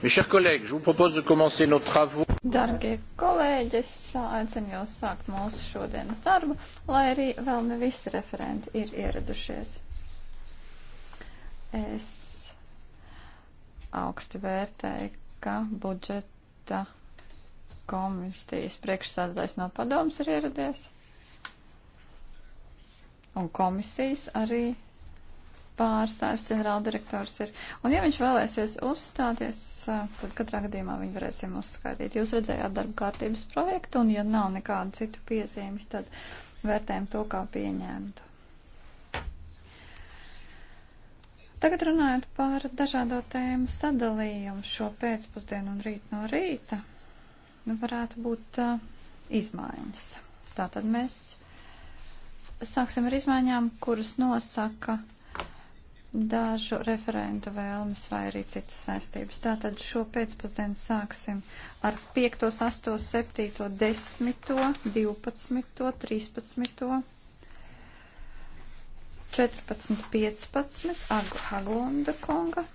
Darbie kolēģi, es aicinu jūs sākt mūsu šodienas darbu, lai arī vēl ne visi referenti ir ieradušies. Es augsti vērtēju, ka budžeta komisijas priekšsādātājs no padomas ir ieradies, un komisijas arī pārstāvis, ģenerāldirektors ir. Un ja viņš vēlēsies uzstāties, eh, tad katrā gadījumā viņu varēsim uzskaitīt. Jūs redzējāt darba kārtības projektu, un ja nav nekādu citu piezīmi, tad vērtējam to kā pieņēmtu. Tagad runājot par dažādo tēmu sadalījumu šo pēcpusdienu un rīt no rīta, nu, varētu būt uh, izmaiņas. Tātad mēs sāksim ar izmaiņām, kuras nosaka dažu referentu vēlmes vai arī citas saistības. Tātad šo pēcpusdienu sāksim ar 5, 8, 7, 10, 12, 13, 14, 15 Haglunda konga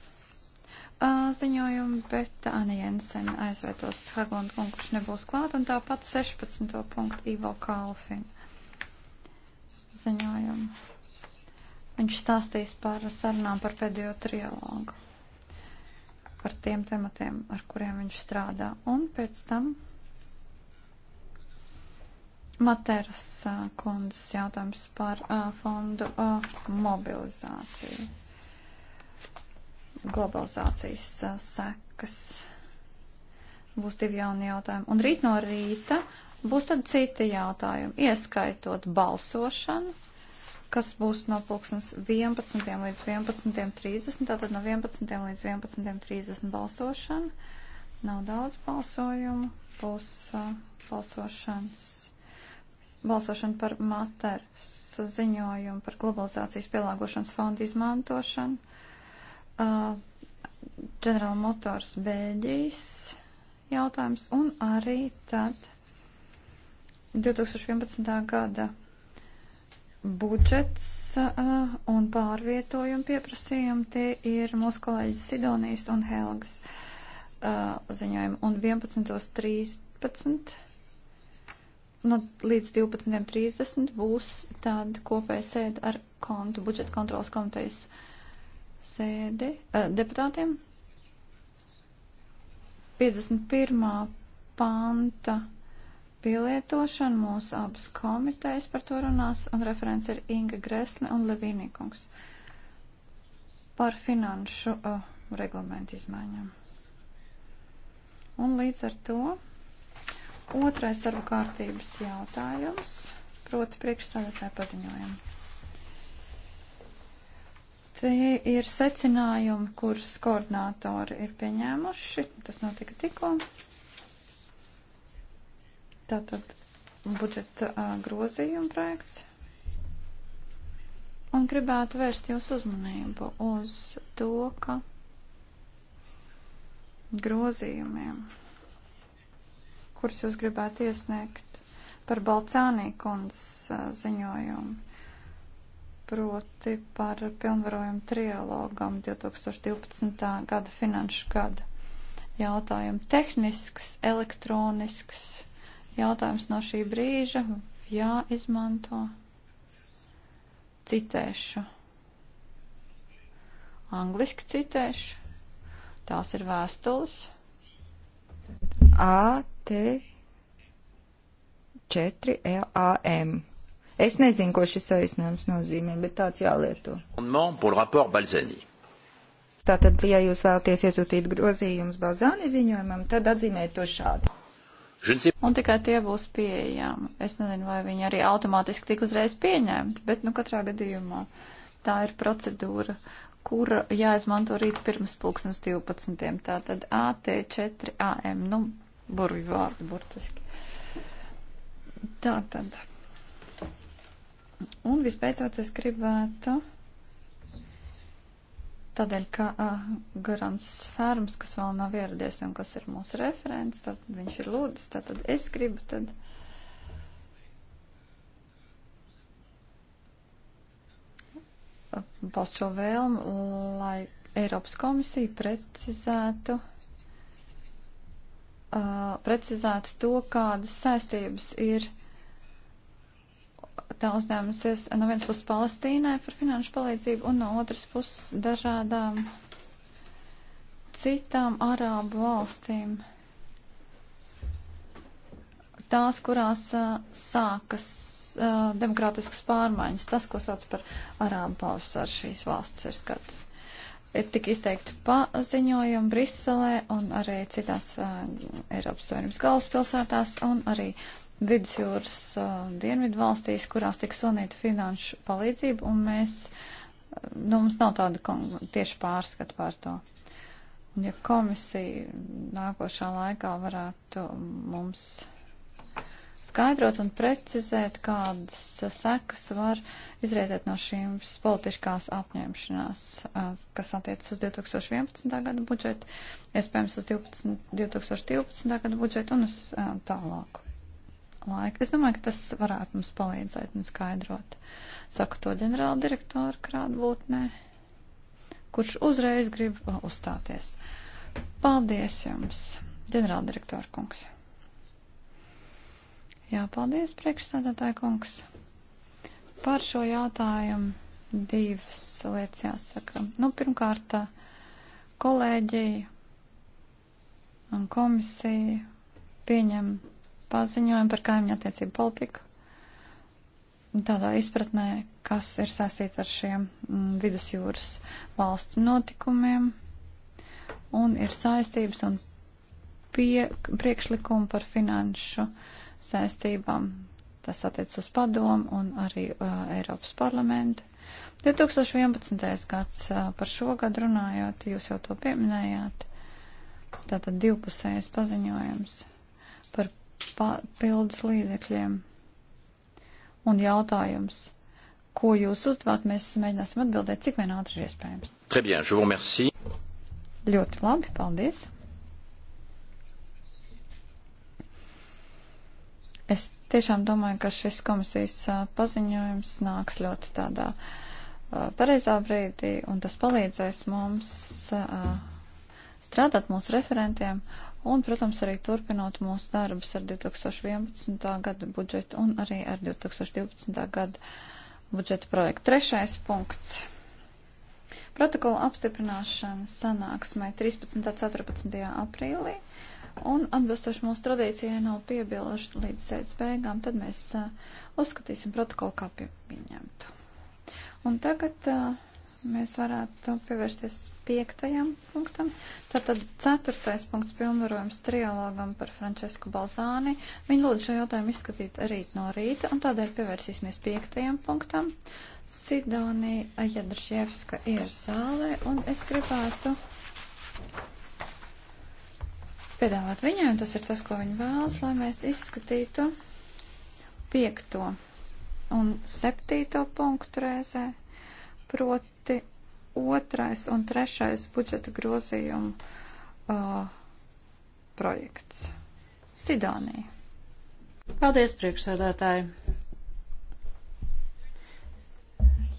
ziņojumu, bet Anna Jensen aizvietos Haglunda kungu, kurš nebūs klāt, un tāpat 16. punktu Ivo Kalfin ziņojumu. Viņš stāstīs par sarunām par pēdējo trialogu, par tiem tematiem, ar kuriem viņš strādā. Un pēc tam Materas kundzes jautājums par fondu mobilizāciju, globalizācijas sekas. Būs divi jauni jautājumi. Un rīt no rīta būs tad citi jautājumi, ieskaitot balsošanu kas būs no pulksnes 11. līdz 11.30, tātad no 11. līdz 11.30 balsošana. Nav daudz balsojumu, būs uh, balsošanas, balsošana par materas ziņojumu par globalizācijas pielāgošanas fondu izmantošanu. Uh, General Motors Bēļģijas jautājums un arī tad 2011. gada budžets uh, un pārvietojuma pieprasījumi, tie ir mūsu kolēģis Sidonijas un Helgas uh, ziņojumi. Un 11.13. No, nu, līdz 12.30 būs tāda kopēja sēde ar kontu, budžeta kontrolas komitejas sēdi uh, deputātiem. 51. panta pielietošanu. Mūsu abas komitejas par to runās, un referents ir Inga Gresle un Levīnīkungs par finanšu uh, reglamentu izmaiņām. Un līdz ar to otrais darba kārtības jautājums, proti priekšsādātāja paziņojums. Tie ir secinājumi, kurus koordinātori ir pieņēmuši. Tas notika tikko. Tātad budžeta grozījuma projekts. Un gribētu vērst jūsu uzmanību uz to, ka grozījumiem, kurus jūs gribētu iesniegt par Balcānī kundzes ziņojumu, proti par pilnvarojumu trialogam 2012. gada finanšu gada jautājumu. Tehnisks, elektronisks jautājums no šī brīža jāizmanto. Citēšu. Angliski citēšu. Tās ir vēstules. A, T, 4, L, e, A, M. Es nezinu, ko šis aicinājums nozīmē, bet tāds jālieto. Tātad, ja jūs vēlaties iesūtīt grozījumus Balzāni ziņojumam, tad atzīmēt to šādi. Un tikai tie būs pieejami. Es nezinu, vai viņi arī automātiski tik uzreiz pieņemti, bet nu katrā gadījumā tā ir procedūra, kura jāizmanto rīt pirms pulksnes 12. Tātad AT4 AM, nu, burvju vārdu burtiski. Tātad. Un vispēcot es gribētu. Tādēļ, ka uh, Garants Fērms, kas vēl nav ieradies un kas ir mūsu referents, tad viņš ir lūdzis, tad es gribu tad. Paust šo vēlmu, lai Eiropas komisija precizētu, uh, precizētu to, kādas saistības ir uh, tā uzņēmusies no vienas puses Palestīnai par finanšu palīdzību un no otras puses dažādām citām arābu valstīm. Tās, kurās uh, sākas uh, demokrātiskas pārmaiņas, tas, ko sauc par arābu pavasaru šīs valsts ir skats. Ir tik izteikti paziņojumi Briselē un arī citās uh, Eiropas Savienības galvaspilsētās un arī vidusjūras uh, dienvidu valstīs, kurās tiks sonīta finanšu palīdzība, un mēs, uh, nu, mums nav tāda tieši pārskata par to. Un ja komisija nākošā laikā varētu mums skaidrot un precizēt, kādas uh, sekas var izrietēt no šīm politiskās apņemšanās, uh, kas attiecas uz 2011. gada budžetu, iespējams uz 12, 2012. gada budžetu un uz tālāku laika. Es domāju, ka tas varētu mums palīdzēt un skaidrot. Saku to ģenerāla direktoru krātbūtnē, kurš uzreiz grib uzstāties. Paldies jums, ģenerāla direktora kungs. Jā, paldies, priekšstādātāja kungs. Par šo jautājumu divas lietas jāsaka. Nu, pirmkārt, kolēģija un komisija pieņem paziņojumu par kaimiņu attiecību politiku. Tādā izpratnē, kas ir saistīta ar šiem mm, vidusjūras valstu notikumiem un ir saistības un pie, priekšlikumi par finanšu saistībām. Tas attiec uz padomu un arī uh, Eiropas parlamentu. 2011. gads uh, par šo gadu runājot, jūs jau to pieminējāt, tātad divpusējais paziņojums par papildus līdzekļiem. Un jautājums, ko jūs uzdevāt, mēs mēģināsim atbildēt, cik vien ātri ir iespējams. Très bien, je vous remercie. Ļoti labi, paldies. Es tiešām domāju, ka šis komisijas paziņojums nāks ļoti tādā pareizā brīdī, un tas palīdzēs mums strādāt mūsu referentiem Un, protams, arī turpinot mūsu darbus ar 2011. gada budžetu un arī ar 2012. gada budžeta projektu. Trešais punkts. Protokola apstiprināšana sanāksmē 13. un 14. aprīlī. Un atbilstoši mūsu tradīcijai nav piebilžu līdz sēdes beigām, tad mēs uh, uzskatīsim protokolu kā pieņemtu. Un tagad uh, mēs varētu pievērsties piektajam punktam. Tātad ceturtais punkts pilnvarojums trialogam par Francesku Balzāni. Viņa lūdzu šo jautājumu izskatīt rīt no rīta, un tādēļ pievērsīsimies piektajam punktam. Sidonija Jadrašievska ir zālē, un es gribētu piedāvāt viņai, un tas ir tas, ko viņa vēlas, lai mēs izskatītu piekto un septīto punktu reizē, proti proti otrais un trešais budžeta grozījumu uh, projekts. Sidonija. Paldies, priekšsēdētāji.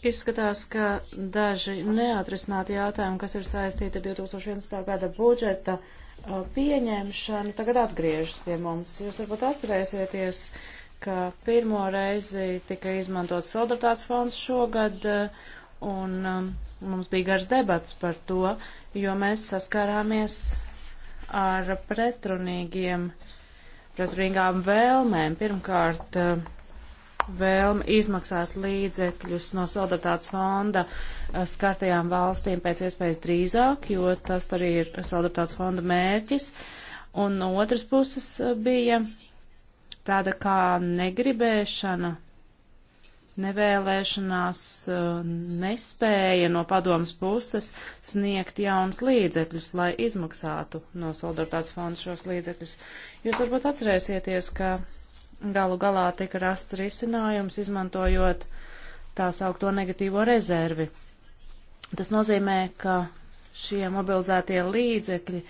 Izskatās, ka daži neatrisināti jautājumi, kas ir saistīti ar 2011. gada budžeta uh, pieņemšanu, tagad atgriežas pie mums. Jūs varbūt atcerēsieties, ka pirmo reizi tika izmantot solidaritātes fonds šogad. Uh, un um, mums bija garš debats par to, jo mēs saskārāmies ar pretrunīgiem, pretrunīgām vēlmēm. Pirmkārt, uh, vēlme izmaksāt līdzekļus no solidaritātes fonda uh, skartajām valstīm pēc iespējas drīzāk, jo tas arī ir solidaritātes fonda mērķis. Un no otras puses uh, bija tāda kā negribēšana nevēlēšanās, uh, nespēja no padomas puses sniegt jaunas līdzekļus, lai izmaksātu no solidaritātes fonda šos līdzekļus. Jūs varbūt atcerēsieties, ka galu galā tika rasts risinājums, izmantojot tā saukto negatīvo rezervi. Tas nozīmē, ka šie mobilizētie līdzekļi,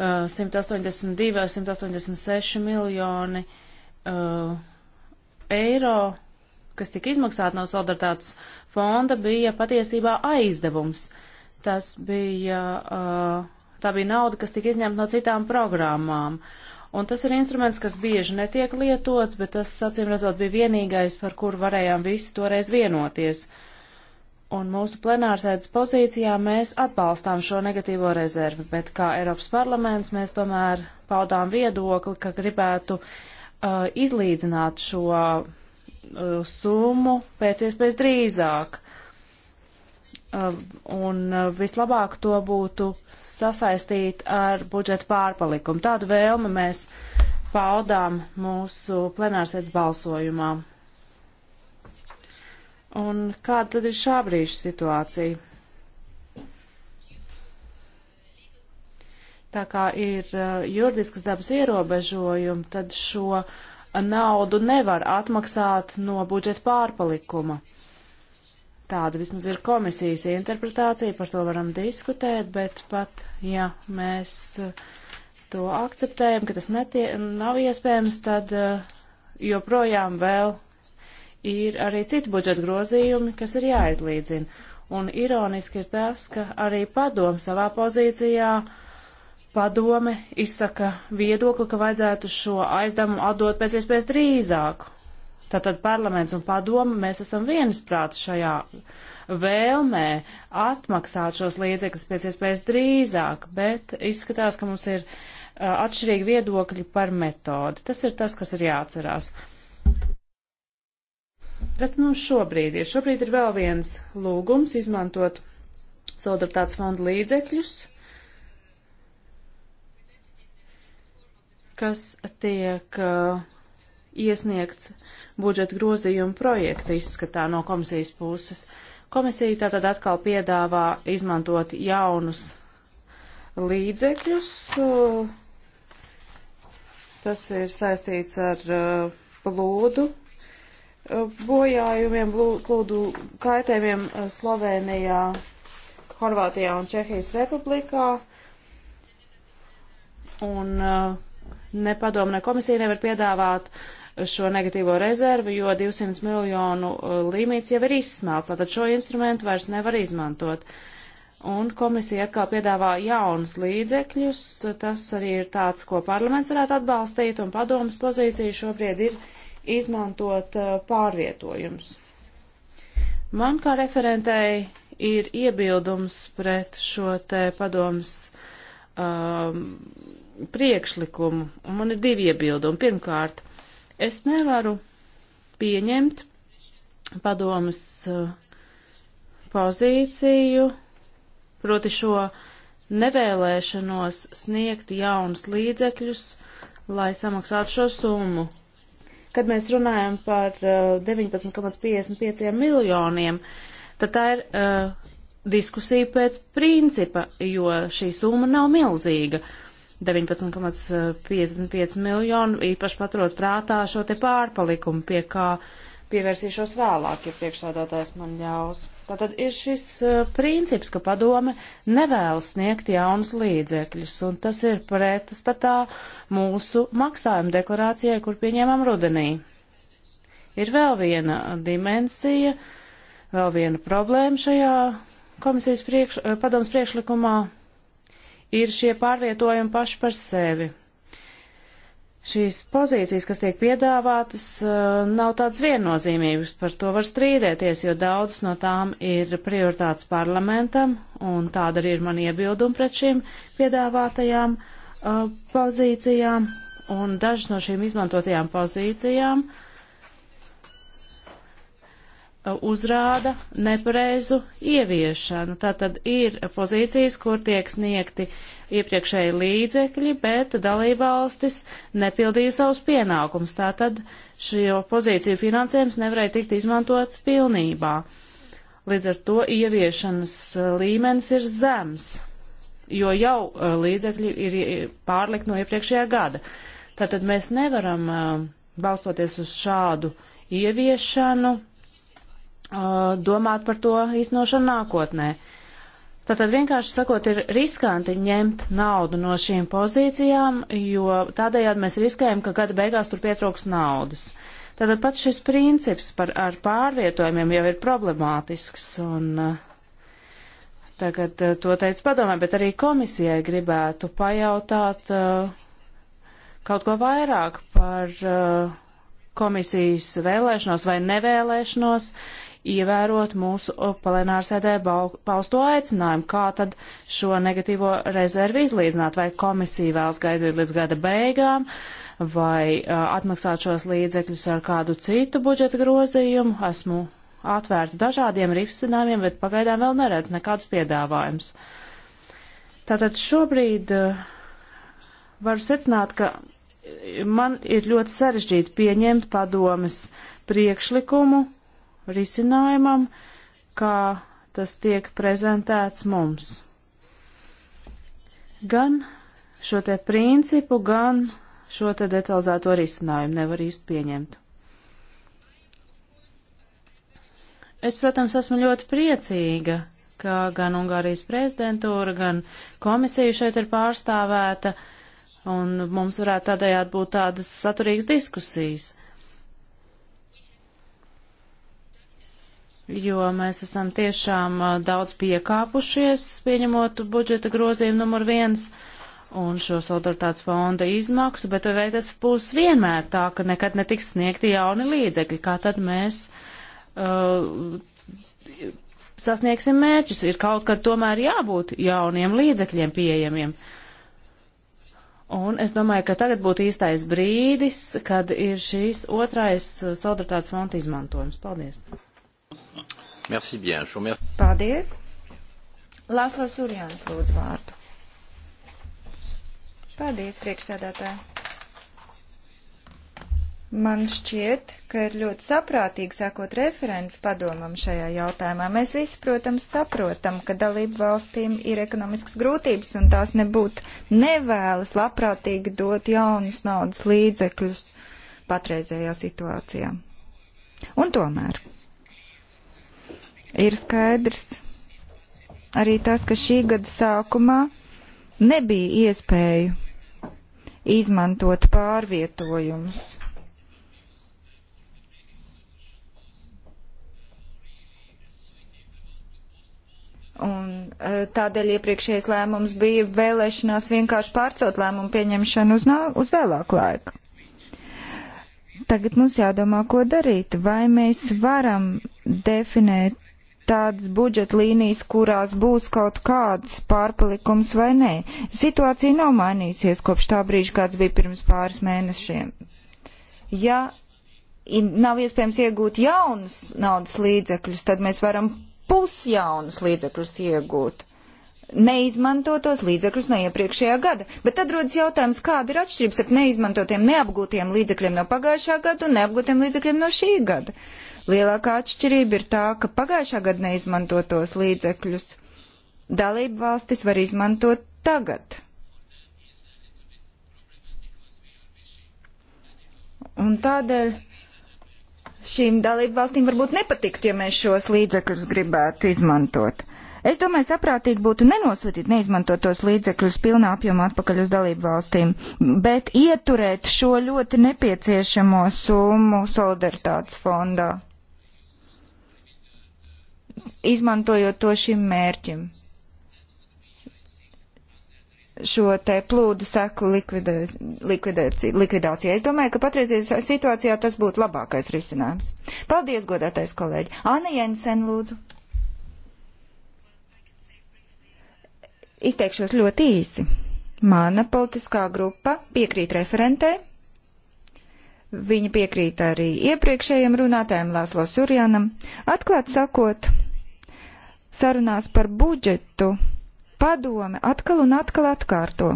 182 uh, vai 186 miljoni uh, eiro, kas tika izmaksāta no solidaritātes fonda, bija patiesībā aizdevums. Tas bija, uh, tā bija nauda, kas tika izņemta no citām programmām. Un tas ir instruments, kas bieži netiek lietots, bet tas, acīm redzot, bija vienīgais, par kur varējām visi toreiz vienoties. Un mūsu plenārsēdes pozīcijā mēs atbalstām šo negatīvo rezervi, bet kā Eiropas parlaments mēs tomēr paudām viedokli, ka gribētu uh, izlīdzināt šo Uh, summu pēc iespējas drīzāk. Uh, un uh, vislabāk to būtu sasaistīt ar budžeta pārpalikumu. Tādu vēlmi mēs paudām mūsu plenārsēdz balsojumā. Un kāda tad ir šā brīža situācija? Tā kā ir juridiskas dabas ierobežojumi, tad šo uh, naudu nevar atmaksāt no budžeta pārpalikuma. Tāda vismaz ir komisijas interpretācija, par to varam diskutēt, bet pat, ja mēs eh, to akceptējam, ka tas netie, nav iespējams, tad eh, joprojām vēl ir arī citi budžeta grozījumi, kas ir jāizlīdzina. Un ironiski ir tas, ka arī padomu savā pozīcijā uh, padome izsaka viedokli, ka vajadzētu šo aizdevumu atdot pēc iespējas drīzāk. Tātad parlaments un padome mēs esam viensprāts šajā vēlmē atmaksāt šos līdzekļus pēc iespējas drīzāk, bet izskatās, ka mums ir atšķirīgi viedokļi par metodi. Tas ir tas, kas ir jāatcerās. Kas mums nu šobrīd ir? Šobrīd ir vēl viens lūgums izmantot solidaritātes fonda līdzekļus. Uh, kas tiek uh, iesniegts budžeta grozījuma projekta izskatā no komisijas puses. Komisija tātad atkal piedāvā izmantot jaunus līdzekļus. Uh, tas ir saistīts ar uh, plūdu uh, bojājumiem, plūdu kaitējumiem Slovenijā, Horvātijā un Čehijas republikā. Un uh, ne padoma, ne komisija nevar piedāvāt šo negatīvo rezervu, jo 200 miljonu uh, līmīts jau ir izsmelts, tātad šo instrumentu vairs nevar izmantot. Un komisija atkal piedāvā jaunus līdzekļus, tas arī ir tāds, ko parlaments varētu atbalstīt, un padomas pozīcija šobrīd ir izmantot uh, pārvietojums. Man kā referentei ir iebildums pret šo te padomas um, priekšlikumu, un man ir divi iebildumi. Pirmkārt, es nevaru pieņemt padomas uh, pozīciju, proti šo nevēlēšanos sniegt jaunus līdzekļus, lai samaksātu šo summu. Kad mēs runājam par 19,55 uh, miljoniem, tad tā ir uh, diskusija pēc principa, jo šī summa nav milzīga. Uh, 19,55 eh, miljonu, īpaši paturot prātā šo te pārpalikumu, pie kā pievērsīšos vēlāk, ja priekšsādātājs man ļaus. Tātad ir šis eh, princips, ka padome nevēlas sniegt jaunus līdzekļus, un tas ir pretstatā mūsu maksājuma deklarācijai, kur pieņēmām rudenī. Ir vēl viena dimensija, vēl viena problēma šajā komisijas priekš, eh, padomas priekšlikumā, ir šie pārvietojumi paši par sevi. Šīs pozīcijas, kas tiek piedāvātas, eh, nav tādas viennozīmības, par to var strīdēties, jo daudzas no tām ir prioritātes parlamentam, un tāda arī ir man iebildumi pret šīm piedāvātajām uh, pozīcijām, un dažas no šīm izmantotajām pozīcijām uzrāda nepareizu ieviešanu. Tātad ir pozīcijas, kur tiek sniegti iepriekšēji līdzekļi, bet dalībvalstis nepildīja savus pienākumus. Tātad šo pozīciju finansējums nevarēja tikt izmantots pilnībā. Līdz ar to ieviešanas līmenis ir zems, jo jau e, līdzekļi ir pārlikt no iepriekšējā gada. Tātad mēs nevaram, e, balstoties uz šādu ieviešanu, Uh, domāt par to īstenošanu nākotnē. Tātad vienkārši sakot, ir riskanti ņemt naudu no šīm pozīcijām, jo tādējādi mēs riskējam, ka gada beigās tur pietrūks naudas. Tātad pat šis princips par, ar pārvietojumiem jau ir problemātisks, un uh, tagad uh, to teica padomē, bet arī komisijai gribētu pajautāt kaut ko vairāk par komisijas vēlēšanos vai nevēlēšanos ievērot mūsu plenārsēdē pausto aicinājumu, kā tad šo negatīvo rezervi izlīdzināt, vai komisija vēlas gaidīt līdz gada beigām, vai uh, atmaksāt šos līdzekļus ar kādu citu budžeta grozījumu. Esmu atvērta dažādiem risinājumiem, bet pagaidām vēl neredz nekādus piedāvājumus. Tātad šobrīd uh, varu secināt, ka man ir ļoti sarežģīti pieņemt padomas priekšlikumu, risinājumam, kā tas tiek prezentēts mums. Gan šo te principu, gan šo te detalizēto risinājumu nevar īsti pieņemt. Es, protams, esmu ļoti priecīga, ka gan Ungārijas prezidentūra, gan komisija šeit ir pārstāvēta, un mums varētu tādējādi būt tādas saturīgas diskusijas. jo mēs esam tiešām uh, daudz piekāpušies, pieņemot budžeta grozījumu numur viens un šo solidaritātes fonda izmaksu, bet vai tas būs vienmēr tā, ka nekad netiks sniegti jauni līdzekļi, kā tad mēs uh, sasniegsim mērķus, ir kaut kad tomēr jābūt jauniem līdzekļiem pieejamiem. Un es domāju, ka tagad būtu īstais brīdis, kad ir šīs otrais solidaritātes uh, fonda izmantojums. Paldies! Merci bien. Šo mer... Paldies. Lāslo Surjāns lūdzu vārdu. Paldies, priekšsēdētāji. Man šķiet, ka ir ļoti saprātīgi sākot referents padomam šajā jautājumā. Mēs visi, protams, saprotam, ka dalību valstīm ir ekonomiskas grūtības un tās nebūtu nevēlas labprātīgi dot jaunus naudas līdzekļus patreizējā situācijā. Un tomēr Ir skaidrs arī tas, ka šī gada sākumā nebija iespēju izmantot pārvietojumus. Un e, tādēļ iepriekšējais lēmums bija vēlēšanās vienkārši pārcelt lēmumu pieņemšanu uz, nā, uz vēlāku laiku. Tagad mums jādomā, ko darīt. Vai mēs varam definēt tādas budžeta līnijas, kurās būs kaut kāds pārpalikums vai nē. Situācija nav mainīsies kopš tā brīža, kāds bija pirms pāris mēnešiem. Ja nav iespējams iegūt jaunus naudas līdzekļus, tad mēs varam pusjaunus līdzekļus iegūt neizmantotos līdzekļus no iepriekšējā gada. Bet tad rodas jautājums, kāda ir atšķirība starp neizmantotiem, neapgūtiem līdzekļiem no pagājušā gada un neapgūtiem līdzekļiem no šī gada. Lielākā atšķirība ir tā, ka pagājušā gada neizmantotos līdzekļus dalību valstis var izmantot tagad. Un tādēļ šīm dalību valstīm varbūt nepatikt, ja mēs šos līdzekļus gribētu izmantot. Es domāju, saprātīgi būtu nenosūtīt neizmantotos līdzekļus pilnā apjomā atpakaļ uz dalību valstīm, bet ieturēt šo ļoti nepieciešamo summu solidaritātes fondā izmantojot to šim mērķim. Šo te plūdu seku likvidācijai. Es domāju, ka patreizajā situācijā tas būtu labākais risinājums. Paldies, godātais kolēģi. Anna Jensen, lūdzu. Izteikšos ļoti īsi. Mana politiskā grupa piekrīt referentē. Viņa piekrīt arī iepriekšējiem runātājiem Lāslo Surjanam. Atklāt sakot, sarunās par budžetu padome atkal un atkal atkārto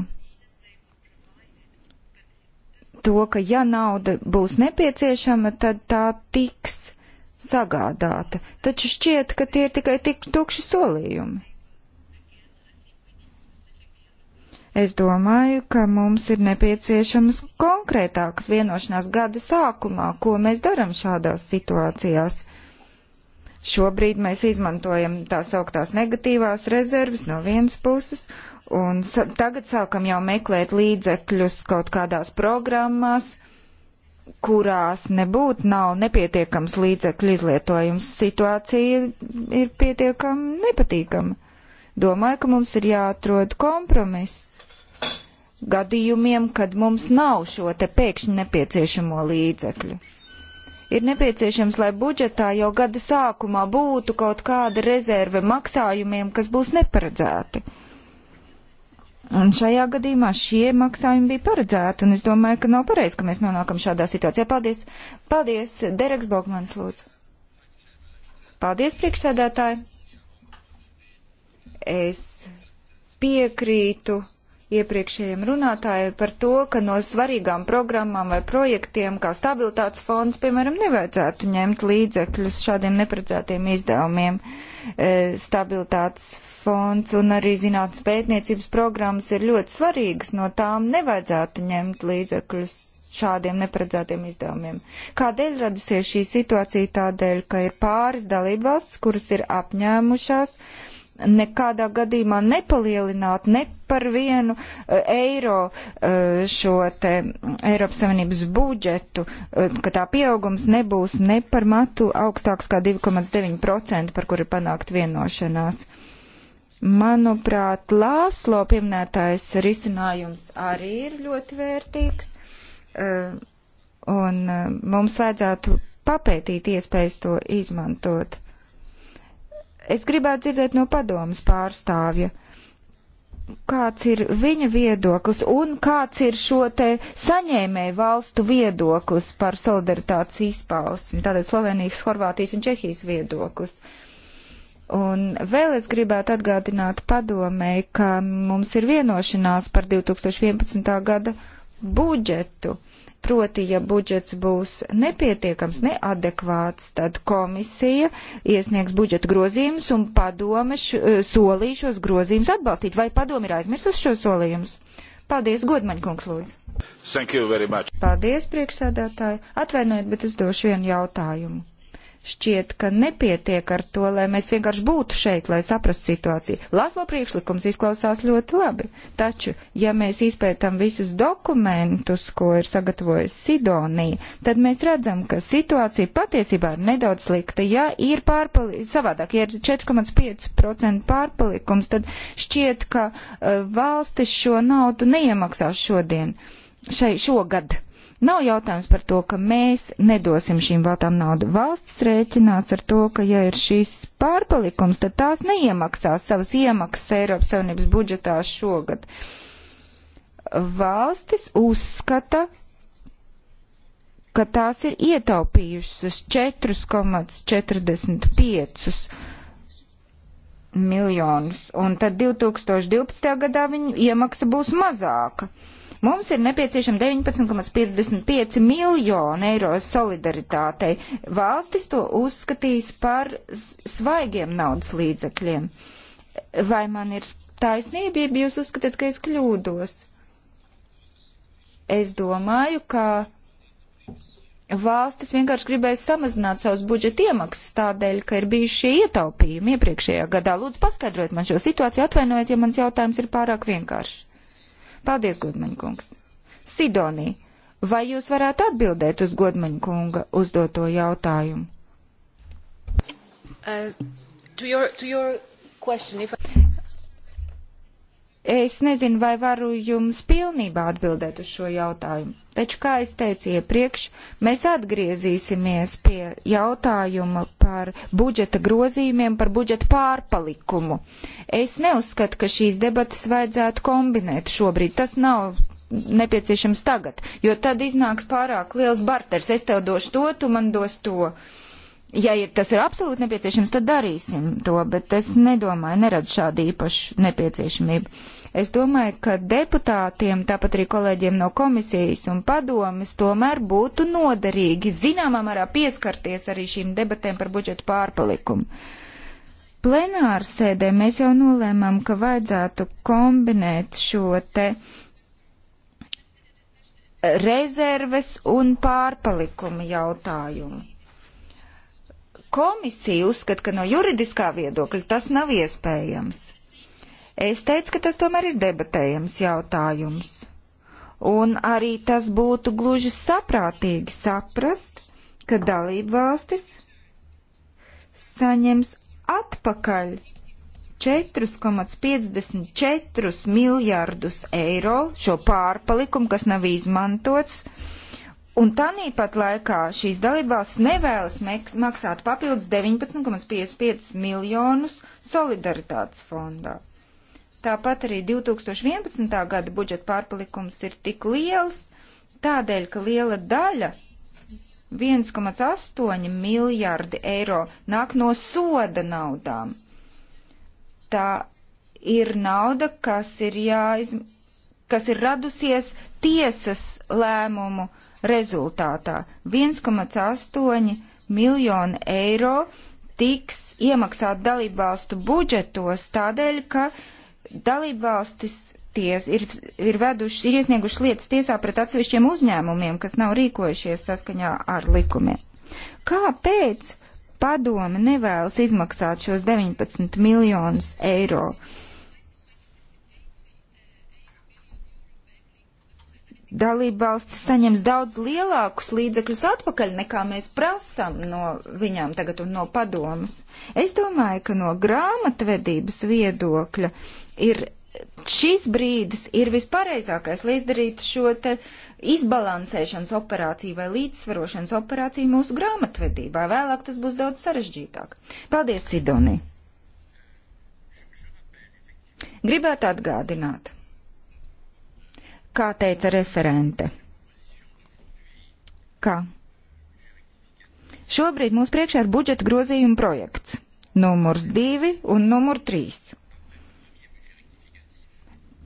to, ka ja nauda būs nepieciešama, tad tā tiks sagādāta. Taču šķiet, ka tie ir tikai tik tukši solījumi. Es domāju, ka mums ir nepieciešamas konkrētākas vienošanās gada sākumā, ko mēs darām šādās situācijās Šobrīd mēs izmantojam tās augtās negatīvās rezerves no vienas puses, un tagad sākam jau meklēt līdzekļus kaut kādās programmās, kurās nebūtu nav nepietiekams līdzekļu izlietojums. Situācija ir pietiekami nepatīkama. Domāju, ka mums ir jāatrod kompromiss gadījumiem, kad mums nav šo te pēkšņi nepieciešamo līdzekļu ir nepieciešams, lai budžetā jau gada sākumā būtu kaut kāda rezerve maksājumiem, kas būs neparedzēti. Un šajā gadījumā šie maksājumi bija paredzēti, un es domāju, ka nav pareizi, ka mēs nonākam šādā situācijā. Paldies! Paldies! Dereks Bogmanis lūdzu! Paldies, priekšsēdētāji! Es piekrītu iepriekšējiem runātājiem par to, ka no svarīgām programmām vai projektiem, kā stabilitātes fonds, piemēram, nevajadzētu ņemt līdzekļus šādiem neparedzētiem izdevumiem. E, stabilitātes fonds un arī zinātnes pētniecības programmas ir ļoti svarīgas, no tām nevajadzētu ņemt līdzekļus šādiem neparedzētiem izdevumiem. Kādēļ radusies šī situācija? Tādēļ, ka ir pāris dalībvalsts, kuras ir apņēmušās uh, nekādā gadījumā nepalielināt ne par vienu e, eiro e, šo te Eiropas Savienības budžetu, e, ka tā pieaugums nebūs ne par matu augstāks kā 2,9%, par kuru ir panākt vienošanās. Manuprāt, Lāslo pieminētais risinājums arī ir ļoti vērtīgs, un mums vajadzētu papētīt iespējas to izmantot Es gribētu dzirdēt no padomas pārstāvja, kāds ir viņa viedoklis un kāds ir šo te saņēmēju valstu viedoklis par solidaritātes izpausmi, tātad Slovenijas, Horvātijas un Čehijas viedoklis. Un vēl es gribētu atgādināt padomēji, ka mums ir vienošanās par 2011. gada budžetu. Proti, ja budžets būs nepietiekams, neadekvāts, tad komisija iesniegs budžeta grozījumus un padome eh, solīja šos grozījumus atbalstīt. Vai padome ir aizmirsusi šos solījumus? Paldies, Godmaņkungs, lūdzu. Paldies, priekšsēdētāji. Atvainojiet, bet es došu vienu jautājumu šķiet, ka nepietiek ar to, lai mēs vienkārši būtu šeit, lai saprastu situāciju. Laslo priekšlikums izklausās ļoti labi, taču, ja mēs izpētam visus dokumentus, ko ir sagatavojis Sidonija, tad mēs redzam, ka situācija patiesībā ir nedaudz slikta. Ja ir pārpali, savādāk, ja ir 4,5% pārpalikums, tad šķiet, ka uh, valstis šo naudu neiemaksās šodien, šai šogad. Uh, Nav jautājums par to, ka mēs nedosim šīm valstām naudu. Valstis rēķinās ar to, ka ja ir šīs pārpalikums, tad tās neiemaksās savas iemaksas Eiropas Savienības budžetā šogad. Valstis uzskata, ka tās ir ietaupījušas 4,45 miljonus, un tad 2012. gadā viņu iemaksa būs mazāka. Uh, Mums ir nepieciešama 19,55 miljonu eiro solidaritātei. Valstis to uzskatīs par svaigiem naudas līdzekļiem. Vai man ir taisnība, ja jūs uzskatāt, ka es kļūdos? Es domāju, ka valstis vienkārši gribēs samazināt savus budžeta iemaksas tādēļ, ka ir bijuši šie ietaupījumi iepriekšējā gadā. Lūdzu, paskaidrojiet man šo situāciju, atvainojiet, ja mans jautājums ir pārāk vienkāršs. Paldies, Godmaņa kungs. Sidonī, vai jūs varētu atbildēt uz Godmaņa kunga uzdoto jautājumu? Uh, to your, to your question, if... Es nezinu, vai varu jums pilnībā atbildēt uz šo jautājumu. Taču, kā es teicu iepriekš, mēs atgriezīsimies pie jautājuma par budžeta grozījumiem, par budžeta pārpalikumu. Es neuzskatu, ka šīs debatas vajadzētu kombinēt šobrīd. Tas nav nepieciešams tagad, jo tad iznāks pārāk liels barters. Es tev došu to, tu man dos to. Uh, ja ir, tas ir absolūti nepieciešams, tad darīsim to, bet es nedomāju, neradu šādu īpašu nepieciešamību. Es domāju, ka deputātiem, tāpat arī kolēģiem no komisijas un padomis, tomēr būtu noderīgi zināmā mērā pieskarties arī šīm debatēm par budžetu pārpalikumu. Plenāra sēdē mēs jau nolēmām, ka vajadzētu kombinēt šo te rezerves un pārpalikuma jautājumu Komisija uzskata, ka no juridiskā viedokļa tas nav iespējams. Es teicu, ka tas tomēr ir debatējams jautājums. Un arī tas būtu gluži saprātīgi saprast, ka dalību valstis saņems atpakaļ 4,54 miljārdus eiro šo pārpalikumu, kas nav izmantots Un tāpat laikā šīs dalībvalsts nevēlas maksāt papildus 19,55 miljonus solidaritātes fondā. Tāpat arī 2011. gada budžeta pārpalikums ir tik liels, tādēļ, ka liela daļa 1,8 miljardi eiro nāk no soda naudām. Tā ir nauda, kas ir, jāiz... kas ir radusies tiesas lēmumu uh, Rezultātā 1,8 miljonu eiro tiks iemaksāt dalību valstu budžetos tādēļ, ka dalību valstis ties, ir, ir, veduši, ir iesnieguši lietas tiesā pret atsevišķiem uzņēmumiem, kas nav rīkojušies saskaņā ar likumiem. Kāpēc padome nevēlas izmaksāt šos 19 miljonus eiro? Uh, dalībvalstis saņems daudz lielākus līdzekļus atpakaļ, nekā mēs prasam no viņām tagad un no padomas. Es domāju, ka no grāmatvedības viedokļa ir šis brīdis ir vispareizākais, lai izdarītu šo te izbalansēšanas operāciju vai līdzsvarošanas operāciju mūsu grāmatvedībā. Vēlāk tas būs daudz sarežģītāk. Paldies, Sidonī! Gribētu atgādināt kā teica referente, ka šobrīd mūsu priekšā ir budžeta grozījuma projekts numurs divi un numur trīs.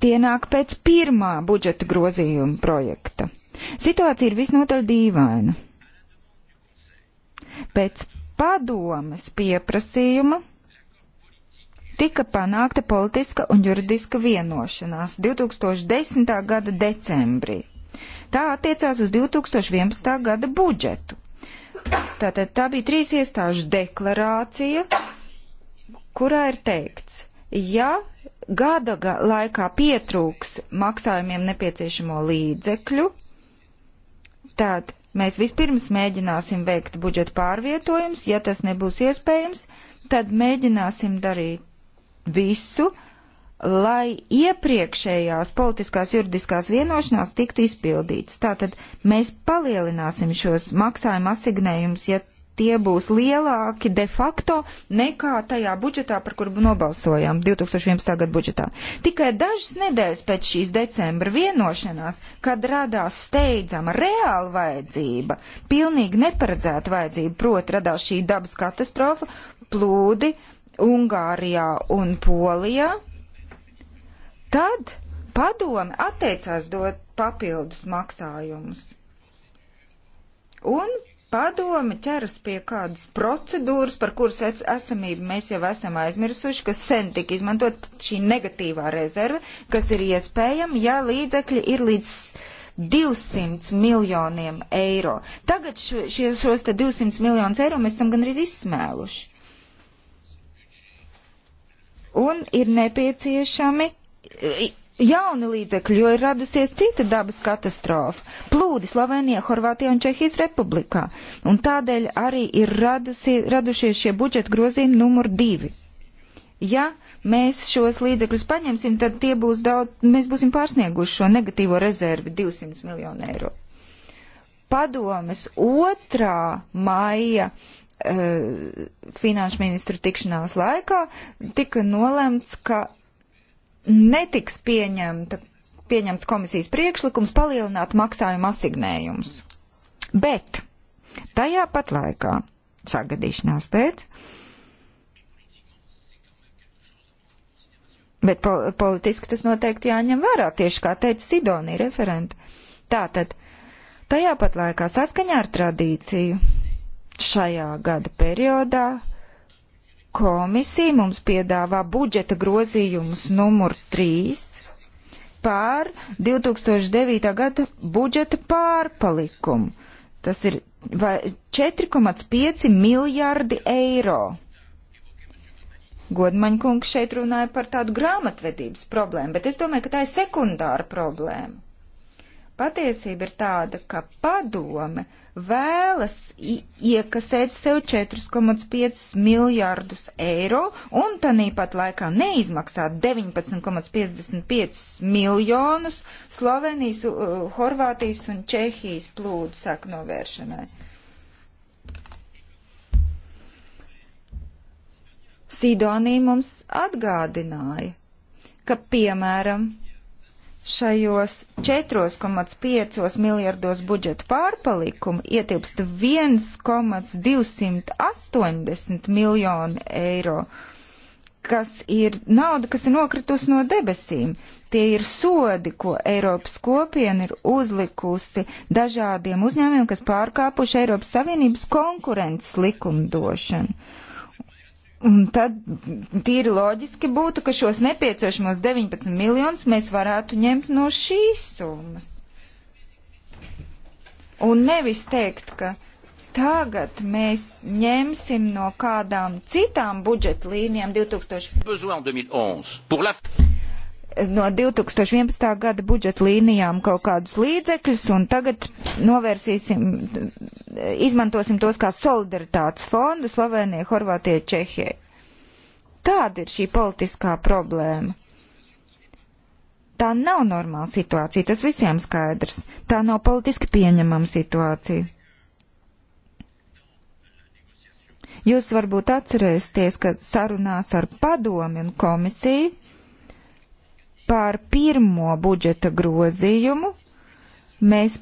Tie nāk pēc pirmā budžeta grozījuma projekta. Situācija ir visnotaļ dīvaina. Pēc padomes pieprasījuma tika panākta politiska un juridiska vienošanās 2010. gada decembrī. Tā attiecās uz 2011. gada budžetu. Tātad tā bija trīs iestāžu deklarācija, kurā ir teikts, ja gada laikā pietrūks maksājumiem nepieciešamo līdzekļu, tad mēs vispirms mēģināsim veikt budžeta pārvietojums, ja tas nebūs iespējams, tad mēģināsim darīt visu, lai iepriekšējās politiskās juridiskās vienošanās tiktu izpildītas. Tātad mēs palielināsim šos maksājumu asignējumus, ja tie būs lielāki de facto nekā tajā budžetā, par kuru nobalsojām 2011. gada budžetā. Tikai dažas nedēļas pēc šīs decembra vienošanās, kad radās steidzama reāla vajadzība, pilnīgi neparedzēta vajadzība, proti radās šī dabas katastrofa, plūdi, Ungārijā un Polijā, tad padome atteicās dot papildus maksājumus. Un padome ķeras pie kādas procedūras, par kuras esamību mēs jau esam aizmirsuši, kas sen tika izmantot šī negatīvā rezerve, kas ir iespējama, ja līdzekļi ir līdz 200 miljoniem eiro. Tagad šo, šos te 200 miljonus eiro mēs esam gandrīz izsmēluši un ir nepieciešami e, jauni līdzekļi, jo ir radusies cita dabas katastrofa - plūdi Slovenijā, Horvātijā un Čehijas republikā. Un tādēļ arī ir radusi, radušies šie budžeta grozījumi numur divi. Ja mēs šos līdzekļus paņemsim, tad tie būs daudz, mēs būsim pārsnieguši šo negatīvo rezervi 200 miljonu eiro. Padomes otrā maija Eh, finanšu ministru tikšanās laikā tika nolemts, ka netiks pieņemta, pieņemts komisijas priekšlikums palielināt maksājumu asignējumus. Bet tajā pat laikā sagadīšanās pēc, bet po politiski tas noteikti jāņem vērā, tieši kā teica Sidonija referenta. Tātad, tajā pat laikā saskaņā ar tradīciju Šajā gada periodā komisija mums piedāvā budžeta grozījumus numur 3 pār 2009. gada budžeta pārpalikumu. Tas ir 4,5 miljardi eiro. Godmaņkungs šeit runāja par tādu grāmatvedības problēmu, bet es domāju, ka tā ir sekundāra problēma. Patiesība ir tāda, ka padome vēlas iekasēt sev 4,5 miljārdus eiro un tanīpat laikā neizmaksāt 19,55 miljonus Slovenijas, Horvātijas un Čehijas plūdu sēku novēršanai. Sidonija mums atgādināja, ka, piemēram, šajos 4,5 miljardos budžeta pārpalikumu ietilpst 1,280 miljonu eiro, kas ir nauda, kas ir nokritusi no debesīm. Tie ir sodi, ko Eiropas kopiena ir uzlikusi dažādiem uzņēmumiem, kas pārkāpuši Eiropas Savienības konkurences likumdošanu. Un tad tīri loģiski būtu, ka šos nepieciešamos 19 miljonus mēs varētu ņemt no šīs summas. Un nevis teikt, ka tagad mēs ņemsim no kādām citām budžeta līnijām 2000 no 2011. gada budžeta līnijām kaut kādus līdzekļus, un tagad novērsīsim, izmantosim tos kā solidaritātes fondu Slovenijai, Horvātijai, Čehijai. Tāda ir šī politiskā problēma. Tā nav normāla situācija, tas visiem skaidrs. Tā nav politiski pieņemama situācija. Jūs varbūt atcerēsieties, ka sarunās ar padomi un komisiju par pirmo budžeta grozījumu mēs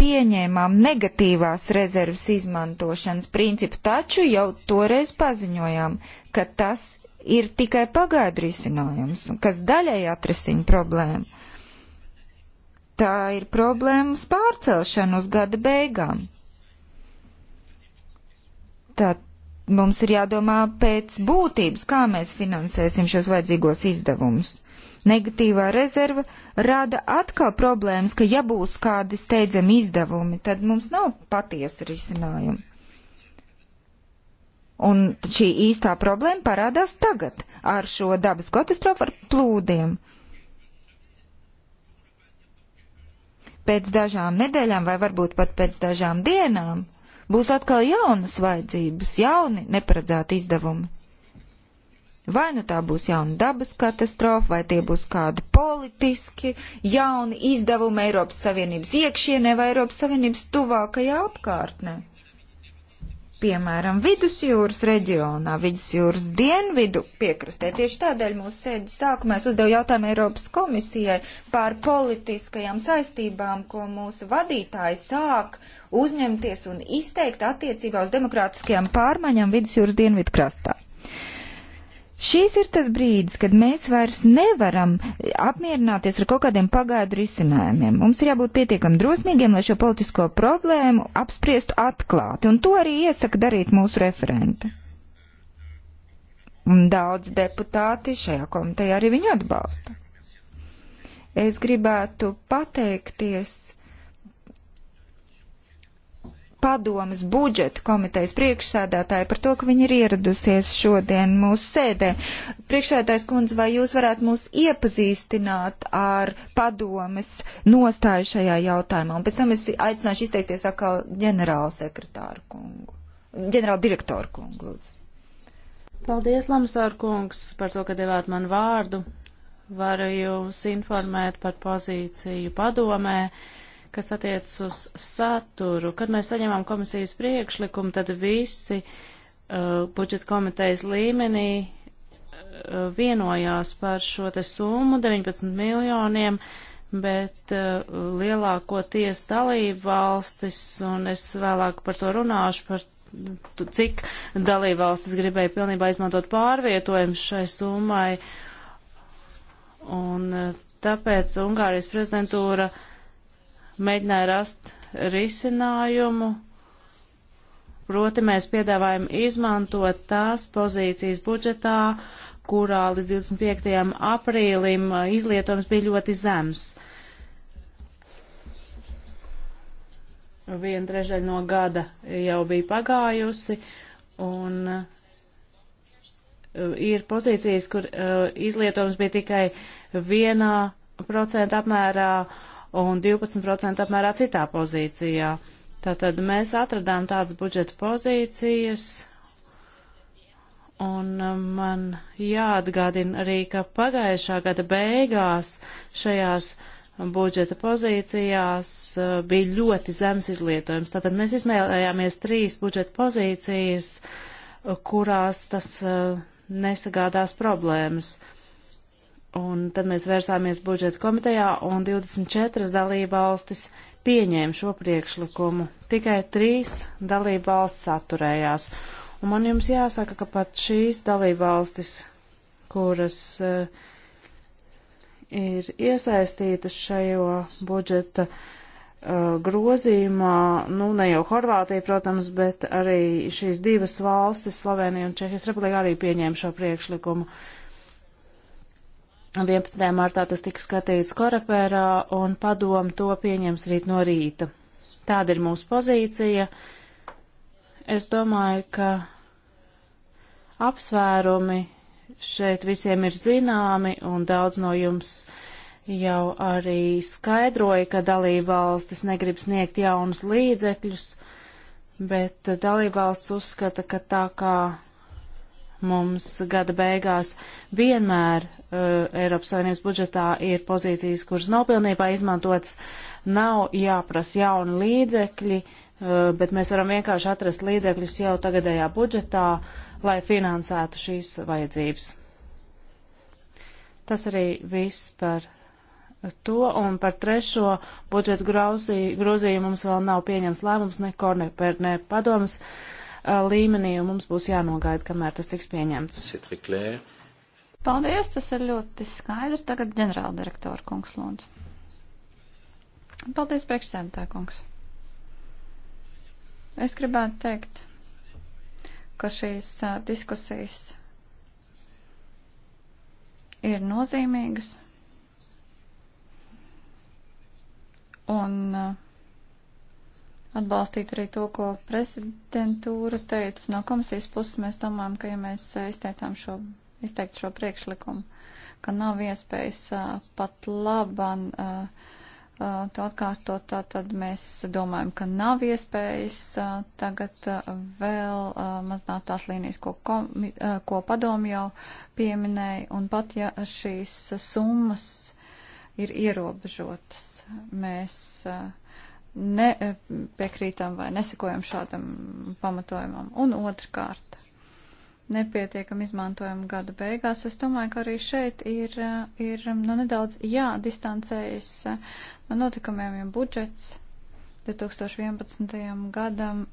pieņēmām negatīvās rezerves izmantošanas principu, taču jau toreiz paziņojām, ka tas ir tikai pagaidu risinājums, kas daļai atrisina problēmu. Tā ir problēmas pārcelšana uz gada beigām. Tad mums ir jādomā pēc būtības, kā mēs finansēsim šos vajadzīgos izdevumus. Negatīvā rezerva rada atkal problēmas, ka ja būs kādi steidzami izdevumi, tad mums nav patiesa risinājuma. Un šī īstā problēma parādās tagad ar šo dabas katastrofu ar plūdiem. Pēc dažām nedēļām vai varbūt pat pēc dažām dienām būs atkal jaunas vajadzības, jauni neparedzēti izdevumi. Vai nu tā būs jauna dabas katastrofa, vai tie būs kādi politiski jauni izdevumi Eiropas Savienības iekšienē vai Eiropas Savienības tuvākajā apkārtnē piemēram, vidusjūras reģionā, vidusjūras dienvidu piekrastē. Tieši tādēļ mūsu sēdes sākumā es uzdevu jautājumu Eiropas komisijai par politiskajām saistībām, ko mūsu vadītāji sāk uzņemties un izteikt attiecībā uz demokrātiskajām pārmaiņām vidusjūras dienvidu krastā. Šīs ir tas brīdis, kad mēs vairs nevaram apmierināties ar kaut kādiem pagaidu risinājumiem. Mums ir jābūt pietiekami drosmīgiem, lai šo politisko problēmu apspriestu atklāti, un to arī iesaka darīt mūsu referenti. Un daudz deputāti šajā komitejā arī viņu atbalsta. Es gribētu pateikties padomas budžeta komitejas priekšsēdētāja par to, ka viņa ir ieradusies šodien mūsu sēdē. Priekšsēdētājs kundze, vai jūs varētu mūs iepazīstināt ar padomas nostāju šajā jautājumā? Un pēc tam es aicināšu izteikties atkal ģenerāla sekretāru kungu, ģenerāla direktoru kungu, lūdzu. Paldies, Lamsār kungs, par to, ka devāt man vārdu. Varu jūs informēt par pozīciju padomē kas attiecas uz saturu. Kad mēs saņemam komisijas priekšlikumu, tad visi uh, budžeta komitejas līmenī uh, vienojās par šo te summu 19 miljoniem, bet uh, lielāko tiesu dalību valstis, un es vēlāk par to runāšu, par cik dalību valstis gribēja pilnībā izmantot pārvietojumu šai summai. Un uh, tāpēc Ungārijas prezidentūra uh, mēģināja rast risinājumu, proti mēs piedāvājam izmantot tās pozīcijas budžetā, kurā līdz 25. aprīlim uh, izlietojums bija ļoti zems. Viena trešdaļa no gada jau bija pagājusi, un uh, ir pozīcijas, kur uh, izlietojums bija tikai vienā procenta apmērā, uh, un 12% apmērā citā pozīcijā. Tātad mēs atradām tādas budžeta pozīcijas, un um, man jāatgādina arī, ka pagājušā gada beigās šajās budžeta pozīcijās uh, bija ļoti zems izlietojums. Tātad mēs izmēlējāmies trīs budžeta pozīcijas, kurās tas uh, nesagādās problēmas. Uh, Un tad mēs vērsāmies budžeta komitejā, un 24 dalība valstis pieņēma šo priekšlikumu. Tikai trīs dalība valstis atturējās. Un man jums jāsaka, ka pat šīs dalība valstis, kuras uh, ir iesaistītas šajo budžeta uh, grozījumā, nu ne jau Horvātija, protams, bet arī šīs divas valstis, Slovenija un Čehijas Republika, arī pieņēma šo priekšlikumu. Uh, 11. martā tas tika skatīts Korepērā un padomu to pieņems rīt no rīta. Tāda ir mūsu pozīcija. Es domāju, ka apsvērumi šeit visiem ir zināmi un daudz no jums jau arī skaidroja, ka dalībvalstis negrib sniegt jaunus līdzekļus, bet dalībvalsts uzskata, ka tā kā mums gada beigās vienmēr uh, Eiropas Savienības budžetā ir pozīcijas, kuras nav pilnībā izmantotas, nav jāprasa jauni līdzekļi, uh, bet mēs varam vienkārši atrast līdzekļus jau tagadējā budžetā, lai finansētu šīs vajadzības. Tas arī viss par to un par trešo budžetu grozījumu mums vēl nav pieņems lēmums ne Korneper, ne padomas. Uh, Uh, līmenī, un mums būs jānogaida, kamēr tas tiks pieņemts. Paldies, tas ir ļoti skaidrs. Tagad ģenerāldirektora kungs lūdzu. Paldies, priekšsēdētāj kungs. Es gribētu teikt, ka šīs uh, diskusijas ir nozīmīgas. Un uh, atbalstīt arī to, ko prezidentūra teica. No komisijas puses mēs domājam, ka ja mēs eh, izteicām šo, izteikt šo priekšlikumu, ka nav iespējas eh, pat laban eh, to atkārtot, tā tad mēs domājam, ka nav iespējas tagad vēl mazināt tās līnijas, ko, komi, ko padomu jau pieminēja, un pat ja šīs summas ir ierobežotas, mēs uh, nepiekrītam e, vai nesakojam šādam pamatojumam. Un otrkārt, nepietiekam izmantojam gada beigās. Es domāju, ka arī šeit ir, e, ir nu, nedaudz jādistancējas e, no notikumiem, jo budžets 2011. gadam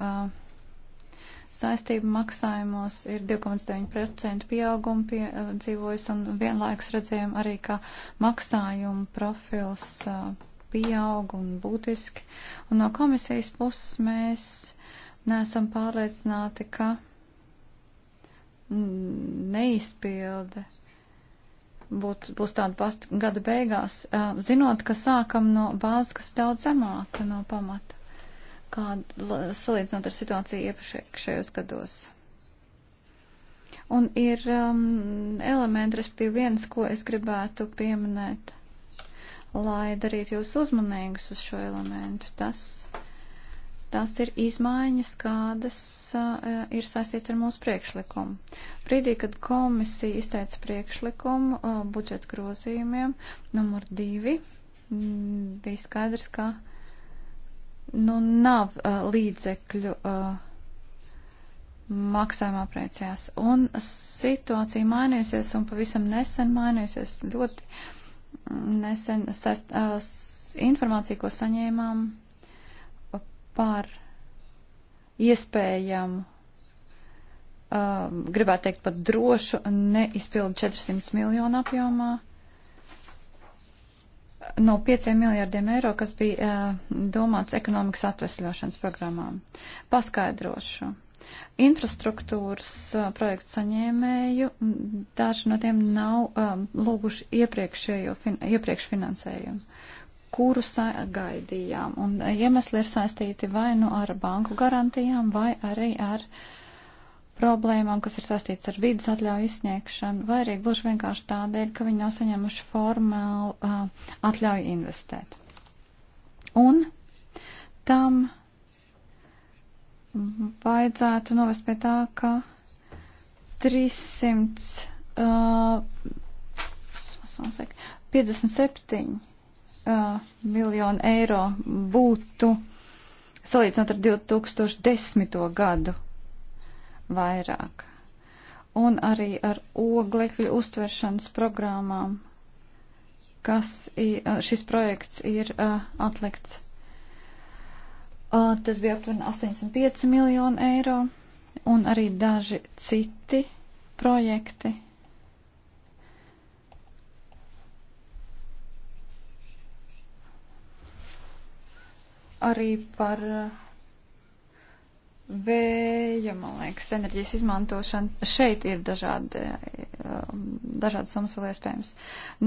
saistību maksājumos ir 2,9% pieauguma piedzīvojis un vienlaiks redzējām arī, ka maksājumu profils pieaug un būtiski. Un no komisijas puses mēs neesam pārliecināti, ka neizpilde būt, būs tāda pati gada beigās, zinot, ka sākam no bāzes, kas daudz zemāka no pamata, kāda salīdzinot ar situāciju iepriekšējos gados. Un ir um, elementi, respektīvi viens, ko es gribētu pieminēt lai darītu jūs uzmanīgus uz šo elementu. Tas, tas ir izmaiņas, kādas uh, ir saistīts ar mūsu priekšlikumu. Brīdī, kad komisija izteica priekšlikumu uh, budžeta grozījumiem, numur divi, m, bija skaidrs, ka nu, nav uh, līdzekļu. Uh, maksājuma aprēķinās. Un situācija mainīsies un pavisam nesen mainīsies ļoti nesen sest, informāciju, ko saņēmām par iespējamu, gribētu teikt, pat drošu neizpildu 400 miljonu apjomā no 5 miljārdiem eiro, kas bija domāts ekonomikas atvesļošanas programmām. Paskaidrošu infrastruktūras projektu saņēmēju, daži no tiem nav um, lūguši iepriekšējo fin iepriekš finansējumu, kuru sagaidījām. Un iemesli ir saistīti vai nu ar banku garantijām, vai arī ar problēmām, kas ir saistīts ar vidas atļauju izsniegšanu, vai arī gluži vienkārši tādēļ, ka viņi nav saņēmuši formālu uh, atļauju investēt. Un tam vajadzētu novest pie tā, ka 300, uh, 57 uh, miljonu eiro būtu salīdzinot ar 2010. gadu vairāk. Un arī ar oglekļu uztveršanas programmām, kas šis projekts ir uh, atlikts Tas bija aptuveni 85 miljoni eiro un arī daži citi projekti. Arī par vēja, man liekas, enerģijas izmantošanu. Šeit ir dažādi, dažādi summas vēl iespējams.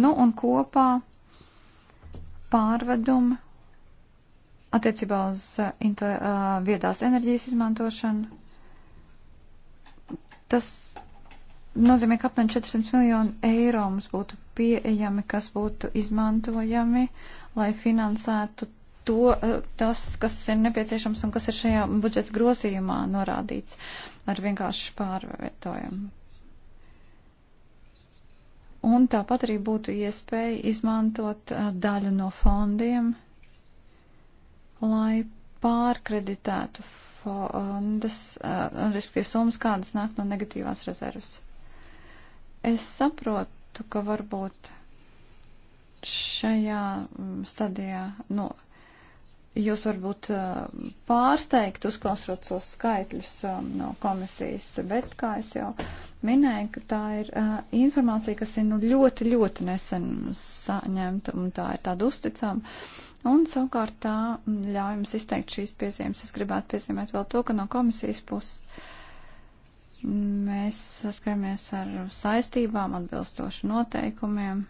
Nu, un kopā pārvedumi Attiecībā uz uh, inter, uh, viedās enerģijas izmantošanu, tas nozīmē, ka apmēram 400 miljonu eiro mums būtu pieejami, kas būtu izmantojami, lai finansētu to, uh, tas, kas ir nepieciešams un kas ir šajā budžeta grozījumā norādīts ar vienkāršu pārvietojumu. Un tāpat arī būtu iespēja izmantot uh, daļu no fondiem, uh, lai pārkreditētu fondas, eh, respektīvi summas, kādas nāk no negatīvās rezervas. Es saprotu, ka varbūt šajā mm, stadijā, nu, jūs varbūt eh, pārsteigt uzklausot tos skaitļus eh, no komisijas, bet, kā es jau minēju, ka tā ir informācija, kas ir nu, ļoti, ļoti nesen saņemta, un tā ir tāda uzticama. Un savukārt tā mm, ļauj mums izteikt šīs piezīmes. Es gribētu piezīmēt vēl to, ka no komisijas puses mēs saskaramies ar saistībām atbilstoši noteikumiem.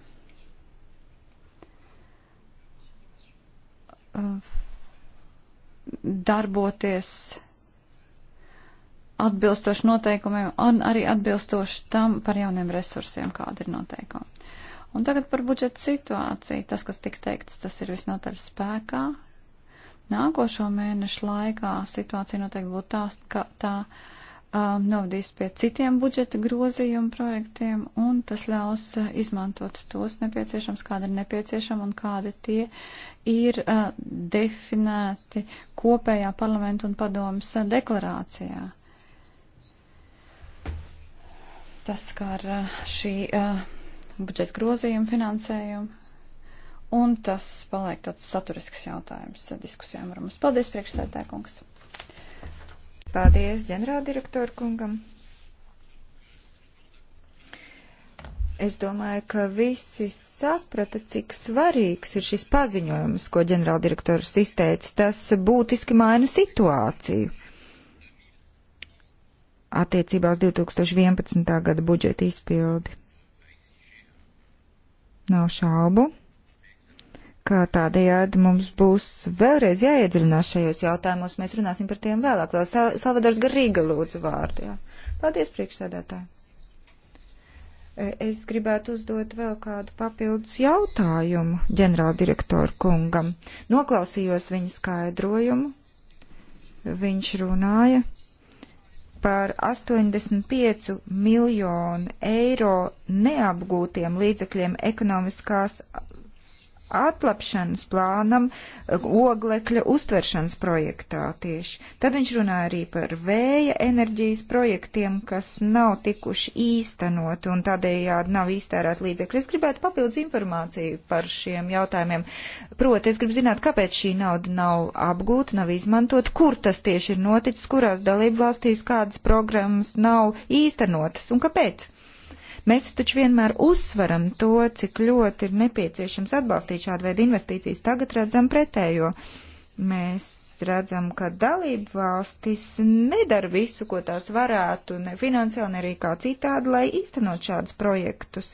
Darboties atbilstoši noteikumiem un arī atbilstoši tam par jauniem resursiem, kāda ir noteikuma. Un tagad par budžeta situāciju. Tas, kas tika teikts, tas ir visnotaļ spēkā. Nākošo mēnešu laikā situācija noteikti būtu tā, ka tā um, novadīs pie citiem budžeta grozījumu projektiem, un tas ļaus uh, izmantot tos nepieciešams, kāda ir nepieciešama un kādi tie ir uh, definēti kopējā parlamentu un padomas uh, deklarācijā. Tas skar uh, šī. Uh, budžeta grozījumu finansējumu. Un tas paliek tāds saturisks jautājums diskusijām ar mums. Paldies, priekšsēdētāj kungs. Paldies, ģenerāldirektoru kungam. Es domāju, ka visi saprata, cik svarīgs ir šis paziņojums, ko ģenerāldirektors izteica. Tas būtiski maina situāciju attiecībā uz 2011. gada budžeta izpildi. Nav šaubu, ka tādējādi mums būs vēlreiz jāiedziļinās šajos jautājumos. Mēs runāsim par tiem vēlāk. Vēl Salvadors Garīga lūdzu vārdu. Jā. Paldies, priekšsēdētāji. E, es gribētu uzdot vēl kādu papildus jautājumu ģenerāldirektoru kungam. Noklausījos viņa skaidrojumu. Viņš runāja par 85 miljonu eiro neapgūtiem līdzekļiem ekonomiskās atlapšanas plānam eh, oglekļa uztveršanas projektā tieši. Tad viņš runāja arī par vēja enerģijas projektiem, kas nav tikuši īstenot un tādējādi nav iztērēt līdzekļi. Es gribētu papildus informāciju par šiem jautājumiem. Proti, es gribu zināt, kāpēc šī nauda nav apgūta, nav izmantot, kur tas tieši ir noticis, kurās dalību valstīs kādas programmas nav īstenotas un kāpēc. Mēs taču vienmēr uzsveram to, cik ļoti ir nepieciešams atbalstīt šādu veidu investīcijas. Tagad redzam pretējo. Mēs redzam, ka dalību valstis nedara visu, ko tās varētu, ne finansiāli, ne arī kā citādi, lai īstenot šādus projektus.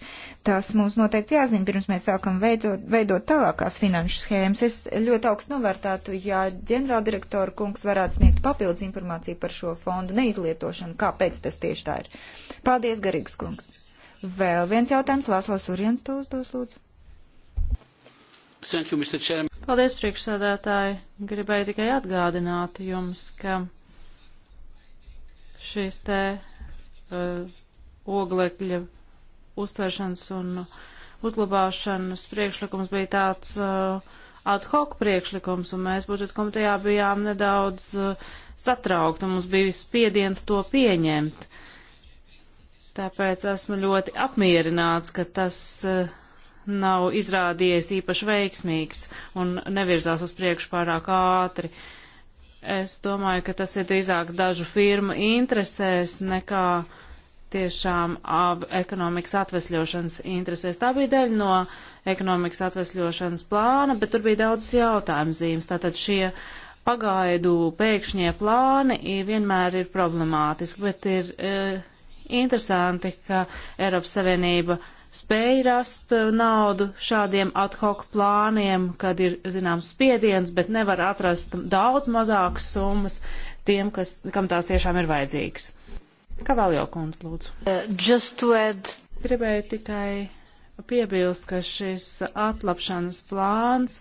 Tas mums noteikti jāzina, pirms mēs sākam veidot, veidot tālākās finanšu schēmas. Es ļoti augstu novērtētu, ja ģenerāldirektora kungs varētu sniegt papildus informāciju par šo fondu neizlietošanu, kāpēc tas tieši tā ir. Paldies, Garīgs kungs! Vēl viens jautājums, Lāslos Urjans to uzdos, lūdzu. Thank you, Mr. Chairman. Paldies, priekšsādātāji. Gribēju tikai atgādināt jums, ka šīs te uh, oglekļa uztveršanas un uzglabāšanas priekšlikums bija tāds uh, ad hoc priekšlikums, un mēs budžeta komitejā bijām nedaudz uh, satraukti, un mums bija spiediens to pieņemt. Uh, Tāpēc esmu ļoti apmierināts, ka tas eh, nav izrādījies īpaši veiksmīgs un nevirzās uz priekšu pārāk ātri. Es domāju, ka tas ir drīzāk dažu firmu interesēs nekā tiešām ab ekonomikas atvesļošanas interesēs. Tā bija daļa no ekonomikas atvesļošanas plāna, bet tur bija daudz jautājumu zīmes. Tātad šie pagaidu pēkšņie plāni vienmēr ir problemātiski, bet ir. E, Interesanti, ka Eiropas Savienība spēja rast uh, naudu šādiem ad hoc plāniem, kad ir, zināms, spiediens, bet nevar atrast daudz mazākas summas tiem, kas, kam tās tiešām ir vajadzīgas. Kavaljo kundze, lūdzu. Uh, add... Gribēju tikai piebilst, ka šis atlapšanas plāns,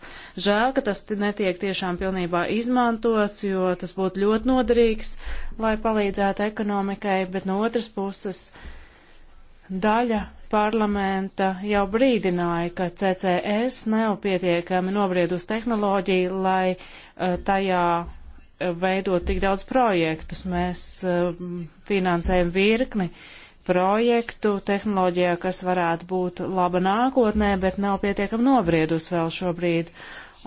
žēl, ka tas netiek tiešām pilnībā izmantots, jo tas būtu ļoti noderīgs, lai palīdzētu ekonomikai, bet no otras puses daļa parlamenta jau brīdināja, ka CCS nav pietiekami nobriedus tehnoloģija, lai uh, tajā eh, veidot tik daudz projektus. Mēs uh, finansējam virkni uh, projektu tehnoloģijā, kas varētu būt laba nākotnē, bet nav pietiekami nobriedus vēl šobrīd.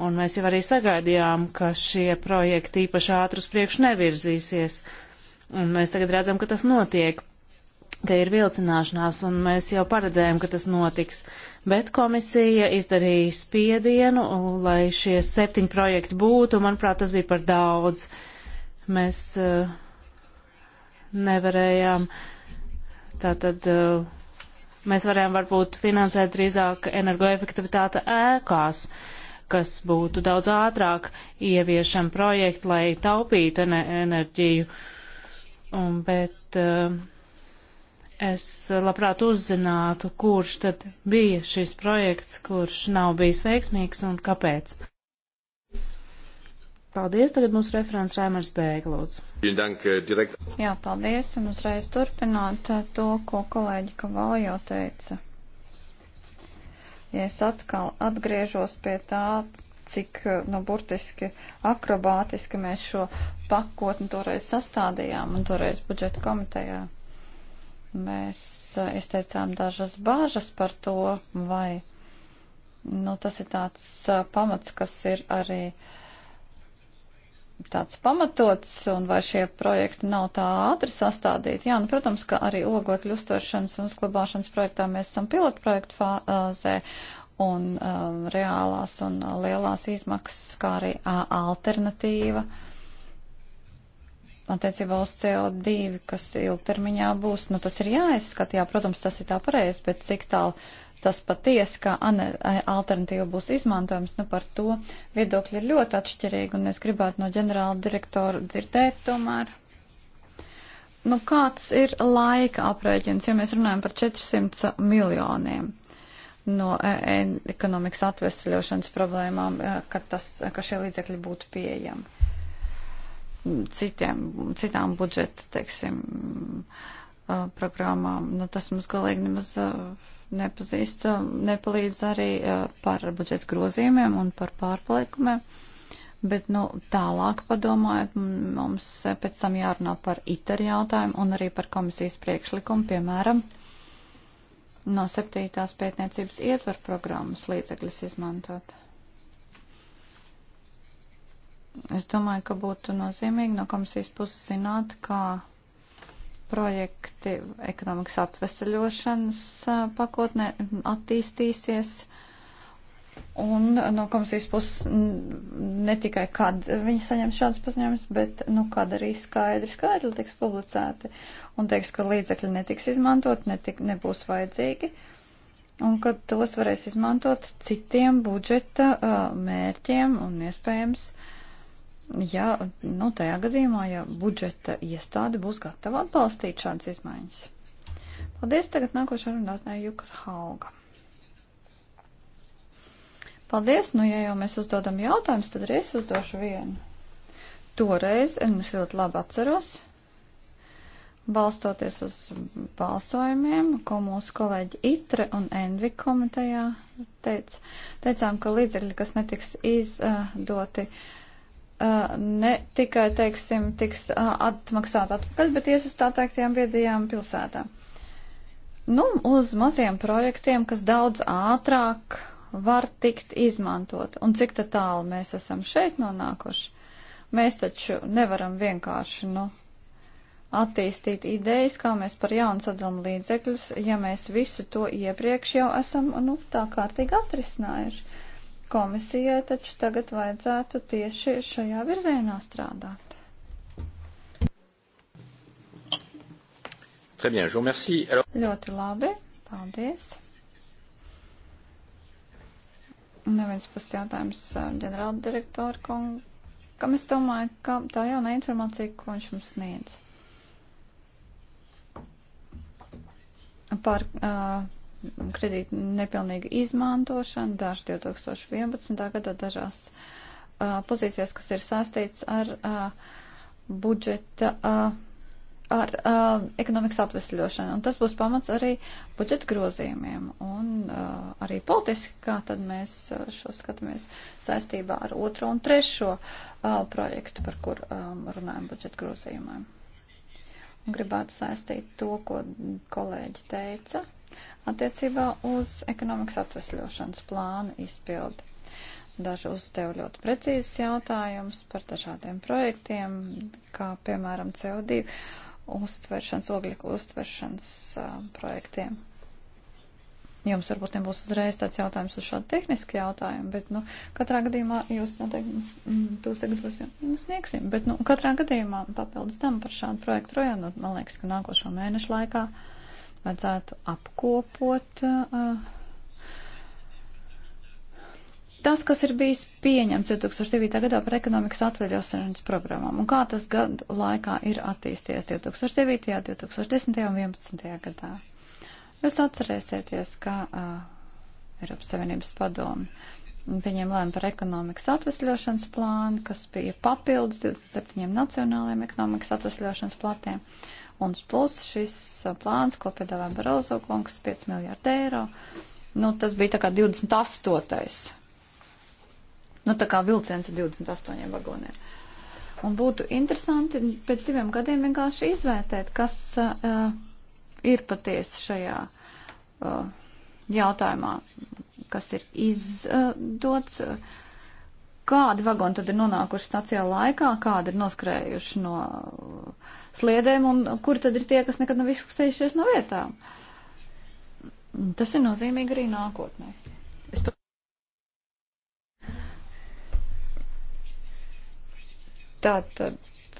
Un mēs jau arī sagaidījām, ka šie projekti īpaši ātrus priekš nevirzīsies. Un mēs tagad redzam, ka tas notiek, ka ir vilcināšanās, un mēs jau paredzējām, ka tas notiks. Bet komisija izdarīja spiedienu, lai šie septiņi projekti būtu, un manuprāt, tas bija par daudz. Mēs uh, nevarējām uh, Tātad eh, mēs varējām varbūt finansēt drīzāk energoefektivitāte ēkās, kas būtu daudz ātrāk ieviešam projektu, lai taupītu enerģiju. Un, bet eh, es labprāt uzzinātu, kurš tad bija šis projekts, kurš nav bijis veiksmīgs un kāpēc. Paldies, tagad mūsu referents Rēmars Bēglūds. Eh, Jā, paldies, un uzreiz turpināt eh, to, ko kolēģi Kavaljo teica. Ja es atkal atgriežos pie tā, cik, eh, nu, burtiski akrobātiski mēs šo pakotni toreiz sastādījām un toreiz budžeta komitejā. Mēs izteicām dažas bāžas par to, vai, nu, tas ir tāds pamats, kas ir arī. Uh, tāds pamatots un vai šie projekti nav tā ātri sastādīti. Jā, nu, protams, ka arī oglekļu uztveršanas un uzglabāšanas projektā mēs esam pilotprojektu fāzē un um, reālās un lielās izmaksas, kā arī a, alternatīva attiecībā uz CO2, kas ilgtermiņā būs. Nu, tas ir jāizskatījā, protams, tas ir tā pareizi, bet cik tālu tas patiesi, kā e, alternatīva būs izmantojums, nu par to viedokļi ir ļoti atšķirīgi, un es gribētu no ģenerāla direktora dzirdēt tomēr. Nu, kāds ir laika aprēķins, ja mēs runājam par 400 miljoniem no e, e, ekonomikas atvesļošanas problēmām, ka, tas, ka šie līdzekļi būtu pieejami citiem, citām budžeta, teiksim, programmām? Nu, tas mums galīgi nemaz. Uh, nepazīst, nepalīdz arī par budžeta grozījumiem un par pārpalikumiem. Bet, nu, tālāk padomājot, mums pēc tam jārunā par ITER jautājumu un arī par komisijas priekšlikumu, piemēram, no septītās pētniecības ietver programmas līdzekļus izmantot. Es domāju, ka būtu nozīmīgi no komisijas puses zināt, kā projekti ekonomikas atvesaļošanas pakotnē attīstīsies. Un no komisijas puses ne tikai kad viņi saņems šādas paziņojumus, bet nu, kad arī skaidri skaidri tiks publicēti un teiks, ka līdzekļi netiks izmantot, netik, nebūs vajadzīgi. Un kad tos varēs izmantot citiem budžeta uh, mērķiem un iespējams uh, ja nu, tajā gadījumā, ja budžeta iestāde būs gatava atbalstīt šādas izmaiņas. Paldies, tagad nākošā runātnē Jukar Hauga. Paldies, nu, ja jau mēs uzdodam jautājumus, tad arī es uzdošu vienu. Toreiz, es ļoti labi atceros, balstoties uz balsojumiem, ko mūsu kolēģi ITRE un ENVI komitejā teica, teicām, ka līdzekļi, kas netiks izdoti, uh, ne tikai, teiksim, tiks atmaksāt atpakaļ, bet ies uz tā teiktajām viedajām pilsētām. Nu, uz maziem projektiem, kas daudz ātrāk var tikt izmantot. Un cik tā tālu mēs esam šeit nonākuši? Mēs taču nevaram vienkārši, nu, attīstīt idejas, kā mēs par jaunu sadalumu līdzekļus, ja mēs visu to iepriekš jau esam, nu, tā kārtīgi atrisinājuši. Komisijai taču tagad vajadzētu tieši šajā virzienā strādāt. Très bien, je vous remercie. Alors... Ļoti labi, paldies. Neviens puses jautājums ģenerāla direktora kungam. Es domāju, ka tā jaunā informācija, ko viņš mums sniedz par uh, kredīta nepilnīga izmantošana, daži 2011. gadā dažās uh, pozīcijās, kas ir sastīts ar uh, budžeta, uh, ar uh, ekonomikas atvesļošanu. Un tas būs pamats arī budžeta grozījumiem. Un uh, arī politiski, kā tad mēs šo skatāmies saistībā ar otro un trešo uh, projektu, par kur um, runājam budžeta grozījumiem. Un gribētu saistīt to, ko kolēģi teica attiecībā uz ekonomikas atvesļošanas plānu izpildi. Daži uzdev ļoti precīzes jautājumus par dažādiem projektiem, kā piemēram CO2 uztveršanas, oglika uztveršanas uh, projektiem. Jums varbūt nebūs uzreiz tāds jautājums uz šādu tehnisku jautājumu, bet, nu, katrā gadījumā jūs noteikti mums mm, to sagatavosiet sniegsim, bet, nu, katrā gadījumā papildus tam par šādu projektu projām, nu, man liekas, ka nākošo mēnešu laikā uh, vajadzētu apkopot uh, tas, kas ir bijis pieņemts 2009. gadā par ekonomikas atveļošanas programmām un kā tas gadu laikā ir attīstījies 2009., 2010. un 2011. gadā. Jūs atcerēsieties, ka uh, Eiropas Savienības padomi pieņēma lēmumu par ekonomikas atvesļošanas plānu, kas bija papildus 27 nacionālajiem ekonomikas atvesļošanas platiem. Uh, Un plus šis uh, plāns, ko piedāvā Barozo kungs, 5 miljārdi eiro, nu, tas bija tā kā 28. Nu, tā kā vilciens ar 28 vagoniem. Un būtu interesanti pēc diviem gadiem vienkārši izvērtēt, kas uh, ir patiesi šajā uh, jautājumā, kas ir izdots, uh, kādi vagoni tad ir nonākuši stacijā laikā, kādi ir noskrējuši no uh, sliedēm, un kur tad ir tie, kas nekad nav izkustējušies no vietām. Tas ir nozīmīgi arī nākotnē. Es pat... Tātad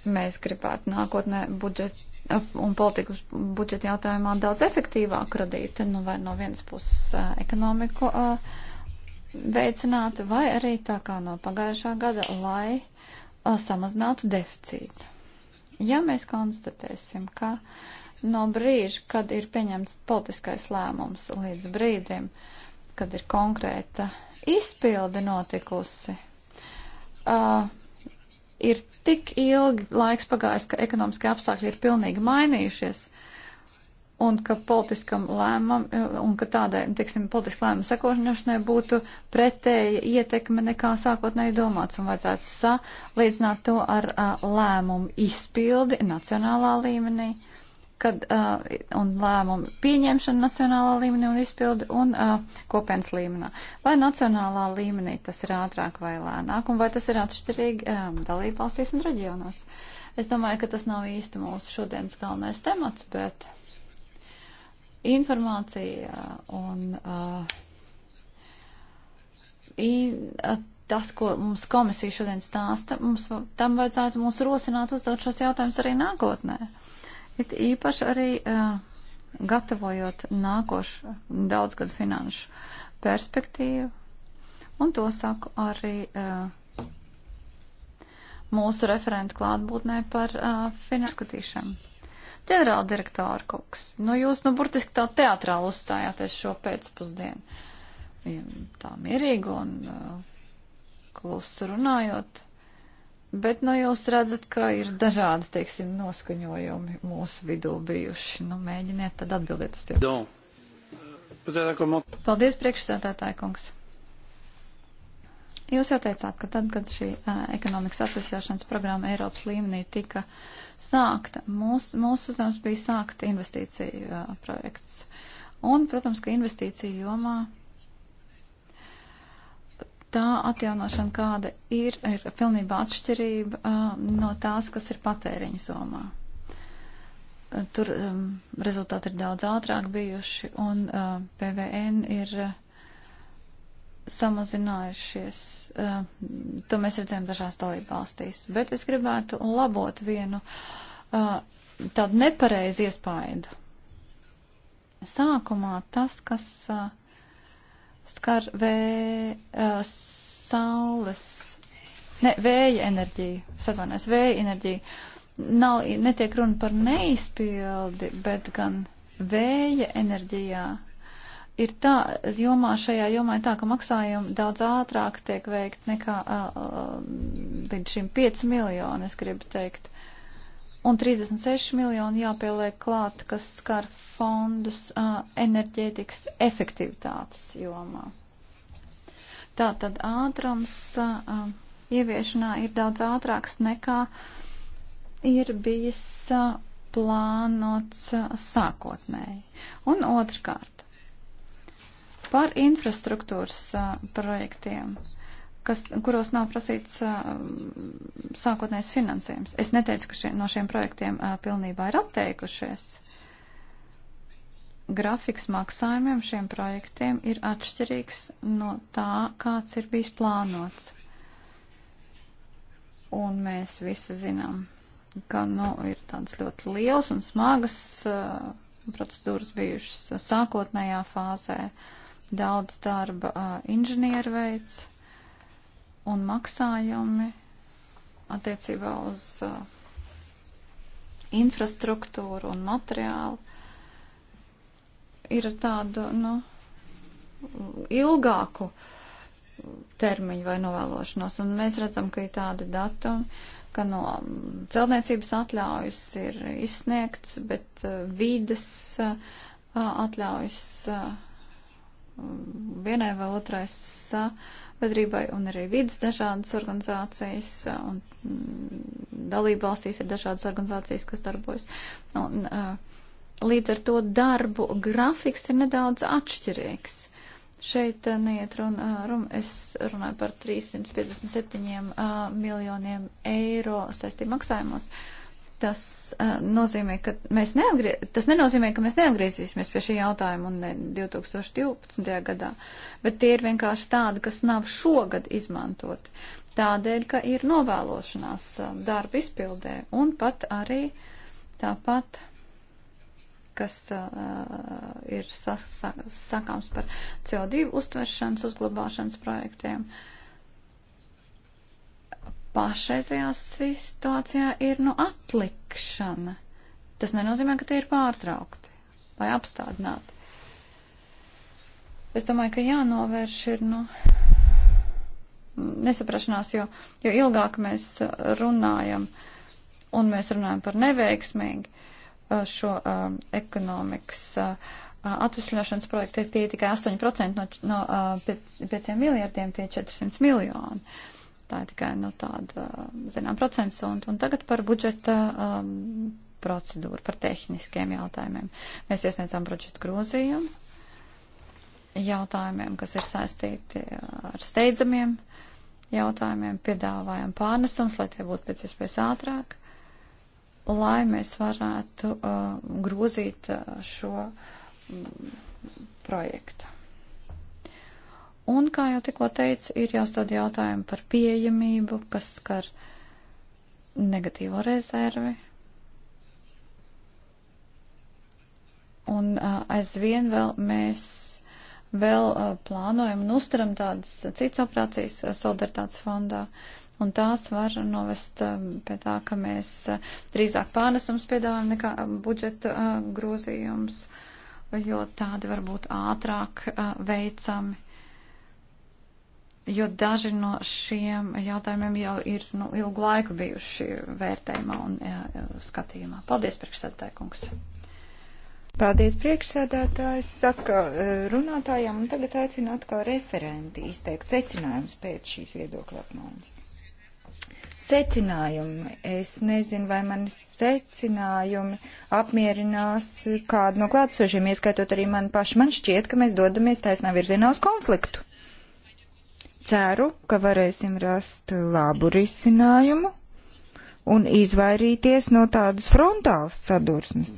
mēs gribētu nākotnē budžetu un politikas budžeta jautājumā daudz efektīvāk radīt, nu vai no vienas puses ekonomiku uh, veicināt, vai arī tā kā no pagājušā gada, lai uh, samazinātu deficītu. Ja mēs konstatēsim, ka no brīža, kad ir pieņemts politiskais lēmums līdz brīdim, kad ir konkrēta izpilde notikusi, uh, ir tik ilgi laiks pagājis, ka ekonomiskie apstākļi ir pilnīgi mainījušies, uh, un ka politiskam lēmumam, eh, un ka tādai, teiksim, politiski lēmumu sekošanai būtu pretēja ietekme nekā sākotnēji domāts, un vajadzētu salīdzināt to ar uh, lēmumu izpildi nacionālā līmenī, kad, uh, un lēmumu pieņemšanu nacionālā līmenī un izpildi, un uh, kopienas līmenā. Vai nacionālā līmenī tas ir ātrāk vai lēnāk, un vai tas ir atšķirīgi um, dalību valstīs un reģionos? Es domāju, ka tas nav īsti mūsu šodienas galvenais temats, bet Informācija un uh, i, tas, ko mums komisija šodien stāsta, mums tam vajadzētu mūs rosināt uzdot šos jautājumus arī nākotnē. It īpaši arī uh, gatavojot nākošu daudzgadu finanšu perspektīvu. Un to saku arī uh, mūsu referentu klātbūtnē par uh, finanskatīšanu. Ģenerāldirektāra kungs, nu jūs nu burtiski tā teatrāli uzstājāties šo pēcpusdienu. Tā mierīgi un uh, klusi runājot. Bet, nu, jūs redzat, ka ir dažādi, teiksim, noskaņojumi mūsu vidū bijuši. Nu, mēģiniet tad atbildēt uz tiem. Don. Paldies, priekšsēdētāji kungs. Jūs jau teicāt, ka tad, kad šī uh, ekonomikas atvesļošanas programma Eiropas līmenī tika sākta. Mūs, mūsu uzdevums bija sākt investīciju uh, projekts. Un, protams, ka investīciju jomā tā atjaunošana, kāda ir, ir pilnībā atšķirība uh, no tās, kas ir patēriņa somā. Tur um, rezultāti ir daudz ātrāk bijuši, un uh, PVN ir uh, samazinājušies. Uh, to mēs redzējām dažās dalībvalstīs. Bet es gribētu labot vienu uh, tādu nepareizu iespaidu. Sākumā tas, kas uh, skar vē, uh, saules, ne, vēja enerģiju, satvainojas vēja enerģiju, nav, netiek runa par neizpildi, bet gan vēja enerģijā ir tā, jomā šajā jomā ir tā, ka maksājumi daudz ātrāk tiek veikt nekā uh, līdz šim 5 miljoni, es gribu teikt. Un 36 miljoni jāpieliek klāt, kas skar fondus uh, enerģētikas efektivitātes jomā. Tā tad ātrums uh, ieviešanā ir daudz ātrāks nekā ir bijis uh, plānots uh, sākotnēji. Un otrkārt, par infrastruktūras uh, projektiem, kas, kuros nav prasīts uh, sākotnējs finansējums. Es neteicu, ka šie, no šiem projektiem uh, pilnībā ir atteikušies. Grafiks maksājumiem šiem projektiem ir atšķirīgs no tā, kāds ir bijis plānots. Un mēs visi zinām, ka nu, ir tādas ļoti lielas un smagas uh, procedūras bijušas sākotnējā fāzē. Uh, daudz darba inženieru veids un maksājumi attiecībā uz infrastruktūru un materiālu ir tādu, nu, ilgāku termiņu vai novēlošanos. Un mēs redzam, ka ir tādi datumi, ka no celtniecības atļaujas ir izsniegts, bet vides atļaujas vienai vai otrai sabiedrībai un arī vidas dažādas organizācijas un mm, dalība valstīs ir dažādas organizācijas, kas darbojas. Un, līdz ar to darbu grafiks ir nedaudz atšķirīgs. Šeit neiet runa, runa, es runāju par 357 miljoniem eiro saistību maksājumos. Uh, Tas, uh, nozīmē, ka mēs neatgrie... tas nenozīmē, ka mēs neatgriezīsimies pie šī jautājuma un ne 2012. gadā, bet tie ir vienkārši tādi, kas nav šogad izmantoti. Tādēļ, ka ir novēlošanās darba izpildē un pat arī tāpat kas uh, ir sas, sakāms par CO2 uztveršanas uzglabāšanas projektiem. Uh, pašreizajā situācijā ir nu atlikšana. Tas nenozīmē, ka tie ir pārtraukti vai apstādināti. Es domāju, ka jānovērš ir nu, nesaprašanās, jo, jo ilgāk mēs runājam un mēs runājam par neveiksmīgu uh, šo um, ekonomikas uh, atvesļošanas projektu, tie tikai 8% no, no uh, 5 miljardiem, tie 400 miljoni. Uh, Tā ir tikai no nu, tāda, zinām, procents. Un, un tagad par budžeta um, procedūru, par tehniskiem jautājumiem. Mēs iesniedzām budžeta grozījumu jautājumiem, kas ir saistīti ar steidzamiem jautājumiem, piedāvājam pārnesums, lai tie būtu pēc iespējas ātrāk, lai mēs varētu uh, grozīt uh, šo um, projektu. Un, kā jau tikko teicu, ir jāstod jautājumu par pieejamību, kas skar negatīvo rezervi. Un uh, aizvien vēl mēs vēl uh, plānojam un uztaram tādas citas operācijas uh, solidaritātes fondā. Un tās var novest uh, pie tā, ka mēs uh, drīzāk pārnesums piedāvājam nekā budžeta uh, grozījums, jo tādi varbūt ātrāk uh, veicami jo daži no šiem jautājumiem jau ir nu, ilgu laiku bijuši vērtējumā un jā, skatījumā. Paldies, priekšsēdētāji kungs! Paldies, priekšsēdētājs, saka e, runātājām, un tagad aicinu atkal referenti izteikt secinājumus pēc šīs viedokļa apmaiņas. Secinājumi. Es nezinu, vai mani secinājumi apmierinās kādu no klātsošiem, ieskaitot arī mani pašu. Man šķiet, ka mēs dodamies taisnā virzienā uz konfliktu Ceru, ka varēsim rast labu risinājumu un izvairīties no tādas frontālas sadursmes,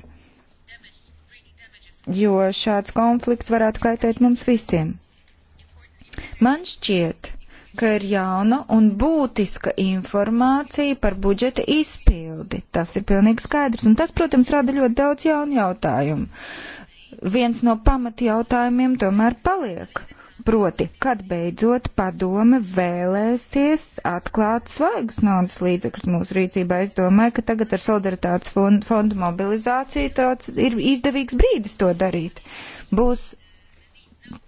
jo šāds konflikts varētu kaitēt mums visiem. Man šķiet, ka ir jauna un būtiska informācija par budžeta izpildi. Tas ir pilnīgi skaidrs, un tas, protams, rada ļoti daudz jaunu jautājumu. Viens no pamatjautājumiem tomēr paliek Proti, kad beidzot padome vēlēsies atklāt svaigus naudas līdzekļus mūsu rīcībā, es domāju, ka tagad ar solidaritātes fondu, fondu mobilizāciju tāds ir izdevīgs brīdis to darīt. Būs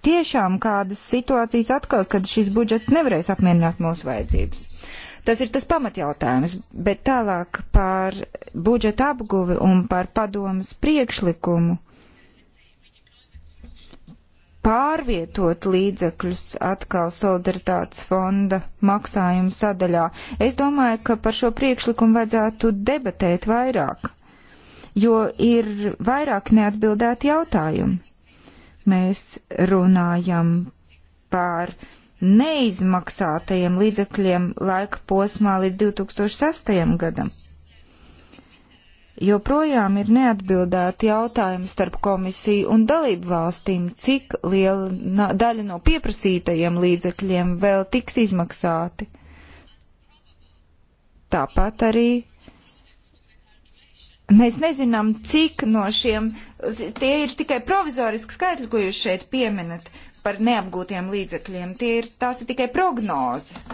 tiešām kādas situācijas atkal, kad šis budžets nevarēs apmierināt mūsu vajadzības. Tas ir tas pamatjautājums, bet tālāk par budžeta apguvi un par padomas priekšlikumu pārvietot līdzekļus atkal solidaritātes fonda maksājuma sadaļā. Es domāju, ka par šo priekšlikumu vajadzētu debatēt vairāk, jo ir vairāk neatbildēti jautājumi. Mēs runājam par neizmaksātajiem līdzekļiem laika posmā līdz 2006. gadam joprojām ir neatbildēti jautājumi starp komisiju un dalību valstīm, cik liela daļa no pieprasītajiem līdzekļiem vēl tiks izmaksāti. Tāpat arī mēs nezinām, cik no šiem, tie ir tikai provizoriski skaitļi, ko jūs šeit pieminat par neapgūtiem līdzekļiem. Tie ir, tās ir tikai prognozes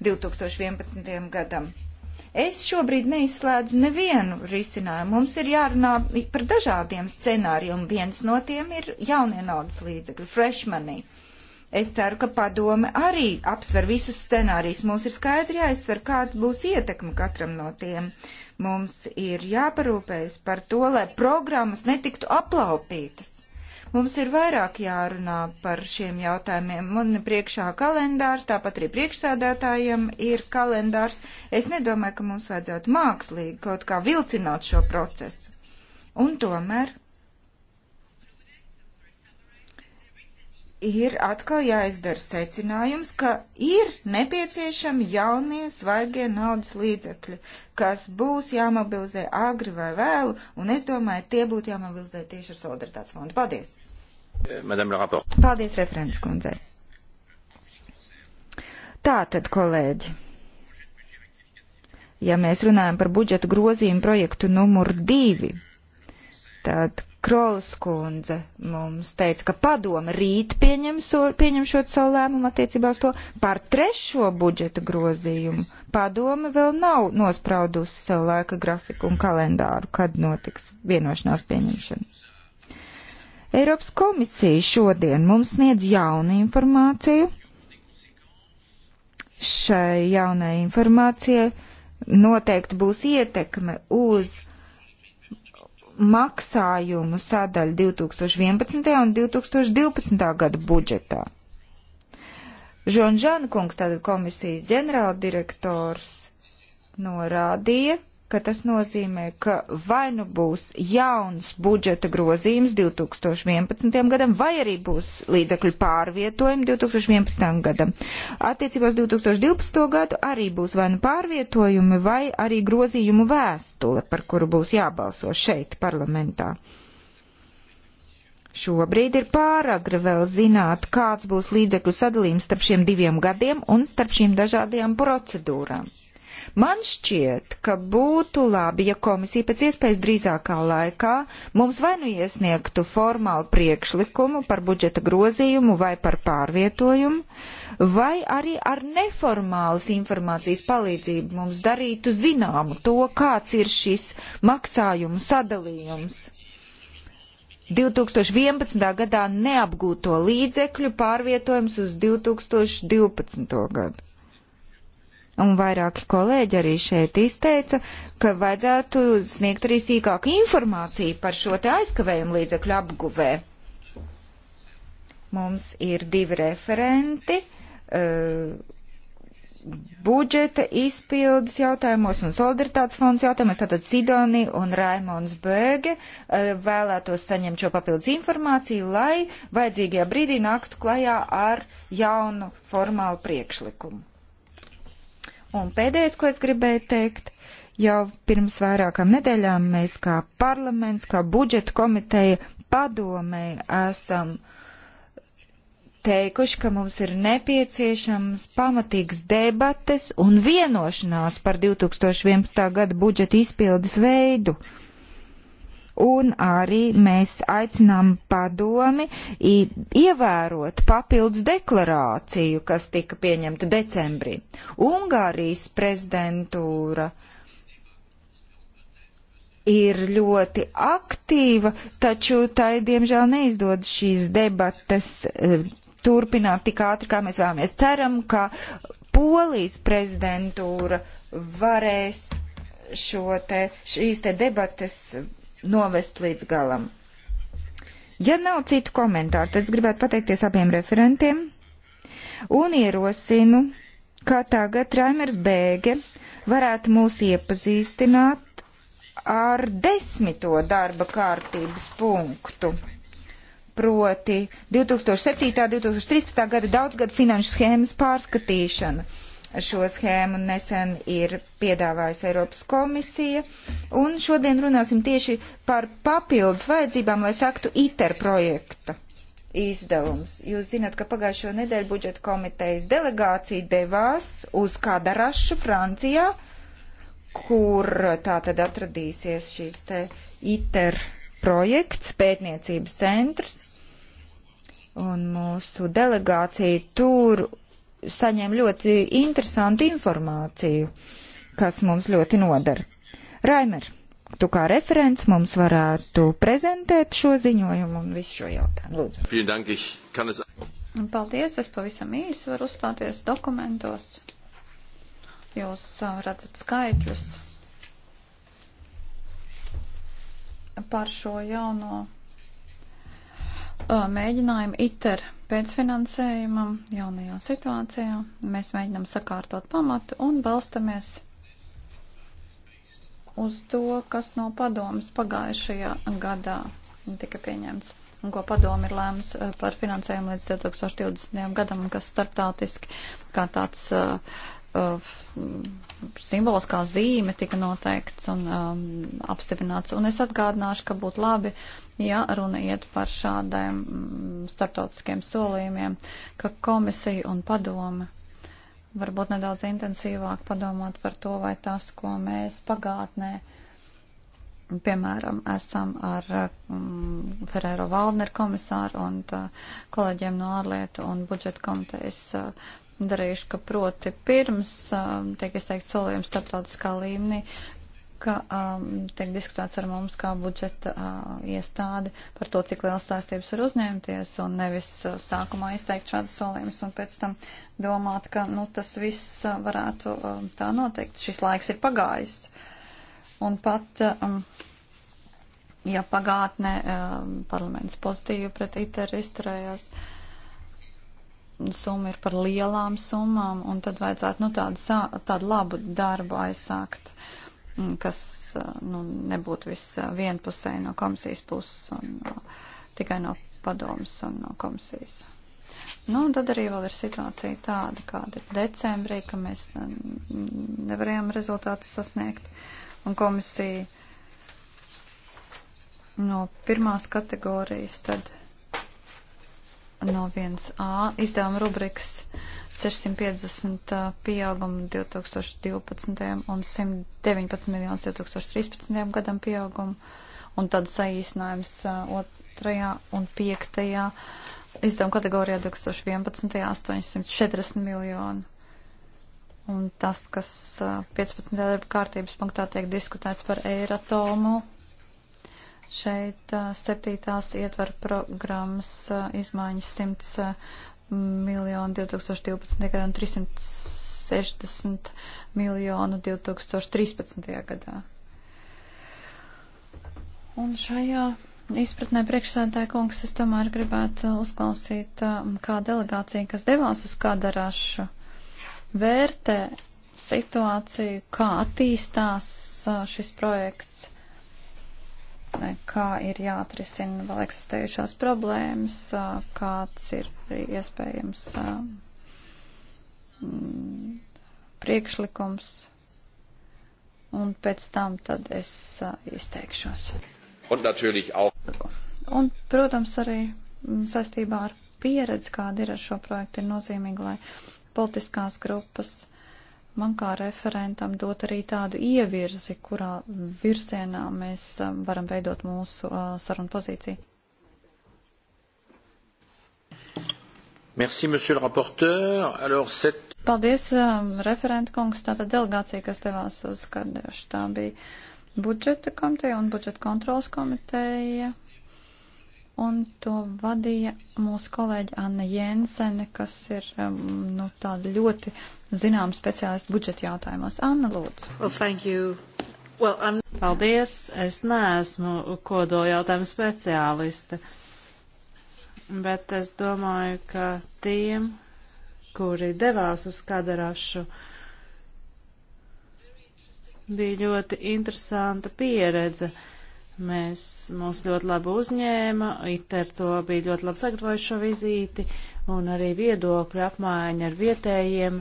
2011. gadam. Es šobrīd neizslēdzu nevienu risinājumu. Mums ir jārunā par dažādiem scenārijiem. Viens no tiem ir jaunie naudas līdzekļi, fresh money. Es ceru, ka padome arī apsver visus scenārijus. Mums ir skaidri jāizsver, kāda būs ietekme katram no tiem. Mums ir jāparūpējas par to, lai programmas netiktu aplaupītas Mums ir vairāk jārunā par šiem jautājumiem. Man priekšā kalendārs, tāpat arī priekšsādātājiem ir kalendārs. Es nedomāju, ka mums vajadzētu mākslīgi kaut kā vilcināt šo procesu. Un tomēr ir atkal jāizdara secinājums, ka ir nepieciešami jaunie svaigie naudas līdzekļi, kas būs jāmobilizē agri vai vēlu, un es domāju, tie būtu jāmobilizē tieši ar solidaritātes fondu. Paldies! Paldies, referents kundzei! Tātad, kolēģi, ja mēs runājam par budžeta grozījumu projektu numur divi, tad Krolas kundze mums teica, ka padoma rīt pieņem, so, pieņem šo savu lēmumu attiecībā uz to par trešo budžeta grozījumu. Padoma vēl nav nospraudusi savu laika grafiku un kalendāru, kad notiks vienošanās pieņemšana. Eiropas komisija šodien mums sniedz jaunu informāciju. Šai jaunai informācijai noteikti būs ietekme uz maksājumu sadaļu 2011. un 2012. gada budžetā. Žonžāna kungs, tātad komisijas ģenerāldirektors, norādīja, ka tas nozīmē, ka vai nu būs jauns budžeta grozījums 2011. gadam, vai arī būs līdzekļu pārvietojumi 2011. gadam. Attiecībās 2012. gadu arī būs vai nu pārvietojumi, vai arī grozījumu vēstule, par kuru būs jābalso šeit parlamentā. Šobrīd ir pāragri vēl zināt, kāds būs līdzekļu sadalījums starp šiem diviem gadiem un starp šīm dažādajām procedūrām. Man šķiet, ka būtu labi, ja komisija pēc iespējas drīzākā laikā mums vai nu iesniegtu formālu priekšlikumu par budžeta grozījumu vai par pārvietojumu, vai arī ar neformālas informācijas palīdzību mums darītu zināmu to, kāds ir šis maksājumu sadalījums. 2011. gadā neapgūto līdzekļu pārvietojums uz 2012. gadu un vairāki kolēģi arī šeit izteica, ka vajadzētu sniegt arī sīkāku informāciju par šo te aizkavējumu līdzekļu apguvē. Mums ir divi referenti. Uh, budžeta izpildes jautājumos un solidaritātes fonds jautājumos, tātad Sidoni un Raimons Bēge eh, vēlētos saņemt šo papildus informāciju, lai vajadzīgajā brīdī nāktu klajā ar jaunu formālu priekšlikumu. Un pēdējais, ko es gribēju teikt, jau pirms vairākām nedēļām mēs kā parlaments, kā budžeta komiteja padomē esam teikuši, ka mums ir nepieciešams pamatīgs debates un vienošanās par 2011. gada budžeta izpildes veidu. Uh, un arī mēs aicinām padomi ievērot papildus deklarāciju, kas tika pieņemta decembrī. Ungārijas prezidentūra ir ļoti aktīva, taču tai diemžēl neizdod šīs debates e, turpināt tik ātri, kā mēs vēlamies. Ceram, ka Polijas prezidentūra varēs šo te, šīs te debates novest līdz galam. Ja nav citu komentāru, tad es gribētu pateikties abiem referentiem un ierosinu, ka tagad Raimers Bēge varētu mūs iepazīstināt ar desmito darba kārtības punktu proti 2007. un 2013. gada daudzgada finanšu schēmas pārskatīšana. Šo schēmu nesen ir piedāvājusi Eiropas komisija, un šodien runāsim tieši par papildus vajadzībām, lai saktu ITER projekta izdevums. Jūs zināt, ka pagājušo nedēļu budžeta komitejas delegācija devās uz Kadarašu, Francijā, kur tā tad atradīsies šīs te ITER projekts, pētniecības centrs. Un mūsu delegācija tur saņēma ļoti interesantu informāciju, kas mums ļoti nodara. Raimer, tu kā referents mums varētu prezentēt šo ziņojumu un visu šo jautājumu. Lūdzu. Paldies, es pavisam īsi varu uzstāties dokumentos. Jūs redzat skaitļus par šo jauno mēģinājumu ITER pēcfinansējumam jaunajā situācijā. Mēs mēģinam sakārtot pamatu un balstamies uz to, kas no padomas pagājušajā gadā tika pieņemts un ko padomi ir lēmus eh, par finansējumu līdz 2020. gadam, kas starptautiski kā tāds uh, uh, simbols kā zīme tika noteikts un um, apstiprināts. Un es atgādināšu, ka būtu labi, ja runa iet par šādiem mm, startautiskiem solījumiem, ka komisija un padome varbūt nedaudz intensīvāk padomāt par to, vai tas, ko mēs pagātnē, piemēram, esam ar mm, Ferrero Valdner komisāru un tā, uh, kolēģiem no ārlietu un budžeta komitejas. Uh, darījuši, ka proti pirms um, tiek izteikts solījums starptautiskā līmenī, ka um, tiek diskutēts ar mums kā budžeta uh, iestādi par to, cik liels saistības var uzņemties un nevis uh, sākumā izteikt šādas solījumus un pēc tam domāt, ka nu, tas viss uh, varētu uh, tā notikt. Šis laiks ir pagājis. Un pat. Uh, Ja pagātnē um, parlaments pozitīvi pret ITER izturējās, uh, summa ir par lielām summām, un tad vajadzētu nu, tādu, tādu labu darbu aizsākt, mm, kas nu, nebūtu viss vienpusēji no komisijas puses un no, tikai no padomas un no komisijas. Nu, un tad arī vēl ir situācija tāda, kāda ir decembrī, ka mēs nevarējām rezultātus sasniegt, un komisija no pirmās kategorijas tad no 1A izdevuma rubrikas 650 pieauguma 2012. un 119 miljonus 2013. gadam pieaugumu, un tad saīsinājums otrajā un piektajā izdevuma kategorijā 2011. 840 miljonu. Un tas, kas 15. darba kārtības punktā tiek diskutēts par Eiratomu, Šeit septītās ietver programmas izmaiņas 100 miljonu 2012. gadā un 360 miljonu 2013. gadā. Un šajā izpratnē priekšsēdētāja kungs es tomēr gribētu uzklausīt, kā delegācija, kas devās uz Kadarašu, vērtē situāciju, kā attīstās šis projekts kā ir jāatrisina vēl eksistējušās problēmas, kāds ir iespējams mm, priekšlikums, un pēc tam tad es izteikšos. Un, un protams, arī mm, saistībā ar pieredzi, kāda ir ar šo projektu, ir nozīmīgi, lai politiskās grupas man kā referentam dot arī tādu ievirzi, kurā virzienā mēs um, varam veidot mūsu uh, sarunu pozīciju. Merci, monsieur le rapporteur. Alors, cette... Paldies, um, referenta kungs. Tātad delegācija, kas devās uz Kardešu, tā bija budžeta komiteja un budžeta kontrolas komiteja un to vadīja mūsu kolēģi Anna Jensene, kas ir um, nu, tāda ļoti zināma speciālista budžeta jautājumos. Anna, lūdzu. Well, thank you. Well, I'm... Paldies. Es neesmu kodola jautājuma speciāliste, bet es domāju, ka tiem, kuri devās uz kadarašu, bija ļoti interesanta pieredze. Uh, Mēs mūs ļoti labi uzņēma, ITER to bija ļoti labi sagatavojuši šo vizīti, un arī viedokļu apmaiņa ar vietējiem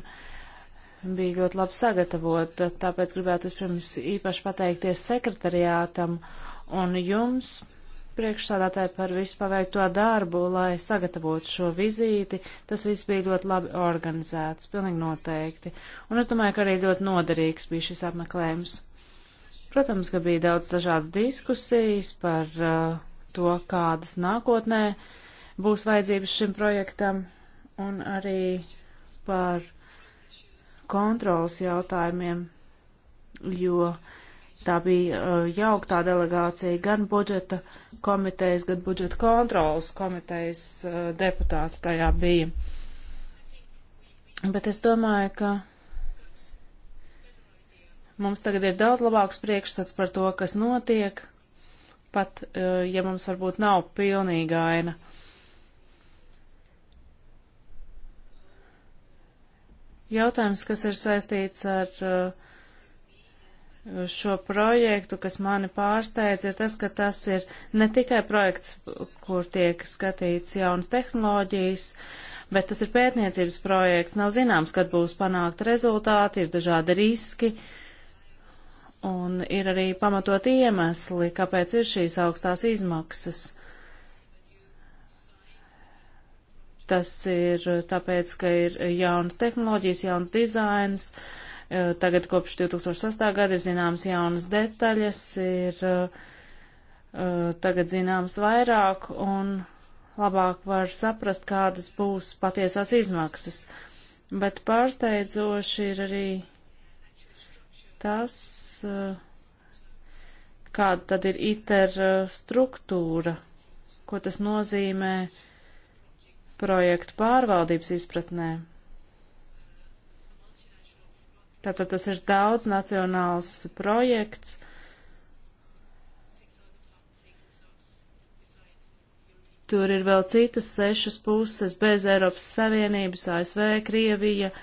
bija ļoti labi sagatavota. Tāpēc gribētu vispirms īpaši pateikties sekretariātam un jums, priekšsādātāji, par visu paveikto darbu, lai sagatavotu šo vizīti. Tas viss bija ļoti labi organizēts, pilnīgi noteikti. Un es domāju, ka arī ļoti noderīgs bija šis apmeklējums. Protams, ka bija daudz dažādas diskusijas par uh, to, kādas nākotnē būs vajadzības šim projektam un arī par kontrolas jautājumiem, jo tā bija uh, jauktā delegācija gan budžeta komitejas, gan budžeta kontrolas komitejas uh, deputāti tajā bija. Bet es domāju, ka Mums tagad ir daudz labāks priekšstats par to, kas notiek, pat e, ja mums varbūt nav pilnīga aina. Jautājums, kas ir saistīts ar e, šo projektu, kas mani pārsteidz, ir tas, ka tas ir ne tikai projekts, kur tiek skatīts jaunas tehnoloģijas, bet tas ir pētniecības projekts. Nav zināms, kad būs panākti rezultāti, ir dažādi riski. Uh, un ir arī pamatot iemesli, kāpēc ir šīs augstās izmaksas. Tas ir tāpēc, ka ir jaunas tehnoloģijas, jauns dizains, e, tagad kopš 2008. gada ir zināmas jaunas detaļas, ir e, e, tagad zināmas vairāk un labāk var saprast, kādas būs patiesās izmaksas. Bet pārsteidzoši ir arī tas, eh, kāda tad ir ITER eh, struktūra, ko tas nozīmē projektu pārvaldības izpratnē. Tātad tas ir daudz nacionāls projekts. Tur ir vēl citas sešas puses bez Eiropas Savienības, ASV, Krievija,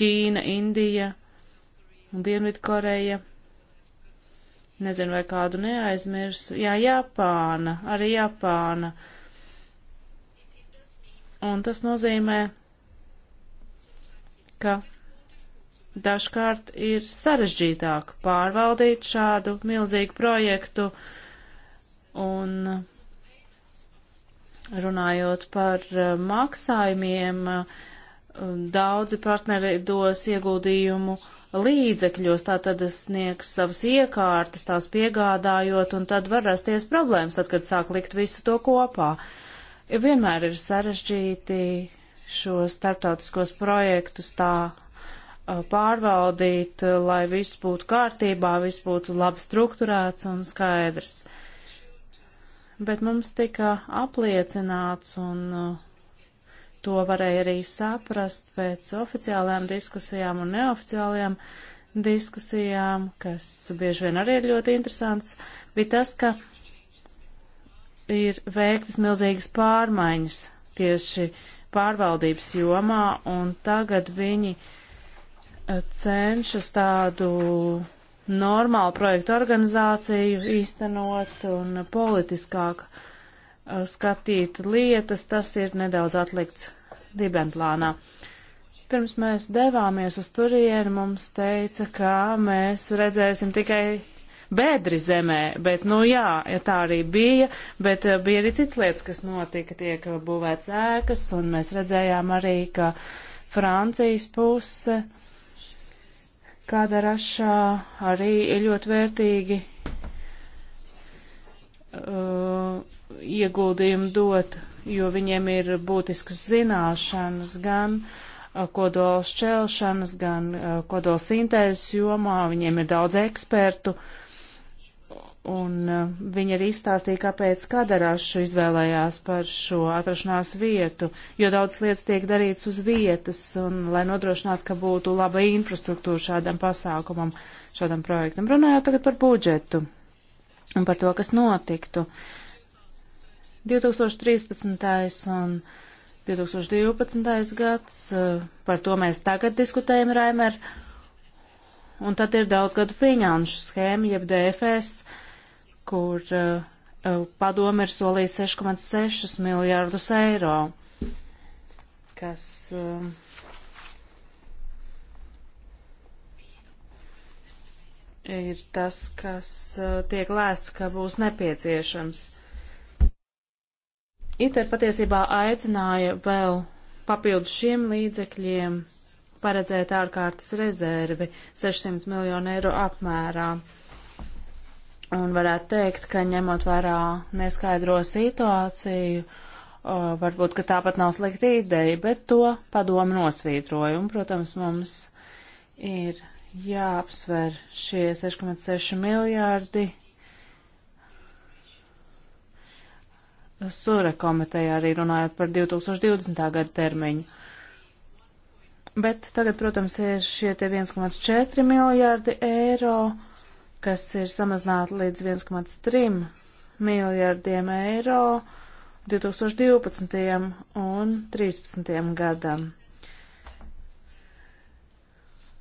Ķīna, Indija un Dienvidkoreja. Nezinu, vai kādu neaizmirsu. Jā, Japāna, arī Japāna. Un tas nozīmē, ka dažkārt ir sarežģītāk pārvaldīt šādu milzīgu projektu un runājot par uh, maksājumiem, uh, daudzi partneri dos ieguldījumu uh, līdzekļos, tātad sniegs savas iekārtas, tās piegādājot, un tad var rasties problēmas, tad, kad sāk likt visu to kopā. Vienmēr ir sarežģīti šos starptautiskos projektus tā pārvaldīt, lai viss būtu kārtībā, viss būtu labi strukturēts un skaidrs. Bet mums tika apliecināts un uh, To varēja arī saprast pēc oficiālām diskusijām un neoficiālām diskusijām, kas bieži vien arī ir ļoti interesants, bija tas, ka ir veiktas milzīgas pārmaiņas tieši pārvaldības jomā, un tagad viņi eh, cenšas tādu normālu projektu organizāciju īstenot un politiskāku Uh, skatīt lietas, tas ir nedaudz atlikts dibentlānā. Pirms mēs devāmies uz turieni, mums teica, ka mēs redzēsim tikai bedri zemē, bet, nu jā, ja tā arī bija, bet uh, bija arī citas lietas, kas notika, tiek uh, būvēts ēkas, un mēs redzējām arī, ka Francijas puse kāda rašā arī ir ļoti vērtīgi. Uh, ieguldījumu dot, jo viņiem ir būtiskas zināšanas gan uh, kodola šķelšanas, gan uh, kodola sintēzes jomā, viņiem ir daudz ekspertu, un uh, viņi arī izstāstīja, kāpēc Kadarašu izvēlējās par šo atrašanās vietu, jo daudz lietas tiek darīts uz vietas, un lai nodrošinātu, ka būtu laba infrastruktūra šādam pasākumam, šādam projektam. Runājot tagad par budžetu un par to, kas notiktu. Uh, 2013. un 2012. gads, eh, par to mēs tagad diskutējam, Raimer, un tad ir daudzgadu finanšu schēma, jeb DFS, kur uh, padome ir solījis 6,6 miljārdus eiro, kas. Uh, ir tas, kas tiek lēsts, ka būs nepieciešams. ITER patiesībā aicināja vēl papildus šiem līdzekļiem paredzēt ārkārtas rezervi 600 miljonu eiro apmērā. Un varētu teikt, ka ņemot vērā neskaidro situāciju, o, varbūt, ka tāpat nav slikta ideja, bet to padomu nosvītroju. Un, protams, mums ir jāapsver šie 6,6 miljārdi Sura komiteja arī runājot par 2020. gada termiņu. Bet tagad, protams, ir šie tie 1,4 miljārdi eiro, kas ir samazināti līdz 1,3 miljārdiem eiro 2012. un 2013. gadam.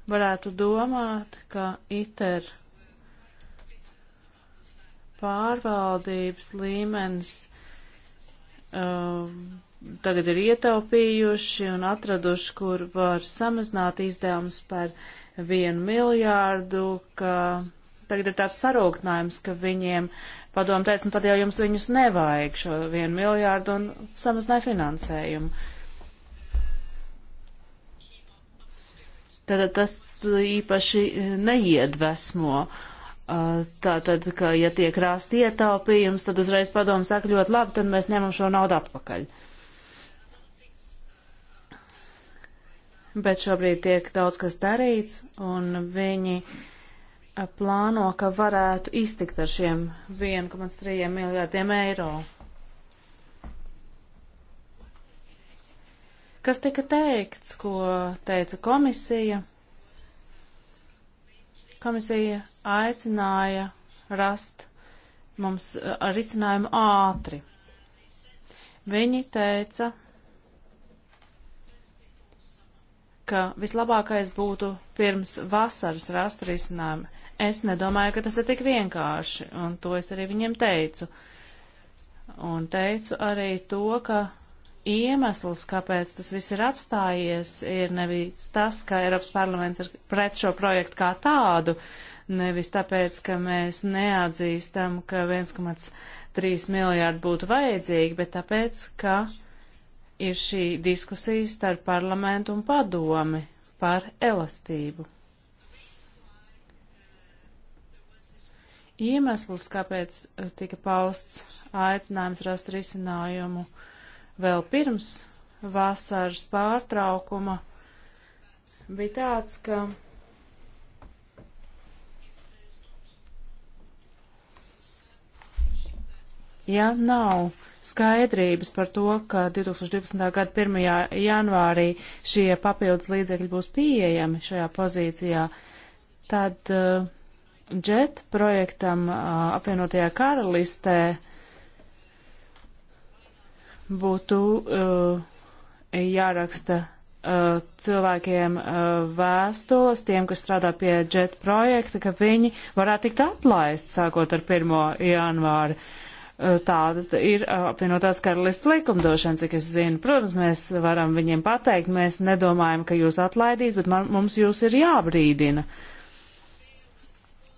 Varētu domāt, ka ITER pārvaldības līmenis uh, tagad ir ietaupījuši un atraduši, kur var samazināt izdevumus par vienu miljārdu, ka tagad ir tāds sarūknājums, ka viņiem padomu teica, nu tad jau jums viņus nevajag šo vienu miljārdu un samazināja finansējumu. Tātad tas īpaši neiedvesmo. Uh, Uh, tātad, ka ja tiek rāst ietaupījums, tad uzreiz padomu saka ļoti labi, tad mēs ņemam šo naudu atpakaļ. Bet šobrīd tiek daudz kas darīts, un viņi uh, plāno, ka varētu iztikt ar šiem 1,3 miljārdiem eiro. Kas tika teikts, ko teica komisija? Komisija aicināja rast mums eh, ar izcinājumu ātri. Viņi teica, ka vislabākais būtu pirms vasaras rast risinājumu. Es nedomāju, ka tas ir tik vienkārši, un to es arī viņiem teicu. Un teicu arī to, ka iemesls, kāpēc tas viss ir apstājies, ir nevis tas, ka Eiropas parlaments ir pret šo projektu kā tādu, nevis tāpēc, ka mēs neatzīstam, ka 1,3 miljārdi būtu vajadzīgi, bet tāpēc, ka ir šī diskusija starp parlamentu un padomi par elastību. Iemesls, kāpēc tika pausts aicinājums rast risinājumu uh, vēl pirms vasaras pārtraukuma bija tāds, ka ja nav skaidrības par to, ka 2012. gada 1. janvārī šie papildus līdzekļi būs pieejami šajā pozīcijā, tad uh, džet projektam uh, apvienotajā karalistē uh, būtu uh, jāraksta uh, cilvēkiem uh, vēstules, tiem, kas strādā pie džet projekta, ka viņi varētu tikt atlaist sākot ar 1. janvāru. Uh, tāda ir apvienotās karalistas likumdošana, cik es zinu. Protams, mēs varam viņiem pateikt, mēs nedomājam, ka jūs atlaidīs, bet man, mums jūs ir jābrīdina.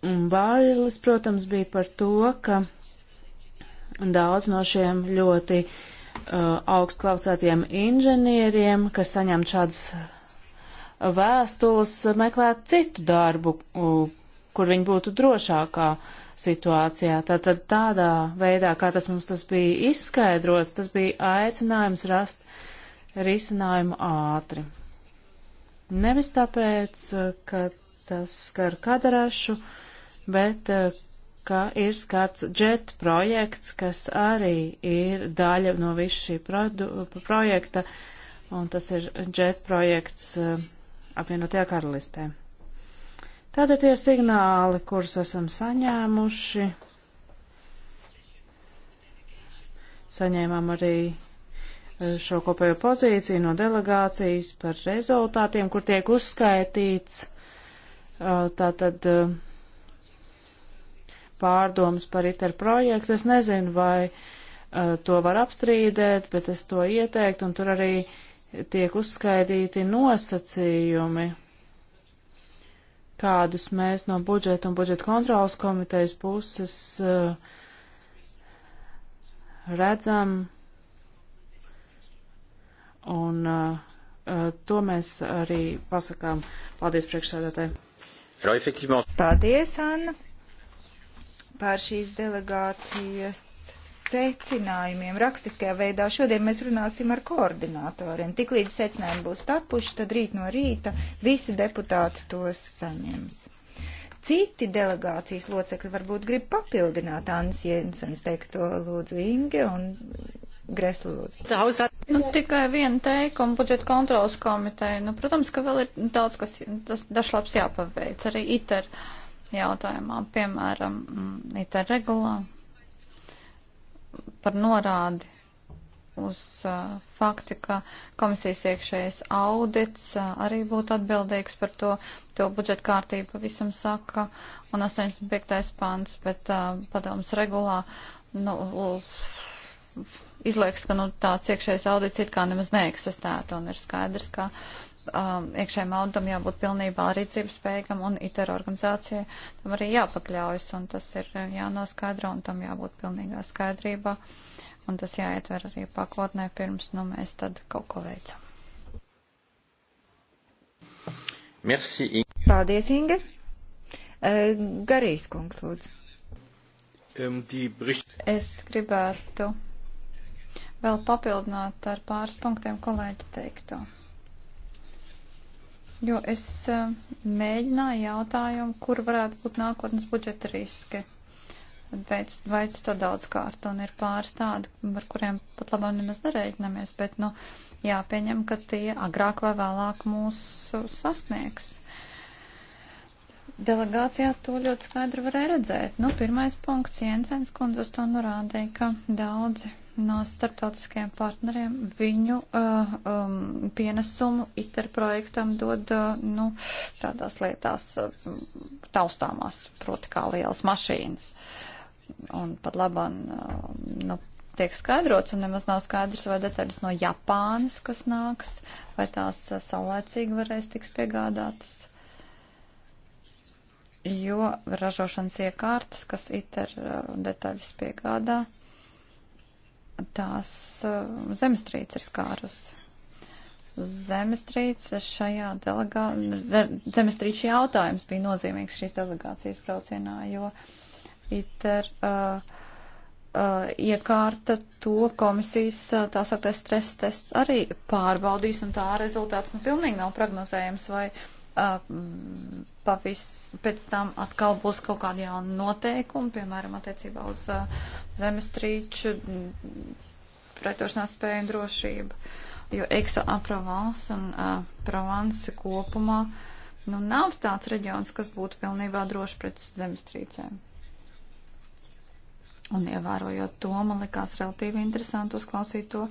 Un bailes, protams, bija par to, ka daudz no šiem ļoti uh, Uh, augstkvalificētiem inženieriem, kas saņem šādas vēstules, meklēt citu darbu, kur viņi būtu drošākā situācijā. Tātad tādā veidā, kā tas mums tas bija izskaidrots, tas bija aicinājums rast risinājumu ātri. Nevis tāpēc, uh, ka tas skar kadarašu, bet uh, ka ir skarts džet projekts, kas arī ir daļa no visu šī projekta, un tas ir džet projekts eh, apvienotajā karalistē. Tātad tie signāli, kurus esam saņēmuši, saņēmām arī eh, šo kopējo pozīciju no delegācijas par rezultātiem, kur tiek uzskaitīts eh, tātad. Uh, pārdomas par ITER projektu. Es nezinu, vai uh, to var apstrīdēt, bet es to ieteiktu, un tur arī tiek uzskaidīti nosacījumi, kādus mēs no budžeta un budžeta kontrolas komitejas puses uh, redzam, un uh, uh to mēs arī pasakām. Paldies priekšsēdētāji! Paldies, Anna! par šīs delegācijas secinājumiem rakstiskajā veidā. Šodien mēs runāsim ar koordinatoriem. Tiklīdz secinājumi būs tapuši, tad rīt no rīta visi deputāti tos saņems. Citi delegācijas locekļi varbūt grib papildināt Annas Jensens teikto lūdzu Inge un Greslu lūdzu. Nu, tikai vienu teikumu budžeta kontrolas komiteju. Nu, protams, ka vēl ir daudz, kas tas dažlaps jāpaveic. Arī ITER. Uh, jautājumā, piemēram, mm, ITER regulā par norādi uz uh, faktu, ka komisijas iekšējais audits uh, arī būtu atbildīgs par to, to budžeta kārtību pavisam saka, un 85. pāns, bet uh, padomas regulā, nu, izliekas, ka nu, tāds iekšējais audits it kā nemaz neeksistētu, un ir skaidrs, ka uh, um, iekšējiem auditam jābūt pilnībā rīcības spējīgam un ITER organizācijai tam arī jāpakļaujas un tas ir jānoskaidro un tam jābūt pilnīgā skaidrībā un tas jāietver arī pakotnē pirms nu, mēs tad kaut ko veicam. Merci. Inge. Paldies, Inga. Uh, eh, Garīs kungs, lūdzu. Um, es gribētu vēl papildināt ar pāris punktiem kolēģi teikto jo es eh, mēģināju jautājumu, kur varētu būt nākotnes budžeta riski. Veids, veids to daudz kārt un ir pāris tādi, par kuriem pat labāk nemaz nereiķinamies, bet, nu, jāpieņem, ka tie agrāk vai vēlāk mūs sasniegs. Delegācijā to ļoti skaidri varēja redzēt. Nu, pirmais punkts Jensens kundze uz to norādīja, ka daudzi no starptautiskajiem partneriem viņu uh, um, pienesumu ITER projektam dod uh, nu, tādās lietās uh, taustāmās, proti kā lielas mašīnas. Un pat labam uh, nu, tiek skaidrots, un nemaz nav skaidrs, vai detaļas no Japānas, kas nāks, vai tās uh, saulēcīgi varēs tiks piegādātas jo ražošanas iekārtas, kas ITER uh, detaļas piegādā, uh, tās uh, eh, zemestrīce ir skārusi. Zemestrīce šajā delegā... zemestrīce jautājums bija nozīmīgs šīs delegācijas braucienā, jo ITER uh, uh, iekārta to komisijas uh, tā sauktais stress tests arī pārbaudīs, un tā rezultāts nu pilnīgi nav prognozējams, vai pavis, pēc tam atkal būs kaut kādi jauni noteikumi, piemēram, attiecībā uz zemestrīču pretošanās spēju un drošību. Jo Aix-en-Provence un uh, Provence kopumā nu, nav tāds reģions, kas būtu pilnībā drošs pret zemestrīcēm. Un ievērojot to, man likās relatīvi interesanti uzklausīt to,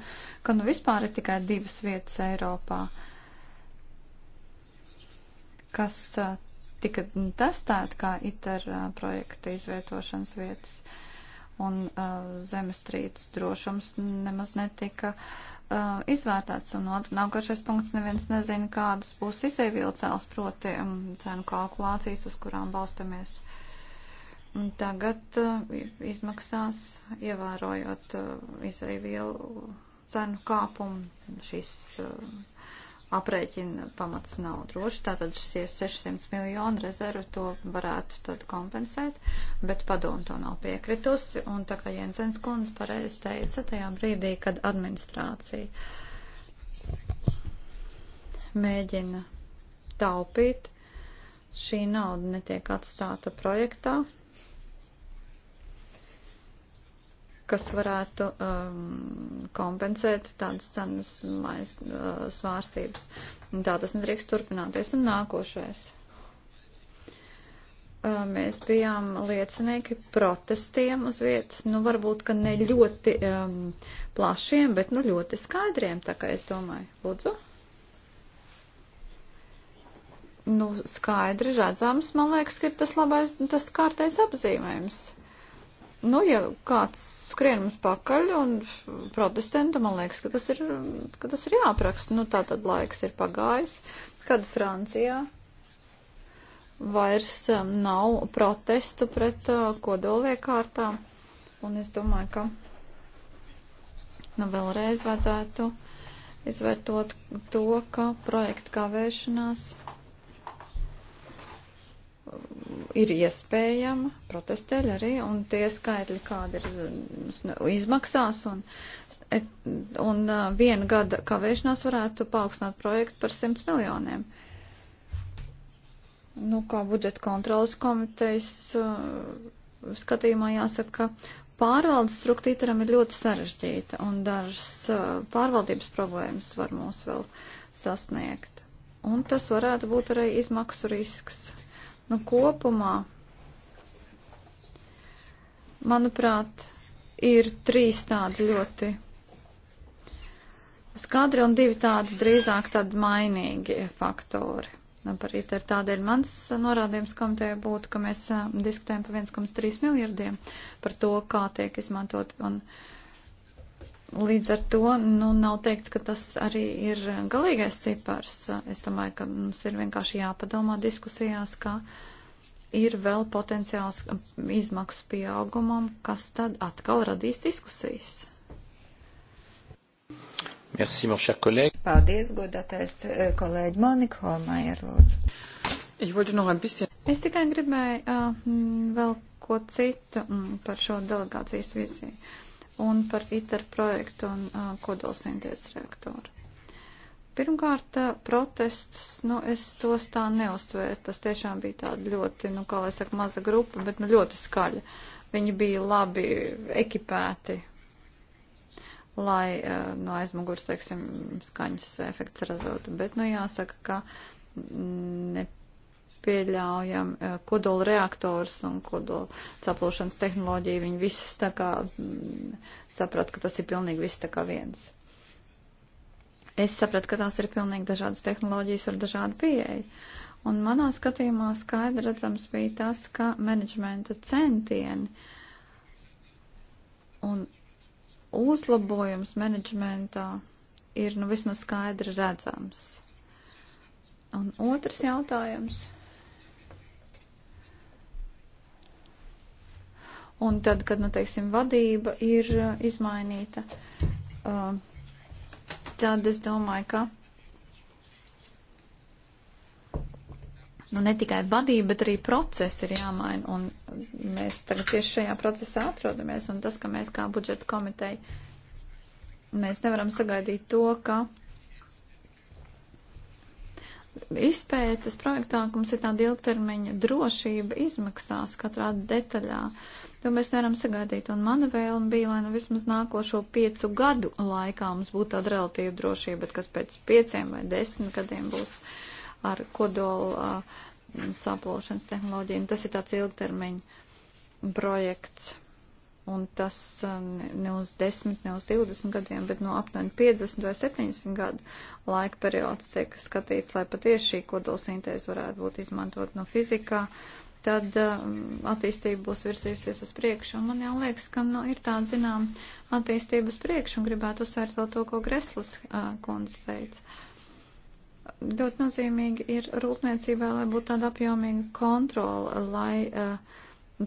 ka nu vispār ir tikai divas vietas Eiropā. Uh, kas tika testēti kā ITER projekta izvietošanas vietas, un zemestrīces drošums nemaz netika izvērtēts, un nākošais punkts neviens nezina, kādas būs izēvilcēls, proti um, cenu kalkulācijas, uz kurām balstamies. Tagad izmaksās, ievērojot izēvielu cenu kāpumu, šis aprēķina pamats nav droši, tātad šis 600 miljonu rezervu to varētu tad kompensēt, bet padomu to nav piekritusi, un tā kā Jensens kundze pareizi teica, tajā brīdī, kad administrācija mēģina taupīt, šī nauda netiek atstāta projektā, kas varētu um, kompensēt tādas cenas maiz, uh, svārstības. Un tā tas nedrīkst turpināties. Un nākošais. Uh, mēs bijām liecinieki protestiem uz vietas, nu varbūt, ka ne ļoti um, plašiem, bet nu ļoti skaidriem, tā kā es domāju. Lūdzu. Nu, skaidri redzams, man liekas, ka ir tas labais, tas kārtais apzīmējums Nu, ja kāds skrien mums pakaļ un protestantu, man liekas, ka tas ir, ka tas ir jāapraksta. Nu, tā tad laiks ir pagājis, kad Francijā vairs um, nav protestu pret uh, kodoliekārtām. Un es domāju, ka nu, vēlreiz vajadzētu izvērtot to, ka projekta kavēšanās. Kā ir iespējama, protestēļ arī, un tie skaitļi, kāda ir izmaksās, un, un viena gada kavēšanās varētu paaugstināt projektu par 100 miljoniem. Nu, kā budžeta kontrolas komitejas skatījumā jāsaka, ka pārvaldes struktūram ir ļoti sarežģīta, un dažas pārvaldības problēmas var mūs vēl sasniegt. Un tas varētu būt arī izmaksu risks Nu, kopumā, manuprāt, ir trīs tādi ļoti skadri un divi tādi drīzāk tādi mainīgi faktori. Nu, Parīt ir tādēļ mans norādījums komitē būtu, ka mēs diskutējam par 1,3 miljardiem par to, kā tiek izmantot un izmantot Līdz ar to nu, nav teikts, ka tas arī ir galīgais cipars. Es domāju, ka mums ir vienkārši jāpadomā diskusijās, ka ir vēl potenciāls izmaksu pieaugumam, kas tad atkal radīs diskusijas. Merci, mon cher collègue. Paldies, godātais eh, kolēģi Monika Holmaier, lūdzu. Es tikai gribēju uh, vēl ko citu um, par šo delegācijas viziju. Uh, un par ITER projektu un uh, kodolsinties reaktoru. Pirmkārt, protests, nu, es tos tā neuztvēru. Tas tiešām bija tāda ļoti, nu, kā lai saka, maza grupa, bet, nu, ļoti skaļa. Viņi bija labi ekipēti, lai uh, no aizmugurs, teiksim, skaņas efekts razotu. Bet, nu, jāsaka, ka mm, ne pieļaujam e, kodola reaktors un kodola saplūšanas tehnoloģija. Viņi visus tā kā mm, saprat, ka tas ir pilnīgi viss tā kā viens. Es sapratu, ka tās ir pilnīgi dažādas tehnoloģijas ar dažādu pieeju. Un manā skatījumā skaidri redzams bija tas, ka menedžmenta centieni un uzlabojums menedžmentā ir nu vismaz skaidri redzams. Un otrs jautājums. Un tad, kad, nu, teiksim, vadība ir uh, izmainīta, uh, tad es domāju, ka nu, ne tikai vadība, bet arī procesi ir jāmaina. Un mēs tagad tieši šajā procesā atrodamies. Un tas, ka mēs kā budžeta komiteja, mēs nevaram sagaidīt to, ka izpētes projektā mums ir tāda ilgtermiņa drošība izmaksās katrā detaļā to mēs nevaram sagaidīt. Un mana vēlme bija, lai nu vismaz nākošo piecu gadu laikā mums būtu tāda relatīva drošība, bet kas pēc pieciem vai desmit gadiem būs ar kodola uh, saplošanas tehnoloģiju. Un tas ir tāds ilgtermiņa projekts un tas um, ne uz 10, ne uz 20 gadiem, bet no aptuveni 50 vai 70 gadu laika periods tiek skatīts, lai patiešām šī kodolsintēze varētu būt izmantot no fizikā, tad um, attīstība būs virsījusies uz priekšu. Un man jau liekas, ka nu, ir tāda zinām attīstība uz priekšu un gribētu uzsvērt vēl to, ko Greslis uh, kundze teica. Ļoti nozīmīgi ir rūpniecībā, lai būtu tāda apjomīga kontrola, lai uh,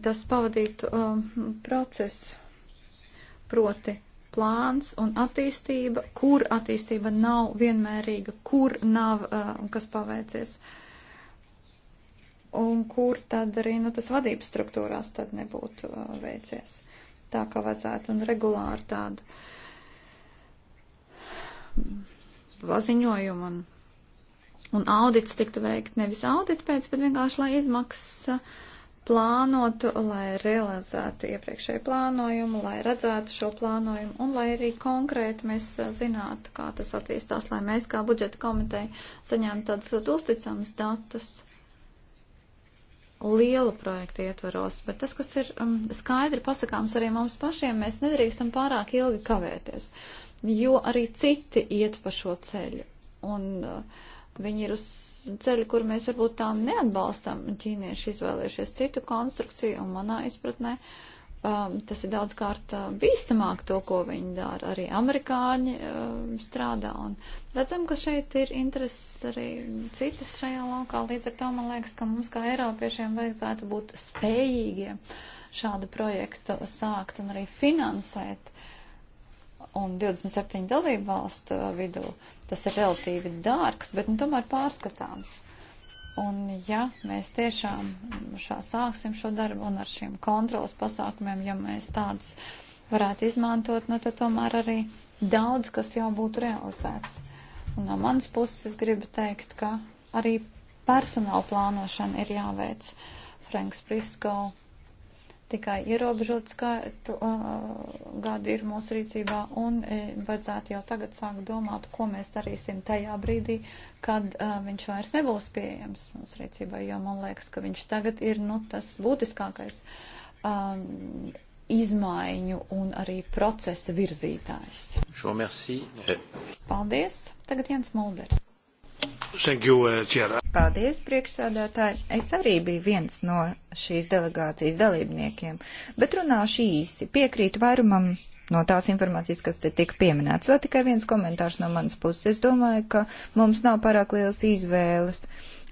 tas pavadītu uh, procesu proti plāns un attīstība, kur attīstība nav vienmērīga, kur nav uh, un kas paveicies. Uh, un kur tad arī nu, tas vadības struktūrās tad nebūtu uh, veicies tā, kā vajadzētu, un regulāri tādu paziņojumu mm, un, un audits tiktu veikt nevis audita pēc, bet vienkārši, lai izmaksas plānotu, lai realizētu iepriekšēju plānojumu, lai redzētu šo plānojumu un lai arī konkrēti mēs uh, zinātu, kā tas attīstās, lai mēs kā budžeta komiteja saņēmu tādus ļoti uzticamus datus. Uh, lielu projektu ietvaros, bet tas, kas ir um, skaidri pasakāms arī mums pašiem, mēs nedrīkstam pārāk ilgi kavēties, jo arī citi iet pa šo ceļu. Un uh, viņi ir uz ceļu, kur mēs varbūt tā neatbalstam. Ķīnieši izvēlējušies citu konstrukciju, un manā izpratnē uh, um, tas ir daudzkārt uh, bīstamāk to, ko viņi dara. Arī amerikāņi um, strādā un redzam, ka šeit ir intereses arī citas šajā laukā. Līdz ar to man liekas, ka mums kā Eiropiešiem vajadzētu būt spējīgiem šādu projektu sākt un arī finansēt. Un 27 dalību valstu uh, vidū tas ir relatīvi dārgs, bet nu, tomēr pārskatāms. Un ja mēs tiešām šā sāksim šo darbu un ar šiem kontrols pasākumiem, ja mēs tāds varētu izmantot, nu tad tomēr arī daudz, kas jau būtu realizēts. Un no manas puses es gribu teikt, ka arī personāla plānošana ir jāveic. Franks Prisko Tikai ierobežot skaitu gadu ir mūsu rīcībā un vajadzētu jau tagad sākt domāt, ko mēs darīsim tajā brīdī, kad viņš vairs nebūs pieejams mūsu rīcībā, jo man liekas, ka viņš tagad ir nu, tas būtiskākais um, izmaiņu un arī procesa virzītājs. Šo merci. Paldies. Tagad Jens Mulders. Uh, Paldies, priekšsādātāji. Es arī biju viens no šīs delegācijas dalībniekiem, bet runāšu īsi. Piekrītu vairumam no tās informācijas, kas te tika pieminēts. Vēl tikai viens komentārs no manas puses. Es domāju, ka mums nav pārāk liels izvēles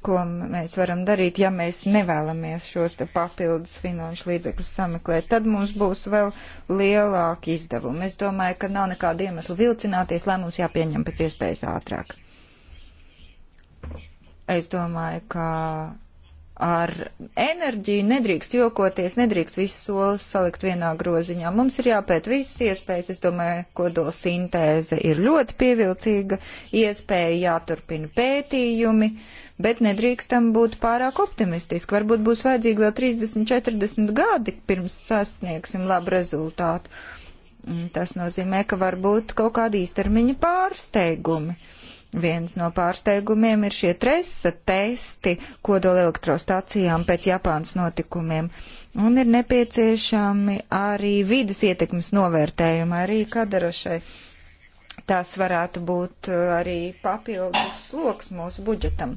ko mēs varam darīt, ja mēs nevēlamies šos te papildus finanšu līdzekļus sameklēt, tad mums būs vēl lielāki izdevumi. Es domāju, ka nav nekāda iemesla vilcināties, lai mums jāpieņem pēc iespējas ātrāk. Es domāju, ka ar enerģiju nedrīkst jokoties, nedrīkst visus solus salikt vienā groziņā. Mums ir jāpēt visas iespējas. Es domāju, kodola sintēze ir ļoti pievilcīga iespēja, jāturpina pētījumi, bet nedrīkstam būt pārāk optimistiski. Varbūt būs vajadzīgi vēl 30, 40 gadi, pirms sasniegsim labu rezultātu. Mm, tas nozīmē, ka var būt kaut kādi īstermiņa pārsteigumi. Viens no pārsteigumiem ir šie tresa testi kodolelektrostacijām pēc Japānas notikumiem. Un ir nepieciešami arī vidas ietekmes novērtējumi arī Kadarošai. Tas varētu būt uh, arī papildus sloks mūsu budžetam.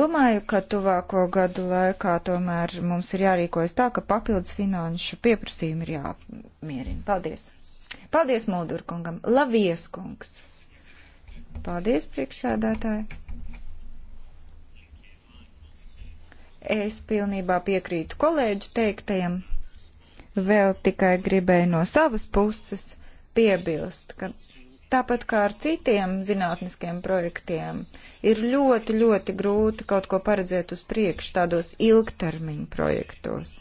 Domāju, ka tuvāko gadu laikā tomēr mums ir jārīkojas tā, ka papildus finanšu pieprasījumi ir jāmierina. Paldies! Paldies Muldurkungam! Lavies kungs! Paldies, priekšsēdētāji! Es pilnībā piekrītu kolēģu teiktajam. Vēl tikai gribēju no savas puses piebilst, ka tāpat kā ar citiem zinātniskiem projektiem, ir ļoti, ļoti grūti kaut ko paredzēt uz priekšu tādos ilgtermiņu projektos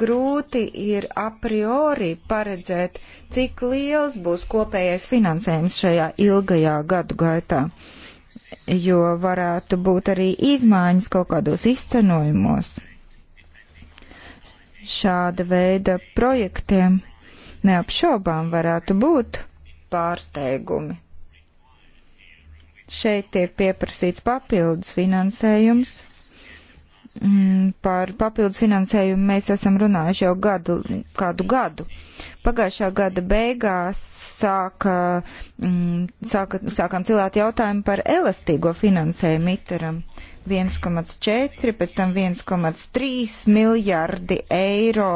grūti ir a priori paredzēt, cik liels būs kopējais finansējums šajā ilgajā gadu gaitā, jo varētu būt arī izmaiņas kaut kādos izcenojumos. Šāda veida projektiem neapšaubām varētu būt pārsteigumi. Šeit tiek pieprasīts papildus finansējums Mm, par papildus finansējumu mēs esam runājuši jau gadu, kādu gadu. Pagājušā gada beigās sāka, mm, sāka, sākam cilāt jautājumu par elastīgo finansējumu iteram. 1,4, pēc tam 1,3 miljardi eiro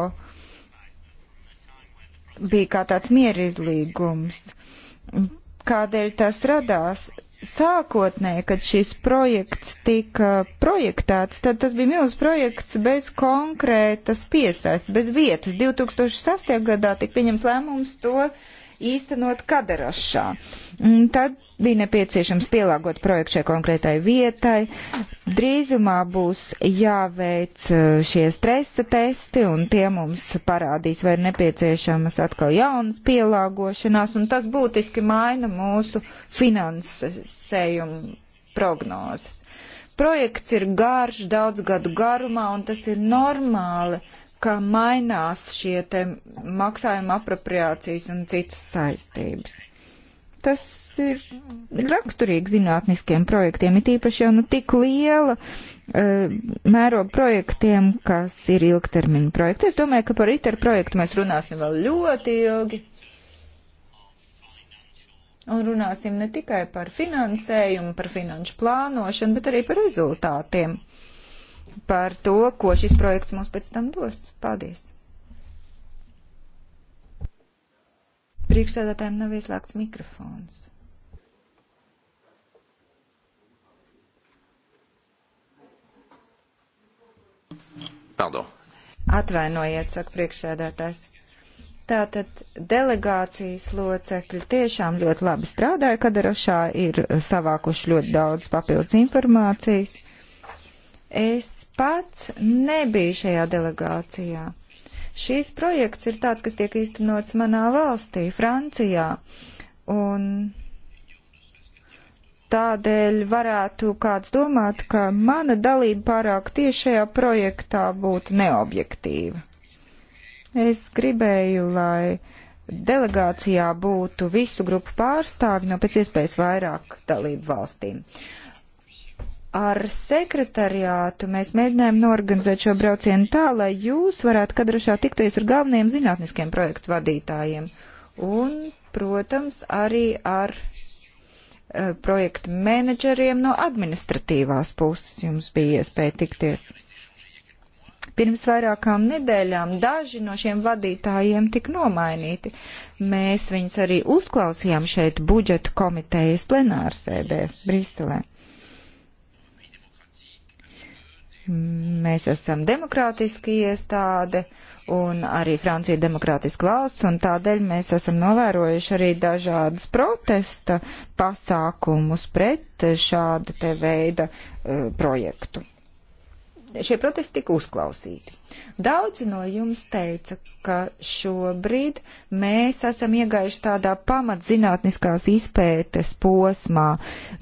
bija kā tāds mierizlīgums. Kādēļ tas radās? sākotnēji, kad šis projekts tika projektēts, tad tas bija milzīgs projekts bez konkrētas piesaistes, bez vietas. 2006. gadā tika pieņems lēmums to īstenot Kadarašā. Un tad bija nepieciešams pielāgot projektu šai konkrētai vietai. Drīzumā būs jāveic e, šie stresa testi, un tie mums parādīs, vai ir nepieciešamas atkal jaunas pielāgošanās, un tas būtiski maina mūsu finansējumu prognozes. Projekts ir garš, daudz gadu garumā, un tas ir normāli ka mainās šie te maksājuma apropriācijas un citas saistības. Tas ir raksturīgi zinātniskiem projektiem, it īpaši jau nu tik liela uh, mēroga projektiem, kas ir ilgtermiņa projekti. Es domāju, ka par ITER projektu mēs runāsim vēl ļoti ilgi. Un runāsim ne tikai par finansējumu, par finanšu plānošanu, bet arī par rezultātiem. Uh, par to, ko šis projekts mums pēc tam dos. Paldies! Priekšsēdētājiem nav ieslēgts mikrofons. Pardon. Atvainojiet, saka priekšsēdētājs. Tātad delegācijas locekļi tiešām ļoti labi strādāja, kad Rošā ir savākuši ļoti daudz papildus informācijas. Es pats nebiju šajā delegācijā. Šīs projekts ir tāds, kas tiek īstenots manā valstī, Francijā. Un tādēļ varētu kāds domāt, ka mana dalība pārāk tiešajā projektā būtu neobjektīva. Es gribēju, lai delegācijā būtu visu grupu pārstāvi no pēc iespējas vairāk dalību valstīm. Uh, ar sekretariātu mēs mēģinājām norganizēt šo braucienu tā, lai jūs varētu kadrašā tikties ar galvenajiem zinātniskiem projektu vadītājiem un, protams, arī ar uh, projektu menedžeriem no administratīvās puses jums bija iespēja tikties. Pirms vairākām nedēļām daži no šiem vadītājiem tika nomainīti. Mēs viņus arī uzklausījām šeit budžetu komitejas plenārsēdē Briselē. Mēs esam demokrātiski iestāde un arī Francija ir demokrātiska valsts, un tādēļ mēs esam novērojuši arī dažādas protesta pasākumus pret šāda te veida uh, projektu. Šie protesti tika uzklausīti. Daudzi no jums teica, ka šobrīd mēs esam iegājuši tādā pamatzinātniskās izpētes posmā,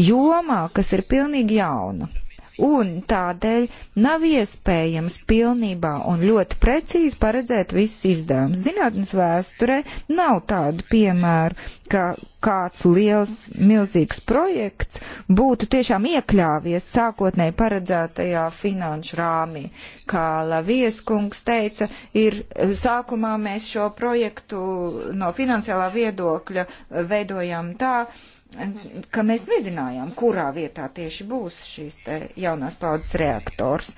jomā, kas ir pilnīgi jauna un tādēļ nav iespējams pilnībā un ļoti precīzi paredzēt visus izdevumus. Zinātnes vēsturē nav tādu piemēru, ka kāds liels, milzīgs projekts būtu tiešām iekļāvies sākotnēji paredzētajā finanšu rāmī. Kā Lavieskungs teica, ir sākumā mēs šo projektu no finansiālā viedokļa veidojam tā, ka mēs nezinājām, kurā vietā tieši būs šīs jaunās paudzes reaktors.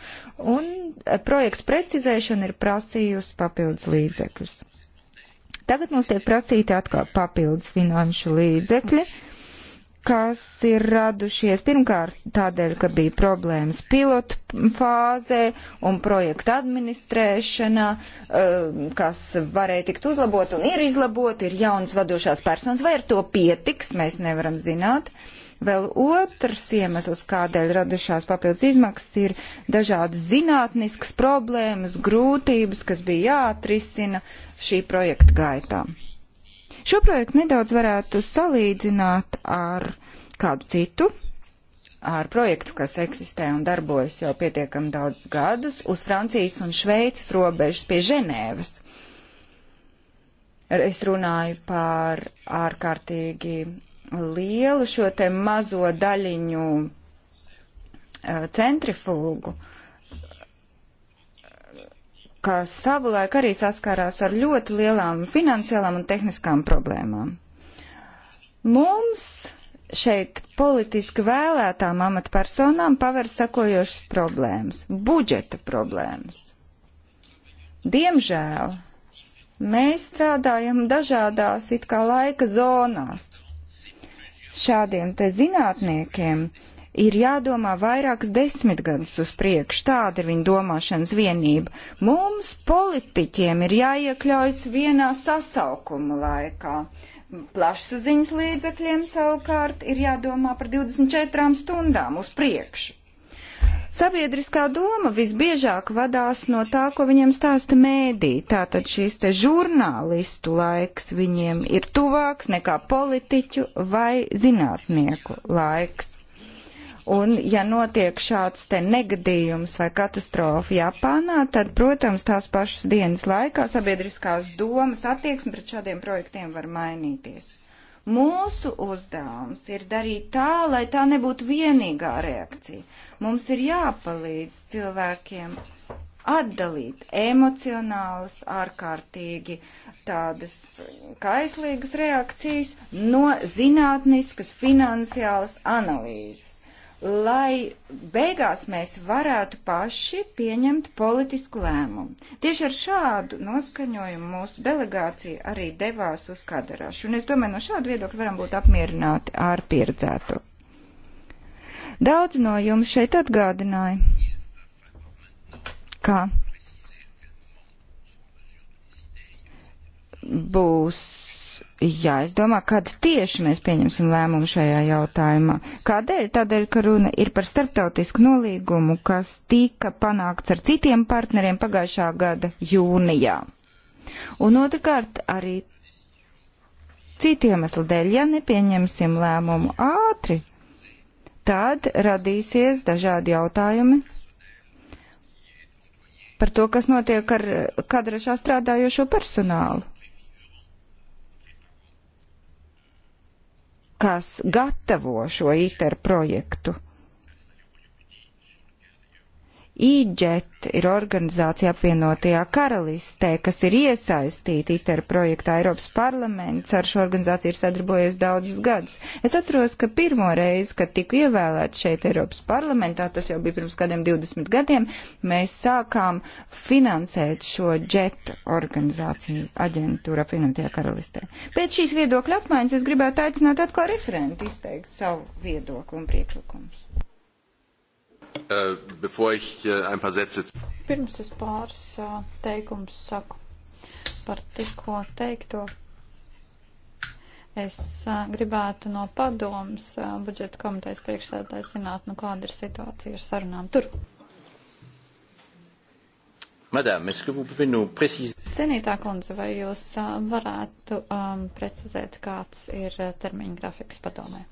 Un eh, projekts precizēšana ir prasījusi papildus līdzekļus. Tagad mums tiek prasīti atkal papildus finanšu līdzekļi. Mm kas ir radušies pirmkārt tādēļ, ka bija problēmas pilotu fāzē un projekta administrēšanā, um, kas varēja tikt uzlabot un ir izlabot, ir jauns vadošās personas, vai ar to pietiks, mēs nevaram zināt. Vēl otrs iemesls, kādēļ radušās papildus izmaksas, ir dažādas zinātniskas problēmas, grūtības, kas bija jāatrisina šī projekta gaitā. Šo projektu nedaudz varētu salīdzināt ar kādu citu, ar projektu, kas eksistē un darbojas jau pietiekami daudz gadus, uz Francijas un Šveices robežas pie Ženēvas. Es runāju par ārkārtīgi lielu šo te mazo daļiņu eh, centrifūgu. Uh, kas savulaik arī saskārās ar ļoti lielām finansiālām un tehniskām problēmām. Mums šeit politiski vēlētām amatpersonām paver sakojošas problēmas - budžeta problēmas. Diemžēl mēs strādājam dažādās it kā laika zonās. Šādiem te zinātniekiem ir jādomā vairākas desmitgadus uz priekšu. Tāda ir viņa domāšanas vienība. Mums, politiķiem, ir jāiekļaujas vienā sasaukuma laikā. Plašsaziņas līdzekļiem savukārt ir jādomā par 24 stundām uz priekšu. Sabiedriskā doma visbiežāk vadās no tā, ko viņiem stāsta mēdī. Tātad šīs te žurnālistu laiks viņiem ir tuvāks nekā politiķu vai zinātnieku laiks. Un, ja notiek šāds te negadījums vai katastrofa Japānā, tad, protams, tās pašas dienas laikā sabiedriskās domas attieksme pret šādiem projektiem var mainīties. Mūsu uzdevums ir darīt tā, lai tā nebūtu vienīgā reakcija. Mums ir jāpalīdz cilvēkiem atdalīt emocionālas, ārkārtīgi tādas kaislīgas reakcijas no zinātniskas finansiālas analīzes lai beigās mēs varētu paši pieņemt politisku lēmumu. Tieši ar šādu noskaņojumu mūsu delegācija arī devās uz Kadarašu, un es domāju, no šāda viedokļa varam būt apmierināti ar pieredzēto. Daudz no jums šeit atgādināja, kā būs Jā, es domāju, kad tieši mēs pieņemsim lēmumu šajā jautājumā. Kādēļ? Tādēļ, ka runa ir par starptautisku nolīgumu, kas tika panākts ar citiem partneriem pagājušā gada jūnijā. Un otrkārt, arī citu iemeslu dēļ, ja nepieņemsim lēmumu ātri, tad radīsies dažādi jautājumi par to, kas notiek ar kadra šā strādājošo personālu kas gatavo šo ITER projektu. IJET ir organizācija apvienotajā karalistē, kas ir iesaistīta ITER projektā. Eiropas parlaments ar šo organizāciju ir sadarbojies daudzus gadus. Es atceros, ka pirmo reizi, kad tiku ievēlēts šeit Eiropas parlamentā, tas jau bija pirms kādiem 20 gadiem, mēs sākām finansēt šo JET organizāciju aģentūru apvienotajā karalistē. Pēc šīs viedokļa apmaiņas es gribētu aicināt atkal referentu izteikt savu viedokli un priekšlikumus. Äh, äh, Pirms es pāris teikumus saku par tikko teikto. Es gribētu no padomas budžeta komitejas priekšsēdētājs zināt, nu kāda ir situācija ar sarunām tur. Madame, est-ce que vous pouvez nous préciser? Cienītā kundze, vai jūs varētu um, precizēt, kāds ir termiņa grafiks padomē?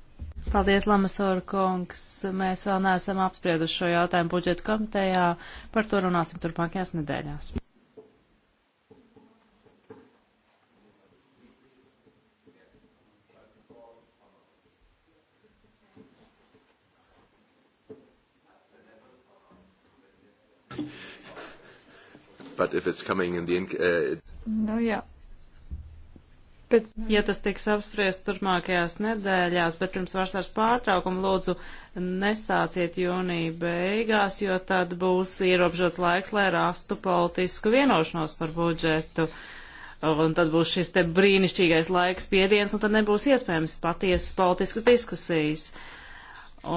Paldies, Lamasaura kungs. Mēs vēl neesam apsprieduši šo jautājumu budžeta komitejā. Par to runāsim turpmākajās nedēļās. But if it's coming in the... Uh... Nu, jā. Bet, ja tas tiks apspriests turpmākajās nedēļās, bet pirms vasaras pārtraukuma lūdzu nesāciet jūnija beigās, jo tad būs ierobežots laiks, lai rastu politisku vienošanos par budžetu. Un tad būs šis te brīnišķīgais laiks piediens, un tad nebūs iespējams patiesas politiskas diskusijas.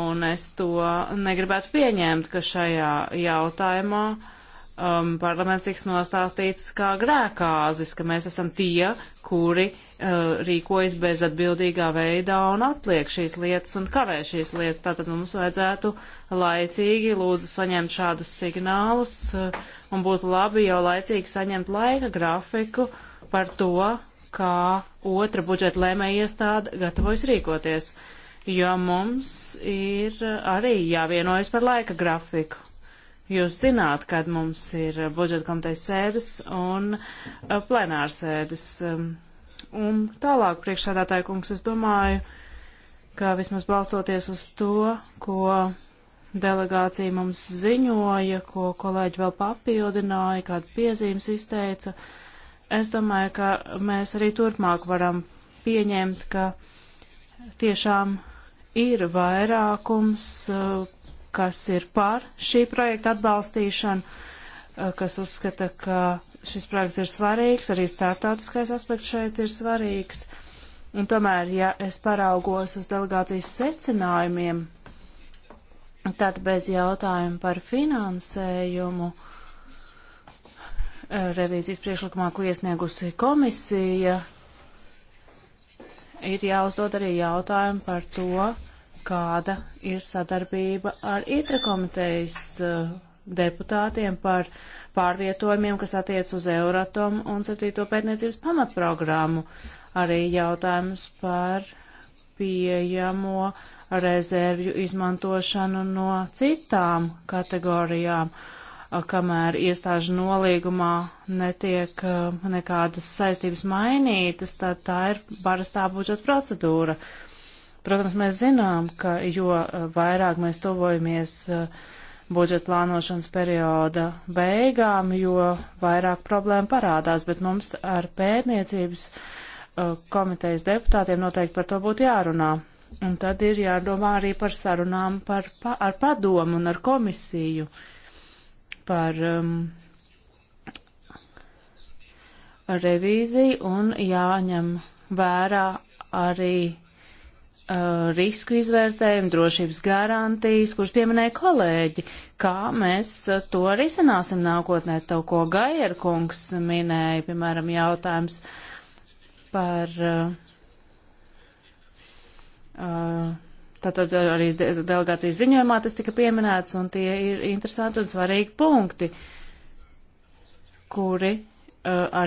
Un es to negribētu pieņemt, ka šajā jautājumā uh, um, parlaments tiks nostāstīts kā grēkāzis, ka mēs esam tie, kuri uh, rīkojas bezatbildīgā veidā un atliek šīs lietas un kavē šīs lietas. Tātad mums vajadzētu laicīgi lūdzu saņemt šādus signālus uh, un būtu labi jau laicīgi saņemt laika grafiku par to, kā otra budžeta lēmēja iestāde gatavojas rīkoties, jo mums ir uh, arī jāvienojas par laika grafiku. Jūs zināt, kad mums ir uh, budžeta komitejas sēdes un uh, plenāras sēdes. Um, un tālāk, priekšsādātāja kungs, es domāju, ka vismaz balstoties uz to, ko delegācija mums ziņoja, ko kolēģi vēl papildināja, kāds piezīmes izteica, es domāju, ka mēs arī turpmāk varam pieņemt, ka tiešām ir vairākums uh, kas ir par šī projekta atbalstīšanu, eh, kas uzskata, ka šis projekts ir svarīgs, arī starptautiskais aspekts šeit ir svarīgs. Un tomēr, ja es paraugos uz delegācijas secinājumiem, tad bez jautājuma par finansējumu eh, revīzijas priekšlikumā, ko iesniegusi komisija, ir jāuzdod arī jautājumu par to, kāda ir sadarbība ar ITRA komitejas uh, deputātiem par pārvietojumiem, kas attiec uz Euratom un 7. pētniecības pamatprogrammu. Arī jautājums par pieejamo rezervju izmantošanu no citām kategorijām, kamēr iestāžu nolīgumā netiek nekādas saistības mainītas, tad tā ir parastā budžeta procedūra. Uh, Protams, mēs zinām, ka jo eh, vairāk mēs tuvojamies eh, budžeta plānošanas perioda beigām, jo vairāk problēma parādās, bet mums ar pētniecības eh, komitejas deputātiem noteikti par to būtu jārunā. Un tad ir jādomā arī par sarunām par, pa, ar padomu un ar komisiju par um, revīziju un jāņem vērā arī Uh, risku izvērtējumu, drošības garantijas, kuras pieminēja kolēģi, kā mēs uh, to risināsim nākotnē, to, ko Gajer kungs minēja, piemēram, jautājums par uh, tātad arī delegācijas ziņojumā tas tika pieminēts, un tie ir interesanti un svarīgi punkti, kuri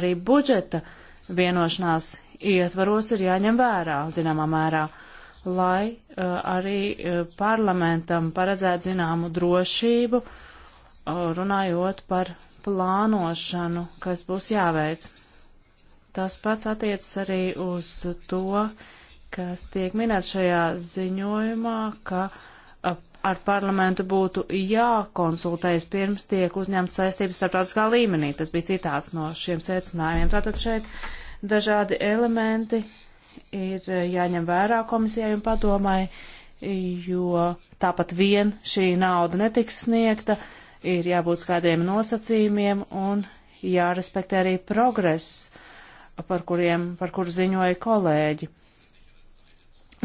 arī budžeta vienošanās ietvaros ir jāņem vērā, zināmā mērā. Uh, lai uh, arī uh, parlamentam paredzētu zināmu drošību, uh, runājot par plānošanu, kas būs jāveic. Tas pats attiecas arī uz to, kas tiek minēts šajā ziņojumā, ka ar parlamentu būtu jākonsultējas pirms tiek uzņemts saistības starptautiskā līmenī. Tas bija citāts no šiem secinājumiem. Tātad šeit dažādi elementi ir eh, jāņem vērā komisijai un padomai, jo tāpat vien šī nauda netiks sniegta, ir jābūt kādiem nosacījumiem un jārespektē arī progress, par, kuriem, par kuru ziņoja kolēģi,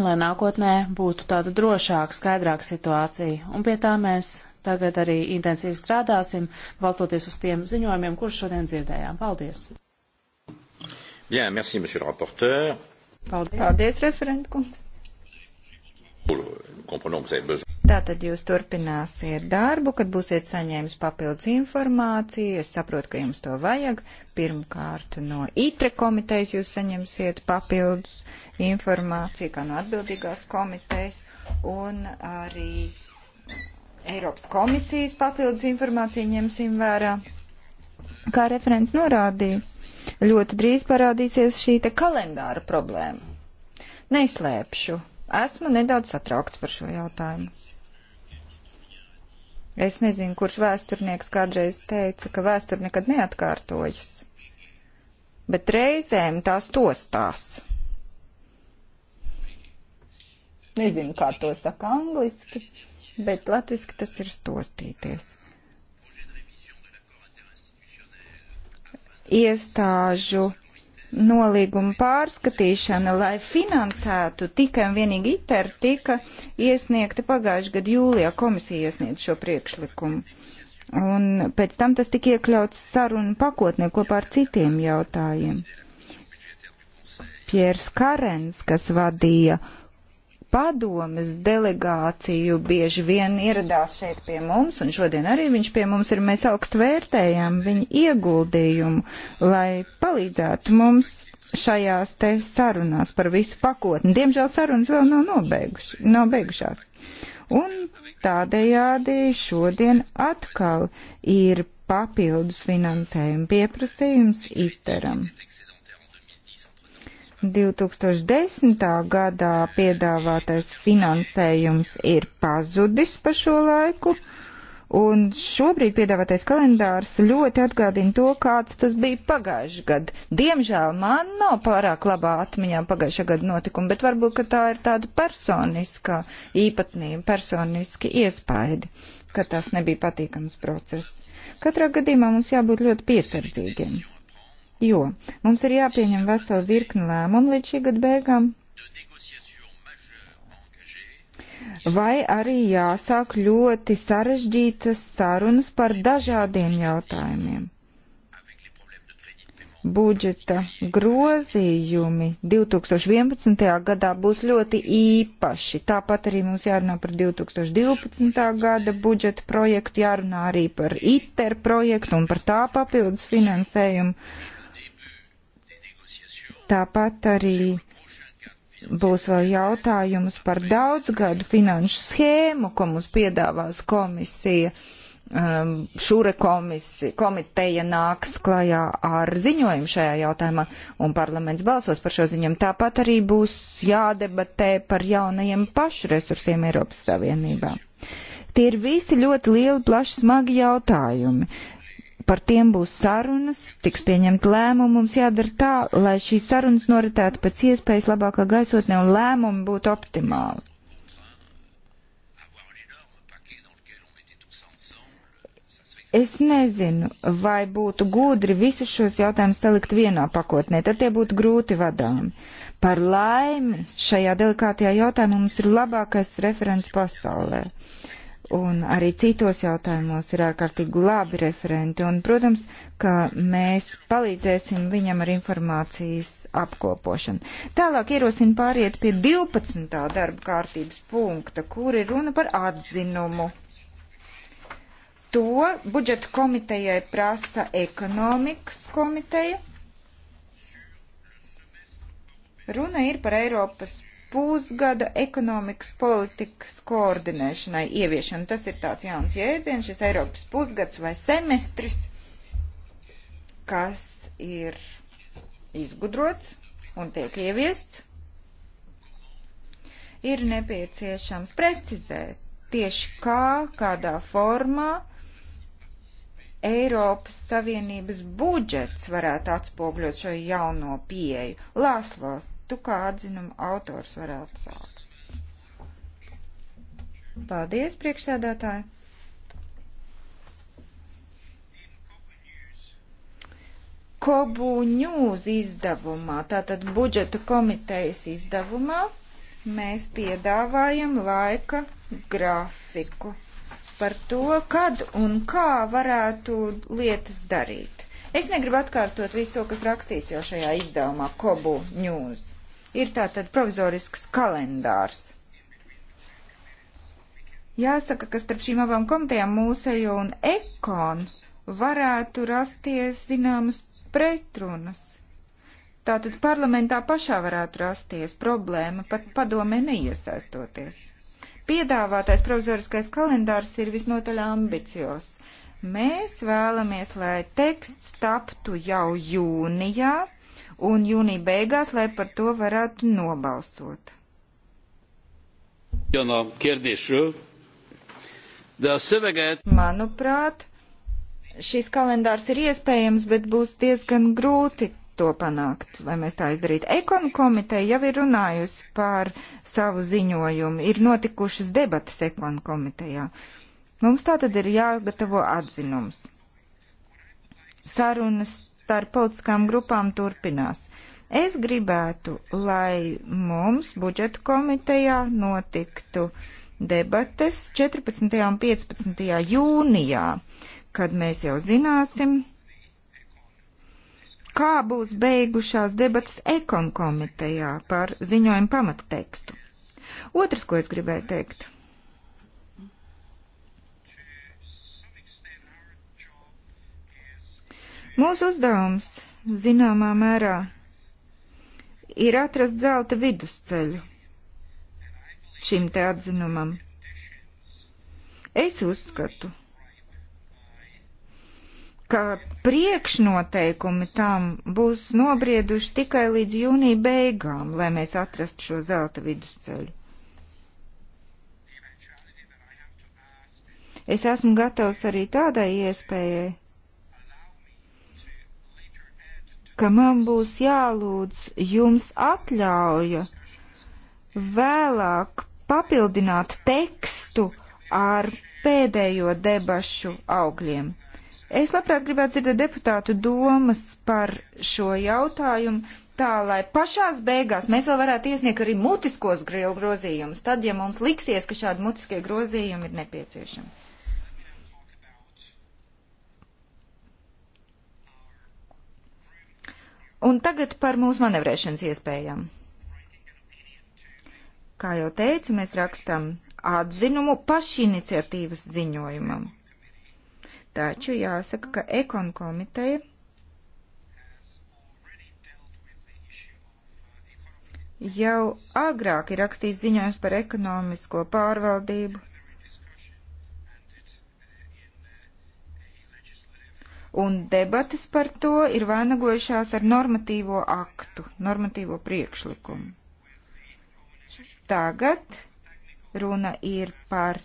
lai nākotnē būtu tāda drošāka, skaidrāka situācija. Un pie tā mēs tagad arī intensīvi strādāsim, balstoties uz tiem ziņojumiem, kurus šodien dzirdējām. Paldies! Bien, merci, monsieur le rapporteur. Paldies, Paldies referentkungs. Tātad jūs turpināsiet darbu, kad būsiet saņēmis papildus informāciju. Es saprotu, ka jums to vajag. Pirmkārt, no ITRE komitejas jūs saņemsiet papildus informāciju, kā no atbildīgās komitejas, un arī Eiropas komisijas papildus informāciju ņemsim vērā. Kā referents norādīja, Ļoti drīz parādīsies šī te kalendāra problēma. Neslēpšu, esmu nedaudz satraukts par šo jautājumu. Es nezinu, kurš vēsturnieks kādreiz teica, ka vēsture nekad neatkārtojas, bet reizēm tās tostās. Nezinu, kā to saka angliski, bet latviski tas ir stostīties. iestāžu nolīguma pārskatīšana, lai finansētu tikai un vienīgi ITER, tika iesniegta pagājušajā gadu jūlijā komisija iesniegt šo priekšlikumu. Un pēc tam tas tika iekļauts sarunu pakotnē kopā ar citiem jautājumiem. Piers Karens, kas vadīja uh, padomes delegāciju bieži vien ieradās šeit pie mums, un šodien arī viņš pie mums ir. Mēs augstu vērtējam viņa ieguldījumu, lai palīdzētu mums šajās te sarunās par visu pakotni. Diemžēl sarunas vēl nav, nobeiguši, nav beigušās. Un tādējādi šodien atkal ir papildus finansējuma pieprasījums ITERam. 2010. gadā piedāvātais finansējums ir pazudis pa šo laiku. Un šobrīd piedāvātais kalendārs ļoti atgādina to, kāds tas bija pagājušajā gadā. Diemžēl man nav pārāk labā atmiņā pagājušā gada notikuma, bet varbūt, ka tā ir tāda personiska īpatnība, personiski iespaidi, ka tas nebija patīkams process. Katrā gadījumā mums jābūt ļoti piesardzīgiem jo mums ir jāpieņem vesela virkni lēmumu līdz šī gada beigām. Vai arī jāsāk ļoti sarežģītas sarunas par dažādiem jautājumiem budžeta grozījumi 2011. gadā būs ļoti īpaši. Tāpat arī mums jārunā par 2012. gada budžeta projektu, jārunā arī par ITER projektu un par tā papildus finansējumu. Tāpat arī būs vēl jautājums par daudzgadu finanšu schēmu, ko mums piedāvās komisija. Um, šure komisi, komiteja nāks klajā ar ziņojumu šajā jautājumā, un parlaments balsos par šo ziņojumu. Tāpat arī būs jādebatē par jaunajiem pašresursiem Eiropas Savienībā. Tie ir visi ļoti lieli, plaši, smagi jautājumi par tiem būs sarunas, tiks pieņemt lēmumu. Mums jādara tā, lai šīs sarunas noritētu pēc iespējas labākā gaisotnē un lēmumi būtu optimāli. Es nezinu, vai būtu gudri visus šos jautājumus salikt vienā pakotnē, tad tie būtu grūti vadāmi. Par laimi šajā delikātajā jautājumā mums ir labākais referents pasaulē. Uh, un arī citos jautājumos ir ārkārtīgi labi referenti. Un, protams, ka mēs palīdzēsim viņam ar informācijas apkopošanu. Tālāk ierosinu pāriet pie 12. darba kārtības punkta, kur ir runa par atzinumu. To budžeta komitejai prasa ekonomikas komiteja. Runa ir par Eiropas pusgada ekonomikas politikas koordinēšanai ieviešana. Tas ir tāds jauns jēdziens, šis Eiropas pusgads vai semestris, kas ir izgudrots un tiek ieviests. Ir nepieciešams precizēt tieši kā, kādā formā Eiropas Savienības budžets varētu atspogļot šo jauno pieeju. Lāslo, tu kā atzinuma autors varētu sākt. Paldies, priekšsēdētāji! Kobu News izdevumā, tātad budžeta komitejas izdevumā, mēs piedāvājam laika grafiku par to, kad un kā varētu lietas darīt. Es negribu atkārtot visu to, kas rakstīts jau šajā izdevumā Kobu News. Ir tātad provizorisks kalendārs. Jāsaka, ka starp šīm abām komitejām mūsejo un ekon varētu rasties zināmas pretrunas. Tātad parlamentā pašā varētu rasties problēma, pat padomē neiesaistoties. Piedāvātais provizoriskais kalendārs ir visnotaļ ambicios. Mēs vēlamies, lai teksts taptu jau jūnijā, un jūnija beigās, lai par to varētu nobalsot. Manuprāt, šis kalendārs ir iespējams, bet būs diezgan grūti to panākt, lai mēs tā izdarītu. Ekonu komiteja jau ir runājusi par savu ziņojumu, ir notikušas debatas ekonu komitejā. Mums tā tad ir jāgatavo atzinums. Sarunas starp politiskām grupām turpinās. Es gribētu, lai mums budžeta komitejā notiktu debates 14. un 15. jūnijā, kad mēs jau zināsim, kā būs beigušās debatas ekon komitejā par ziņojumu pamattekstu. Otrs, ko es gribēju teikt. Mūsu uzdevums, zināmā mērā, ir atrast zelta vidusceļu šim te atzinumam. Es uzskatu, ka priekšnoteikumi tam būs nobrieduši tikai līdz jūnija beigām, lai mēs atrastu šo zelta vidusceļu. Es esmu gatavs arī tādai iespējai, ka man būs jālūdz jums atļauja vēlāk papildināt tekstu ar pēdējo debašu augļiem. Es labprāt gribētu dzirdēt deputātu domas par šo jautājumu, tā lai pašās beigās mēs vēl varētu iesniegt arī mutiskos grozījumus, tad, ja mums liksies, ka šādi mutiskie grozījumi ir nepieciešami. Un tagad par mūsu manevrēšanas iespējām. Kā jau teicu, mēs rakstam atzinumu pašiniciatīvas ziņojumam. Taču jāsaka, ka ekon komiteja jau agrāk ir rakstījis ziņojums par ekonomisko pārvaldību un debatas par to ir vainagojušās ar normatīvo aktu, normatīvo priekšlikumu. Tagad runa ir par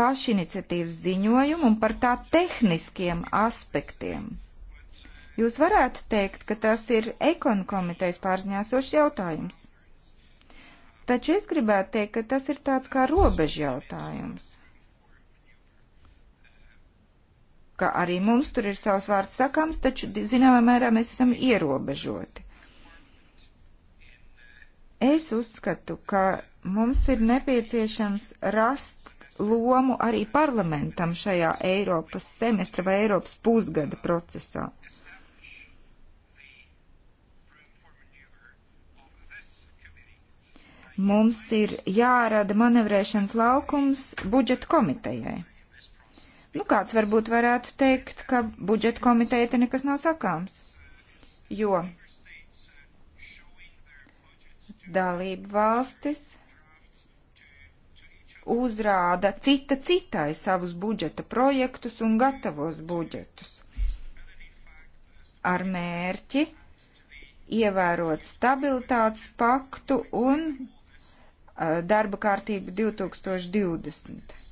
pašiniciatīvas ziņojumu un par tā tehniskiem aspektiem. Jūs varētu teikt, ka tas ir ekonu komitejas pārziņāsošs jautājums. Taču es gribētu teikt, ka tas ir tāds kā robežu jautājums ka arī mums tur ir savs vārds sakāms, taču zināmā mērā mēs esam ierobežoti. Es uzskatu, ka mums ir nepieciešams rast lomu arī parlamentam šajā Eiropas semestra vai Eiropas pusgada procesā. Mums ir jārada manevrēšanas laukums budžeta komitejai. Nu, kāds varbūt varētu teikt, ka budžeta komiteja te nekas nav sakāms, jo dalību valstis uzrāda cita citai savus budžeta projektus un gatavos budžetus ar mērķi ievērot stabilitātes paktu un uh, darba kārtību 2020.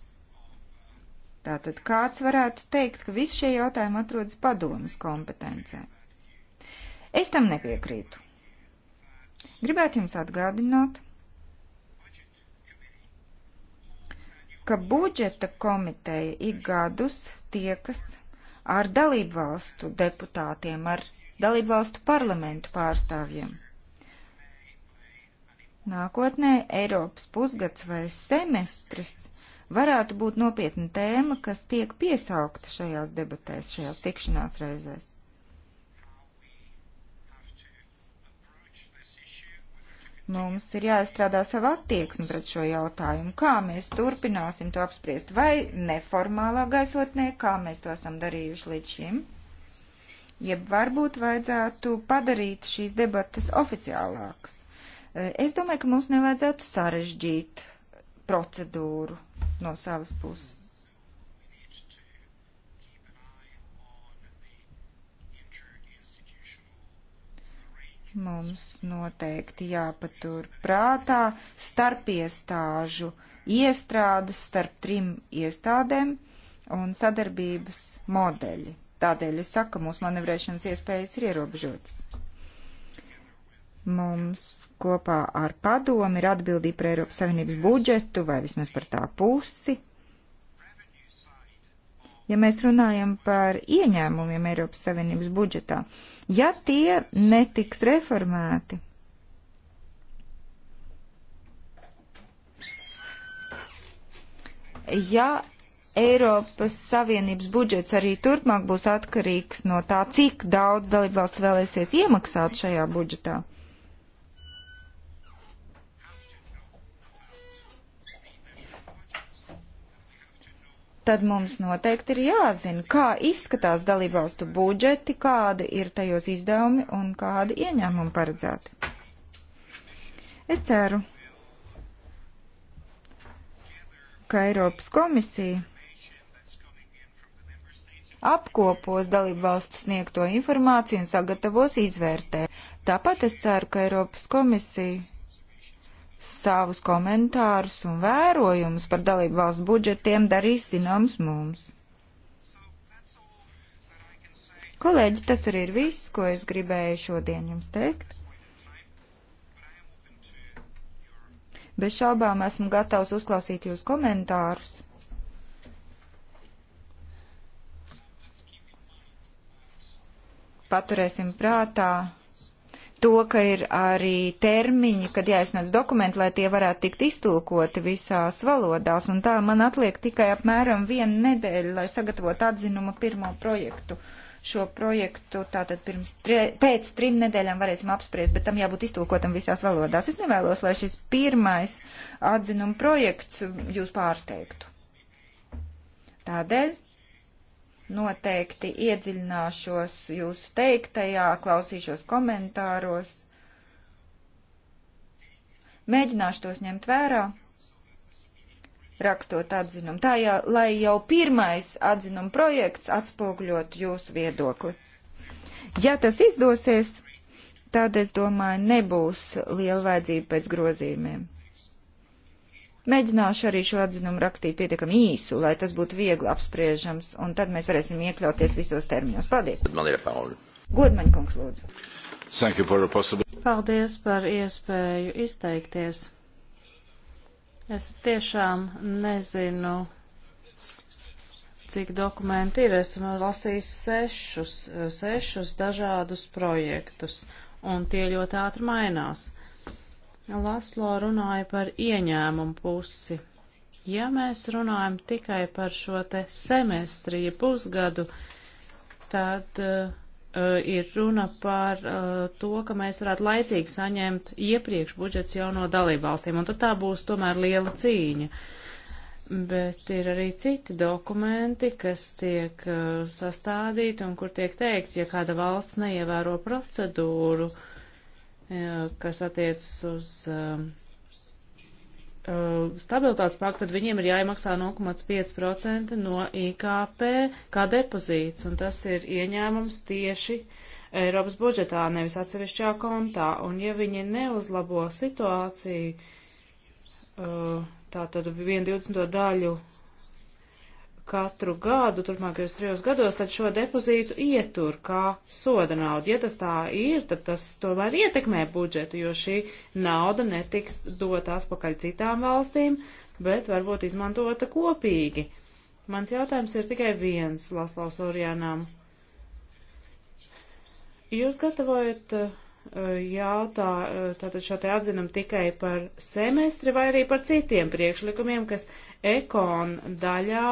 Tātad kāds varētu teikt, ka visi šie jautājumi atrodas padomas kompetencē. Es tam nepiekrītu. Gribētu jums atgādināt, ka budžeta komiteja ik gadus tiekas ar dalību valstu deputātiem, ar dalību valstu parlamentu pārstāvjiem. Nākotnē Eiropas pusgads vai semestris varētu būt nopietna tēma, kas tiek piesaukta šajās debatēs, šajās tikšanās reizēs. Mums ir jāizstrādā sava attieksme pret šo jautājumu, kā mēs turpināsim to apspriest, vai neformālā gaisotnē, kā mēs to esam darījuši līdz šim, jeb varbūt vajadzētu padarīt šīs debatas oficiālākas. Eh, es domāju, ka mums nevajadzētu sarežģīt procedūru no savas puses. Mums noteikti jāpatur prātā starp iestāžu iestrādes starp trim iestādēm un sadarbības modeļi. Tādēļ es saku, ka mūsu manevrēšanas iespējas ir ierobežotas. Mums kopā ar padomu ir atbildība par Eiropas Savienības budžetu vai vismaz par tā pusi. Ja mēs runājam par ieņēmumiem Eiropas Savienības budžetā, ja tie netiks reformēti, ja Eiropas Savienības budžets arī turpmāk būs atkarīgs no tā, cik daudz dalībvalsts vēlēsies iemaksāt šajā budžetā, tad mums noteikti ir jāzina, kā izskatās dalībvalstu budžeti, kādi ir tajos izdevumi un kādi ieņēmumi paredzēti. Es ceru, ka Eiropas komisija apkopos dalībvalstu sniegto informāciju un sagatavos izvērtē. Tāpat es ceru, ka Eiropas komisija savus komentārus un vērojumus par dalību valsts budžetiem darīs zināms mums. Kolēģi, tas arī ir viss, ko es gribēju šodien jums teikt. Bez šaubām esmu gatavs uzklausīt jūs komentārus. Paturēsim prātā to, ka ir arī termiņi, kad jāiesniedz dokumenti, lai tie varētu tikt iztulkoti visās valodās, un tā man atliek tikai apmēram viena nedēļa, lai sagatavotu atzinumu pirmo projektu. Šo projektu tātad pirms, tre, pēc trim nedēļām varēsim apspriest, bet tam jābūt iztulkotam visās valodās. Es nevēlos, lai šis pirmais atzinuma projekts jūs pārsteigtu. Tādēļ Noteikti iedziļināšos jūsu teiktajā, klausīšos komentāros. Mēģināšu tos ņemt vērā rakstot atzinumu. Tā jau, lai jau pirmais atzinuma projekts atspoguļot jūsu viedokli. Ja tas izdosies, tad es domāju, nebūs liela vajadzība pēc grozījumiem. Mēģināšu arī šo atzinumu rakstīt pietiekami īsu, lai tas būtu viegli apspriežams, un tad mēs varēsim iekļauties visos terminos. Paldies! Godmaņa kungs, lūdzu! Paldies par iespēju izteikties. Es tiešām nezinu, cik dokumenti ir. Esmu lasījis sešus, sešus dažādus projektus, un tie ļoti ātri mainās. Uh, Laslo runāja par ieņēmumu pusi. Ja mēs runājam tikai par šo te semestri, ja pusgadu, tad uh, uh, ir runa par uh, to, ka mēs varētu laicīgi saņemt iepriekš budžets jau no dalībvalstīm, un tad tā būs tomēr liela cīņa. Bet ir arī citi dokumenti, kas tiek uh, sastādīti un kur tiek teikts, ja kāda valsts neievēro procedūru, uh, kas attiecas uz um, uh, stabilitātes paktu, tad viņiem ir jāiemaksā 0,5% no IKP kā depozīts, un tas ir ieņēmums tieši Eiropas budžetā, nevis atsevišķā kontā. Un ja viņi neuzlabo situāciju, uh, tātad 1,20 daļu katru gadu, turpmākajos trijos gados, tad šo depozītu ietur kā soda naudu. Ja tas tā ir, tad tas tomēr ietekmē budžetu, jo šī nauda netiks dota atpakaļ citām valstīm, bet varbūt izmantota kopīgi. Mans jautājums ir tikai viens, Laslaus Orjānām. Jūs gatavojat eh, jautā, eh, tātad šo te atzinam tikai par semestri vai arī par citiem priekšlikumiem, kas ekon daļā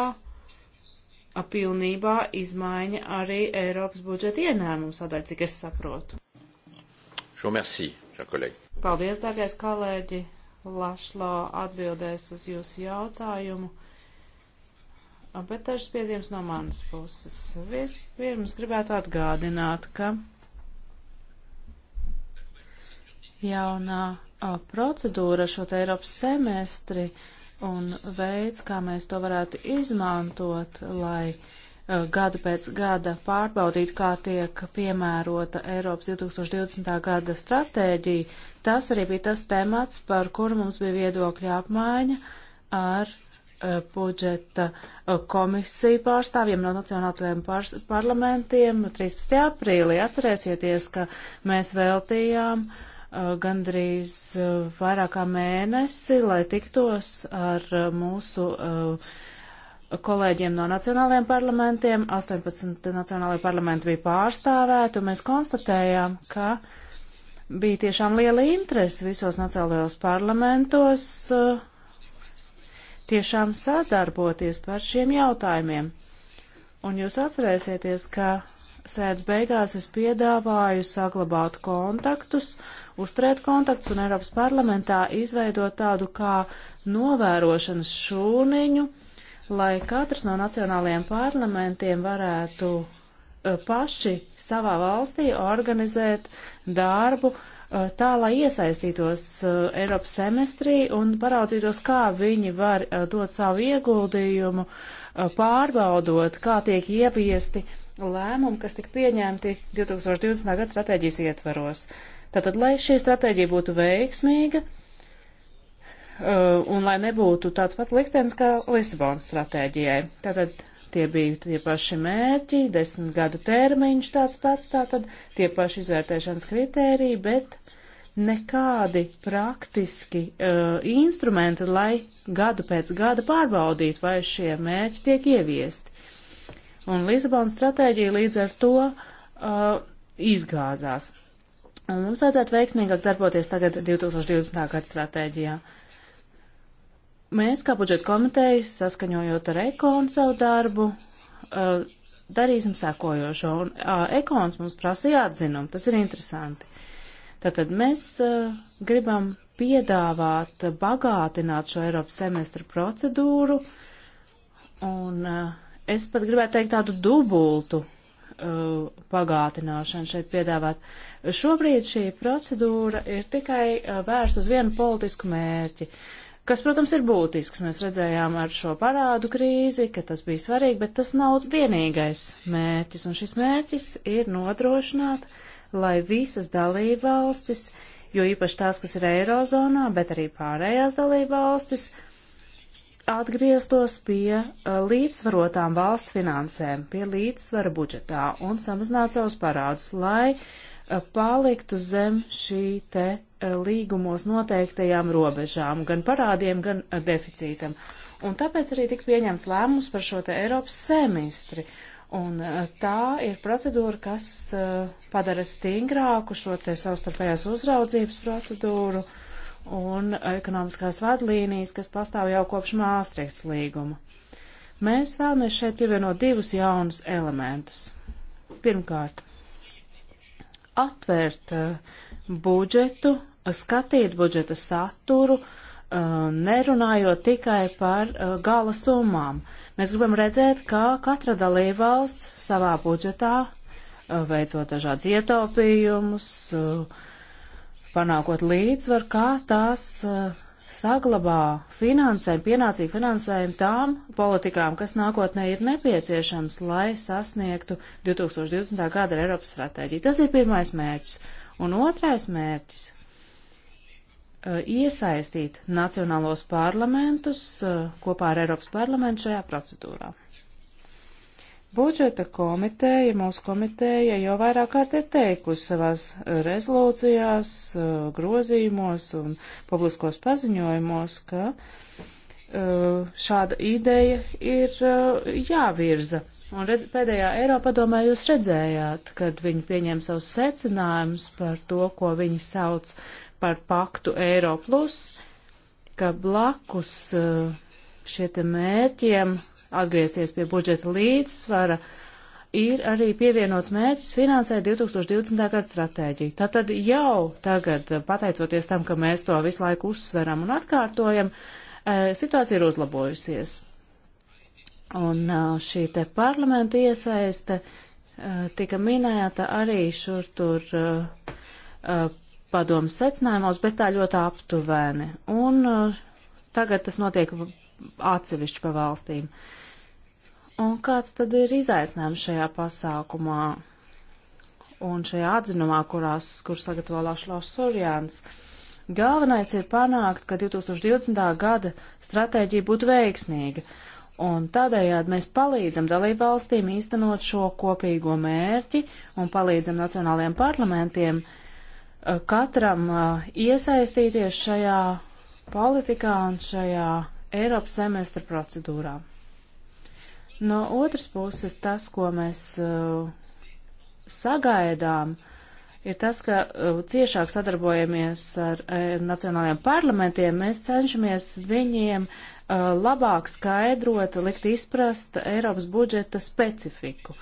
pilnībā izmaiņa arī Eiropas budžeta ienēmumu sadaļu, cik es saprotu. Šo merci, šo kolēģi. Paldies, dārgais kolēģi. Lašlo atbildēs uz jūsu jautājumu. Bet dažas piezīmes no manas puses. Vispirms gribētu atgādināt, ka jaunā procedūra šo te Eiropas semestri uh, un veids, kā mēs to varētu izmantot, lai uh, gadu pēc gada pārbaudītu, kā tiek piemērota Eiropas 2020. gada stratēģija, tas arī bija tas temats, par kuru mums bija viedokļa apmaiņa ar uh, budžeta uh, komisiju pārstāvjiem no nacionālajiem par parlamentiem 13. aprīlī. Atcerēsieties, ka mēs veltījām uh, Uh, gandrīz uh, vairāk kā mēnesi, lai tiktos ar uh, mūsu kolēģiem no nacionālajiem parlamentiem. 18 nacionālajie parlamenti bija pārstāvēti, un mēs konstatējām, ka bija tiešām liela interese visos nacionālajos parlamentos tiešām sadarboties par šiem jautājumiem. Un jūs atcerēsieties, ka sēdes beigās es piedāvāju saglabāt kontaktus, uh, uzturēt kontaktus un Eiropas parlamentā izveidot tādu kā novērošanas šūniņu, lai katrs no nacionālajiem parlamentiem varētu eh, paši savā valstī organizēt darbu eh, tā, lai iesaistītos eh, Eiropas semestrī un paraudzītos, kā viņi var dot savu ieguldījumu, pārbaudot, kā tiek ieviesti lēmumi, kas tika pieņemti 2020. gada stratēģijas ietvaros. Tātad, lai šī stratēģija būtu veiksmīga uh, un lai nebūtu tāds pat liktenis kā Lisabonas stratēģijai. Tātad tie bija tie paši mērķi, desmit gadu termiņš tāds pats, tātad tie paši izvērtēšanas kritēriji, bet nekādi praktiski uh, instrumenti, lai gadu pēc gada pārbaudītu, vai šie mērķi tiek ieviesti. Un Lisabonas stratēģija līdz ar to uh, izgāzās. Un mums vajadzētu veiksmīgāk darboties tagad 2020. gada stratēģijā. Mēs, kā budžeta komitejas, saskaņojot ar ekonu savu darbu, uh, darīsim sekojošo. Un uh, ekons mums prasīja atzinumu, tas ir interesanti. Tātad mēs uh, gribam piedāvāt, bagātināt šo Eiropas semestra procedūru, un es pat gribētu teikt tādu dubultu Uh, pagātināšanu šeit piedāvāt. Šobrīd šī procedūra ir tikai uh, vērsta uz vienu politisku mērķi, kas, protams, ir būtisks. Mēs redzējām ar šo parādu krīzi, ka tas bija svarīgi, bet tas nav vienīgais mērķis, un šis mērķis ir nodrošināt, lai visas dalībvalstis, jo īpaši tās, kas ir Eirozonā, bet arī pārējās dalībvalstis, valstis, atgrieztos pie eh, līdzsvarotām valsts finansēm, pie līdzsvara budžetā un samazinātu savus parādus, lai eh, paliktu zem šī te eh, līgumos noteiktajām robežām, gan parādiem, gan deficītam. Un tāpēc arī tika pieņemts lēmums par šo te Eiropas semestri. Un tā ir procedūra, kas padara stingrāku šo te savstarpējās uzraudzības procedūru uh, un ekonomiskās vadlīnijas, kas pastāv jau kopš Māstrihts līguma. Mēs vēlamies šeit pievienot divus jaunus elementus. Pirmkārt, atvērt uh, budžetu, skatīt budžeta saturu, uh, nerunājot tikai par uh, gala summām. Mēs gribam redzēt, kā katra dalībvalsts savā budžetā veicot dažādas ietaupījumus, uh, panākot līdzsvaru, kā tās uh, saglabā finansējumu, pienācīgu finansējumu tām politikām, kas nākotnē ir nepieciešams, lai sasniegtu 2020. gada Eiropas stratēģiju. Tas ir pirmais mērķis. Un otrais mērķis eh, - iesaistīt nacionālos parlamentus eh, kopā ar Eiropas parlamentu šajā procedūrā. Budžeta komiteja, mūsu komiteja jau vairāk kārt ir teikusi savās rezolūcijās, eh, grozījumos un publiskos paziņojumos, ka eh, šāda ideja ir eh, jāvirza. Un red, pēdējā Eiropadomē jūs redzējāt, kad viņi pieņēma savus secinājumus par to, ko viņi sauc par paktu Eiro plus, ka blakus šie te mērķiem atgriezties pie budžeta līdzsvara, ir arī pievienots mērķis finansēt 2020. gada stratēģiju. Tātad jau tagad, pateicoties tam, ka mēs to visu laiku uzsveram un atkārtojam, eh, situācija ir uzlabojusies. Un eh, šī te parlamentu iesaiste eh, tika minēta arī šur tur padomas secinājumos, bet tā ļoti aptuveni. Un tagad tas notiek atsevišķi pa valstīm. Uh, Un kāds tad ir izaicinājums šajā pasākumā un šajā atzinumā, kurās, kur sagatavo Lašlaus Sorjāns? Galvenais ir panākt, ka 2020. gada stratēģija būtu veiksmīga, un tādējādi mēs palīdzam dalībvalstīm īstenot šo kopīgo mērķi un palīdzam nacionālajiem parlamentiem eh, katram eh, iesaistīties šajā politikā un šajā Eiropas semestra procedūrā. No otras puses, tas, ko mēs uh, sagaidām, ir tas, ka uh, ciešāk sadarbojamies ar uh, nacionālajiem parlamentiem, mēs cenšamies viņiem uh, labāk skaidrot, likt izprast Eiropas budžeta specifiku.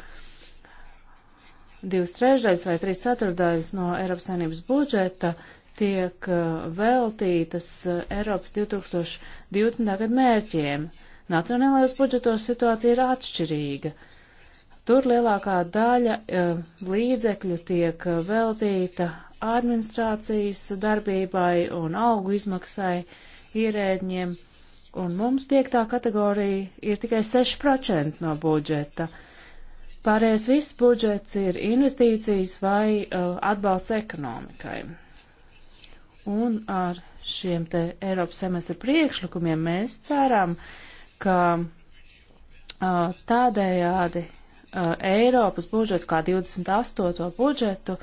Divas trešdaļas vai trīs ceturdaļas no Eiropas saimnības budžeta tiek uh, veltītas uh, Eiropas 2020. gadu mērķiem Nacionālajos budžetos situācija ir atšķirīga. Tur lielākā daļa uh, līdzekļu tiek e, veltīta administrācijas darbībai un algu izmaksai ierēdņiem, un mums piektā kategorija ir tikai 6% no budžeta. Pārējais viss budžets ir investīcijas vai uh, atbalsts ekonomikai. Un ar šiem te Eiropas semestra priekšlikumiem mēs ceram, uh, ka uh, tādējādi uh, Eiropas budžetu, kā 28. budžetu,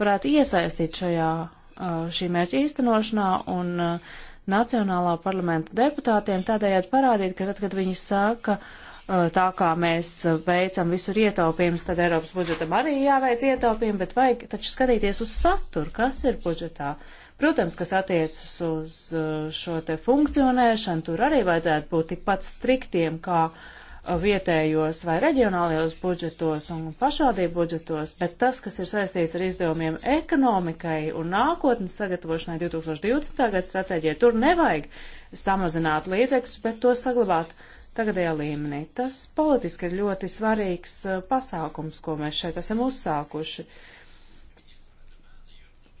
varētu iesaistīt šajā uh, šī mērķa īstenošanā un uh, Nacionālā parlamenta deputātiem tādējādi parādīt, ka tad, kad viņi saka, uh, tā kā mēs veicam visur ietaupījumus, tad Eiropas budžetam arī jāveic ietaupījumi, bet vajag taču skatīties uz saturu, kas ir budžetā. Uh, Protams, kas attiecas uz uh, šo te funkcionēšanu, tur arī vajadzētu būt tikpat striktiem kā uh, vietējos vai reģionālajos budžetos un pašvaldību budžetos, bet tas, kas ir saistīts ar izdevumiem ekonomikai un nākotnes sagatavošanai 2020. gada stratēģijai, tur nevajag samazināt līdzekļus, bet to saglabāt tagadējā līmenī. Tas politiski ir ļoti svarīgs uh, pasākums, ko mēs šeit esam uzsākuši. Uh,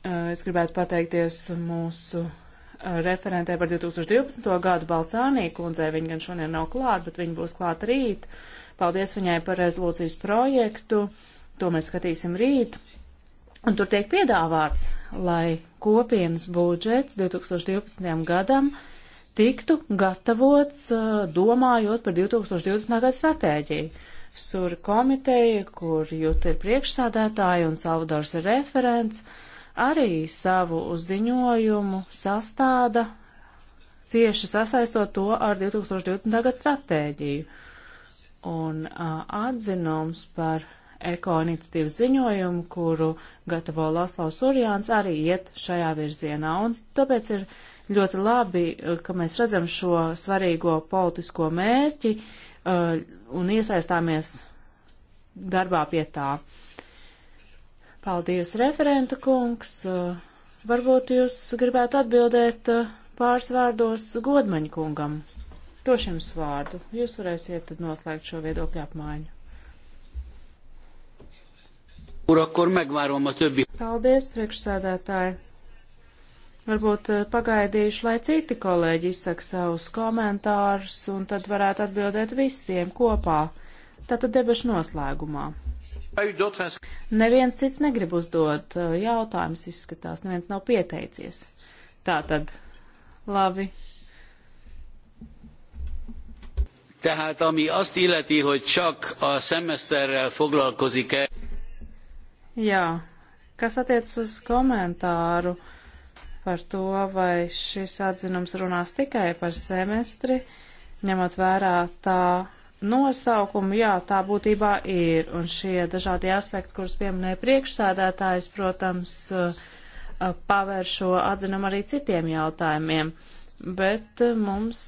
Eh, es gribētu pateikties mūsu eh, referentē par 2012. gadu Balcānī kundzei. Viņa gan šodien nav klāt, bet viņa būs klāt rīt. Paldies viņai par rezolūcijas projektu. To mēs skatīsim rīt. Un tur tiek piedāvāts, lai kopienas budžets 2012. gadam tiktu gatavots eh, domājot par 2020. gada stratēģiju. Sur komiteja, kur jūt ir priekšsādētāji un Salvadors ir referents, uh, arī savu ziņojumu sastāda cieši sasaistot to ar 2020. gadu stratēģiju. Un uh, atzinums par ekoiniciatīvas ziņojumu, kuru gatavo Laslaus Urjāns, arī iet šajā virzienā. Un tāpēc ir ļoti labi, ka mēs redzam šo svarīgo politisko mērķi uh, un iesaistāmies darbā pie tā. Uh, Paldies, referenta kungs. Varbūt jūs gribētu atbildēt eh, pāris vārdos godmaņa kungam. Došu jums vārdu. Jūs varēsiet noslēgt šo viedokļu apmaiņu. Paldies, priekšsēdētāji. Varbūt eh, pagaidīšu, lai citi kolēģi izsaka savus komentārus, un tad varētu atbildēt visiem kopā. Tātad debašu noslēgumā. Neviens cits negrib uzdot uh, jautājumus, izskatās, neviens nav pieteicies. Tā tad, labi. Tehát ami azt illeti, hogy csak a szemeszterrel foglalkozik-e. Jā, kas attiec uz komentāru par to, vai šis atzinums runās tikai par semestri, ņemot vērā tā nosaukumu, jā, tā būtībā ir. Un šie dažādi aspekti, kurus pieminēja priekšsēdētājs, protams, uh, uh, pavēr šo atzinumu arī citiem jautājumiem. Bet uh, mums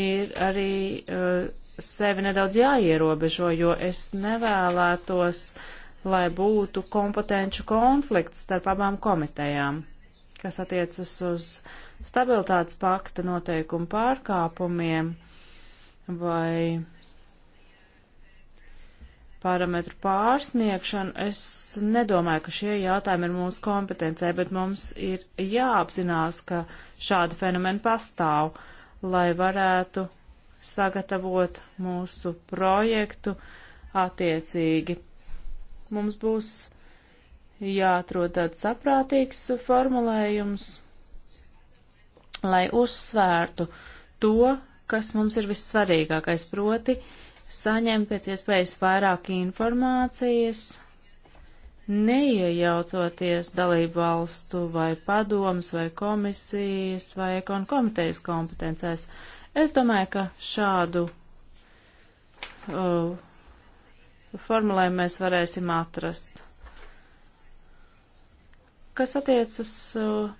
ir arī sevi nedaudz jāierobežo, jo es nevēlētos, lai būtu kompetenču konflikts starp abām komitejām, kas attiecas uz stabilitātes pakta noteikumu pārkāpumiem. Uh, vai parametru pārsniegšanu, es nedomāju, ka šie jautājumi ir mūsu kompetencē, bet mums ir jāapzinās, ka šādi fenomeni pastāv, lai varētu sagatavot mūsu projektu attiecīgi. Mums būs jāatrod tāds saprātīgs formulējums, lai uzsvērtu to, kas mums ir vissvarīgākais, proti saņemt pēc iespējas vairāk informācijas, neiejaucoties dalību valstu vai padomas vai komisijas vai ekonu komitejas kompetencēs. Es domāju, ka šādu uh, formulējumu mēs varēsim atrast. Kas attiec uz uh,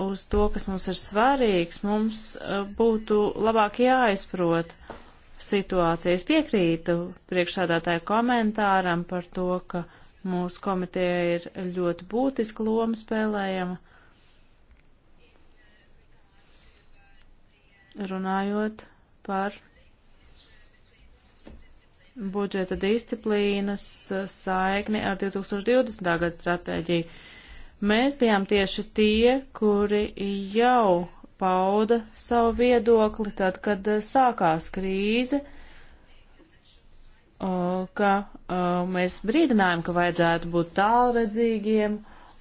uz to, kas mums ir svarīgs, mums e, būtu labāk jāizprot situācijas. Piekrītu priekšsādātāju komentāram par to, ka mūsu komiteja ir ļoti būtiska loma spēlējama. Runājot par budžeta disciplīnas e, saikni ar 2020. gadu stratēģiju Mēs bijām tieši tie, kuri jau pauda savu viedokli tad, kad eh, sākās krīze, eh, ka eh, mēs brīdinājām, ka vajadzētu būt tālredzīgiem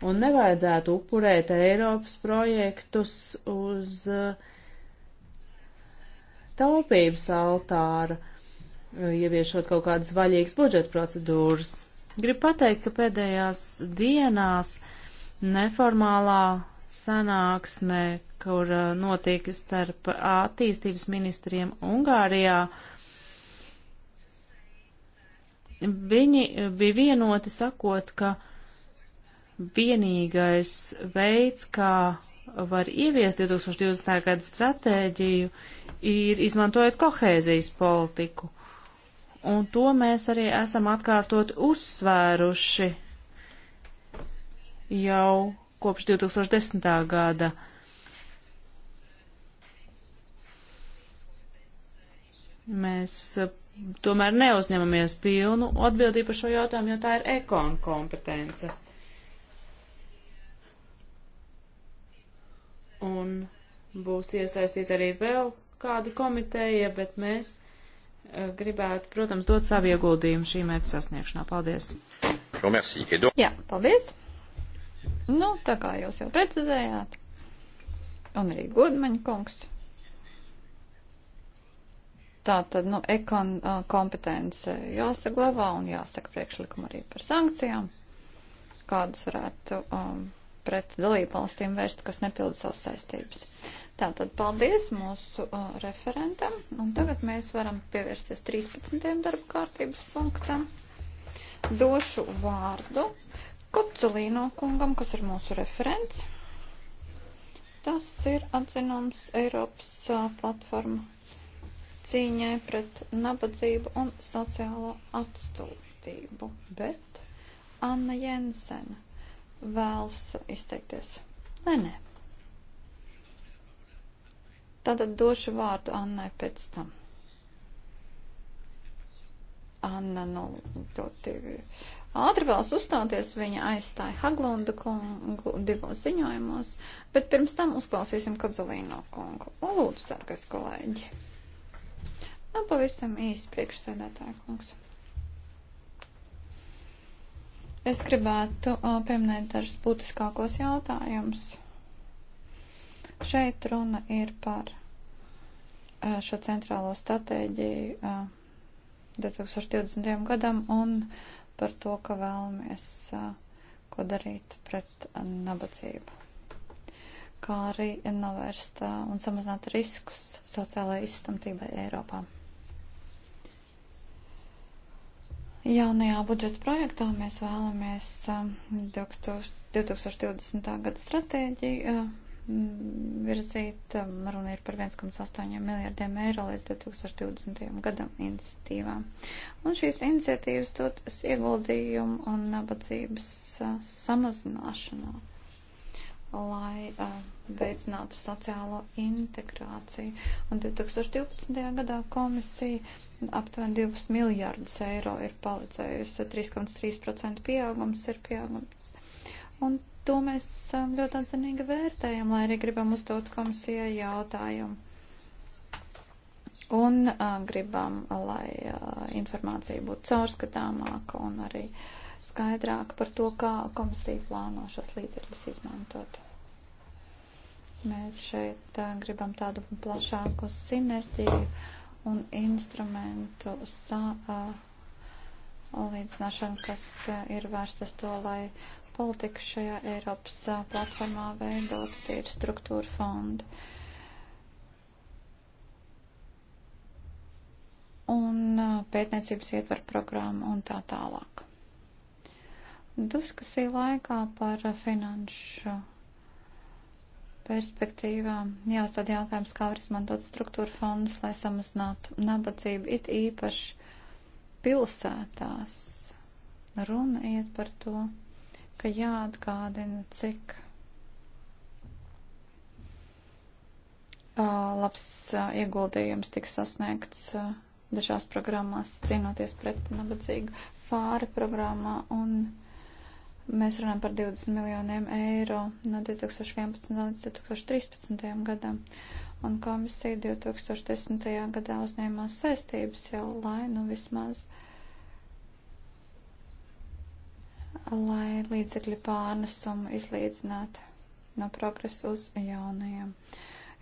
un nevajadzētu upurēt Eiropas projektus uz taupības altāra, ieviešot kaut kādas vaļīgas budžeta procedūras. Gribu pateikt, ka pēdējās dienās uh, neformālā sanāksmē, kur uh, notika starp attīstības ministriem Ungārijā. Viņi bija vienoti sakot, ka vienīgais veids, kā var ieviest 2020. gada stratēģiju, ir izmantojot kohēzijas politiku. Un to mēs arī esam atkārtot uzsvēruši jau kopš 2010. gada. Mēs eh, tomēr neuzņemamies pilnu atbildību par šo jautājumu, jo tā ir ekonu kompetence. Un būs iesaistīta arī vēl kāda komiteja, bet mēs eh, gribētu, protams, dot savu ieguldījumu šī mērķa sasniegšanā. Paldies! Jā, paldies! Nu, tā kā jūs jau precizējāt, un arī Gudmaņa kungs. Tā tad, nu, ekon kompetence jāsaglabā un jāsaka priekšlikumu arī par sankcijām, kādas varētu um, pret dalību valstīm vērst, kas nepilda savas saistības. Tātad paldies mūsu uh, referentam, un tagad mēs varam pievērsties 13. darba kārtības punktam. Došu vārdu Kocelīno kungam, kas ir mūsu referents. Tas ir atzinums Eiropas platforma cīņai pret nabadzību un sociālo atstūtību, bet Anna Jensena vēlas izteikties. Nē, nē. Tātad došu vārdu Annai pēc tam. Anna, nu, ļoti. Uh, ātri vēlas uzstāties, viņa aizstāja Haglundu kungu divos ziņojumos, bet pirms tam uzklausīsim Kadzalīno kungu. Lūdzu, dārgais kolēģi. Nu, pavisam īsi priekšsēdētāja kungs. Es gribētu uh, pieminēt dažus būtiskākos jautājumus. Šeit runa ir par uh, šo centrālo stratēģiju uh, 2020. gadam un uh, par to, ka vēlamies ko darīt pret nabadzību. Kā arī novērst un samazināt riskus sociālajai izstumtībai Eiropā. Jaunajā budžeta projektā mēs vēlamies 2020. gada stratēģiju Mm, virzīt. Um, runa ir par 1,8 miljardiem eiro līdz 2020. gadam iniciatīvām. Un šīs iniciatīvas dotas ieguldījumu un nabadzības uh, samazināšanā, lai uh, veicinātu sociālo integrāciju. Un 2012. gadā komisija aptuveni 2 miljārdus eiro ir palicējusi, 3,3% pieaugums ir pieaugums. Un To mēs um, ļoti atzinīgi vērtējam, lai arī gribam uzdot komisijai jautājumu. Un uh, gribam, lai uh, informācija būtu caurskatāmāka un arī skaidrāka par to, kā komisija plāno šos līdzekļus izmantot. Mēs šeit uh, gribam tādu plašāku sinerģiju un instrumentu sa, uh, līdzināšanu, kas uh, ir vērsts uz to, lai uh, politiku šajā Eiropas platformā veidot, tie ir struktūra fondi. Un pētniecības ietver programmu un tā tālāk. Diskusija laikā par finanšu perspektīvām jāuzdod jautājums, kā var izmantot struktūra fondus, lai samazinātu nabadzību, it īpaši pilsētās. Runa iet par to, ka jāatgādina, cik uh, labs uh, ieguldījums tiks sasniegts uh, dažās programmās, cīnoties pret nabadzīgu fāri programmā. Un mēs runājam par 20 miljoniem eiro no 2011. līdz 2013. gadam. Un komisija 2010. gadā uzņēmās saistības jau, lai nu vismaz uh, lai līdzekļu pārnesumu izlīdzinātu no progresa uz jaunajiem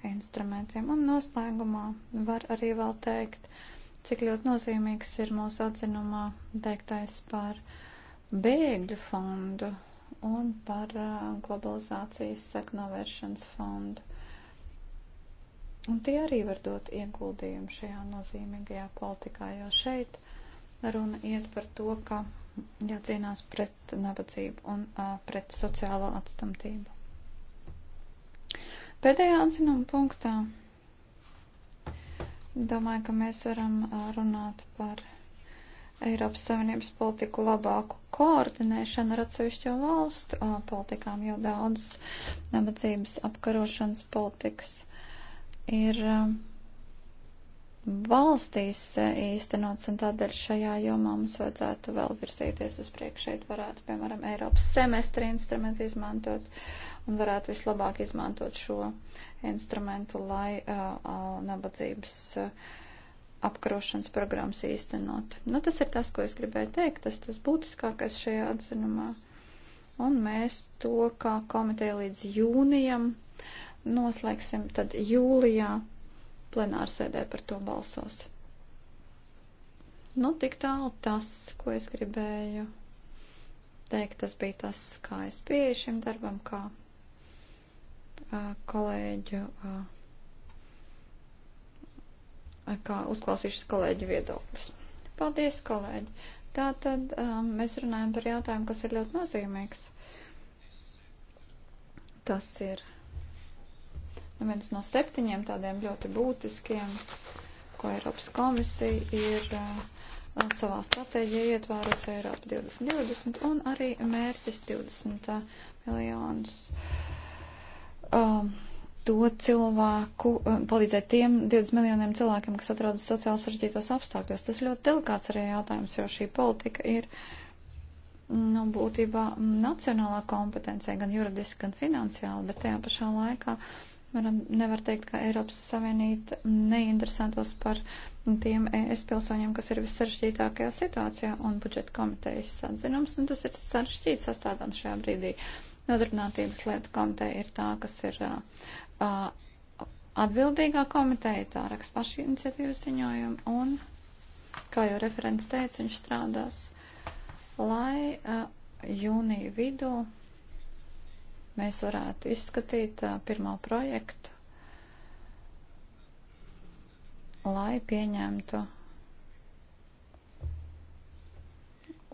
instrumentiem. Un noslēgumā var arī vēl teikt, cik ļoti nozīmīgs ir mūsu atzinumā teiktais par bēgļu fondu un par globalizācijas saknovēršanas fondu. Un tie arī var dot ieguldījumu šajā nozīmīgajā politikā, jo šeit runa iet par to, ka jācīnās pret nabadzību un uh, pret sociālo atstumtību. Pēdējā atzinuma punktā domāju, ka mēs varam uh, runāt par Eiropas Savienības politiku labāku koordinēšanu ar atsevišķo valstu uh, politikām, jo daudz nabadzības apkarošanas politikas ir. Uh, valstīs īstenots, un tādēļ šajā jomā mums vajadzētu vēl virzīties uz priekšu. Šeit varētu, piemēram, Eiropas semestri instrumentu izmantot, un varētu vislabāk izmantot šo instrumentu, lai uh, uh, nabadzības uh, apkarošanas programmas īstenot. Nu, tas ir tas, ko es gribēju teikt, tas tas būtiskākais šajā atzinumā. Un mēs to, kā komiteja līdz jūnijam, noslēgsim tad jūlijā plenārsēdē par to balsos. Nu, tik tālu tas, ko es gribēju teikt, tas bija tas, kā es pieeju šim darbam, kā uh, kolēģu, uh, kā uzklausīšu kolēģu viedokļus. Paldies, kolēģi! Tātad um, mēs runājam par jautājumu, kas ir ļoti nozīmīgs. Tas ir Nu, viens no septiņiem tādiem ļoti būtiskiem, ko Eiropas komisija ir uh, savā stratēģijā ietvārusi Eiropa 2020 un arī mērķis 20 uh, miljonus. Um, to cilvēku, um, palīdzēt tiem 20 miljoniem cilvēkiem, kas atrodas sociāli sarežģītos apstākļos. Tas ļoti delikāts arī jautājums, jo šī politika ir nu, būtībā nacionālā kompetencija, gan juridiski, gan finansiāli, bet tajā pašā laikā Varam, nevar teikt, ka Eiropas Savienība neinteresantos par tiem ES pilsoņiem, kas ir vissaržģītākajā situācijā un budžeta komitejas atzinums, un tas ir sarežģīts sastādāms šajā brīdī. Nodarbinātības lietu komiteja ir tā, kas ir uh, atbildīgā komiteja, tā raksta paši iniciatīvas ziņojumu, un, kā jau referents teica, viņš strādās, lai uh, jūnija vidū mēs varētu izskatīt pirmo projektu, lai pieņemtu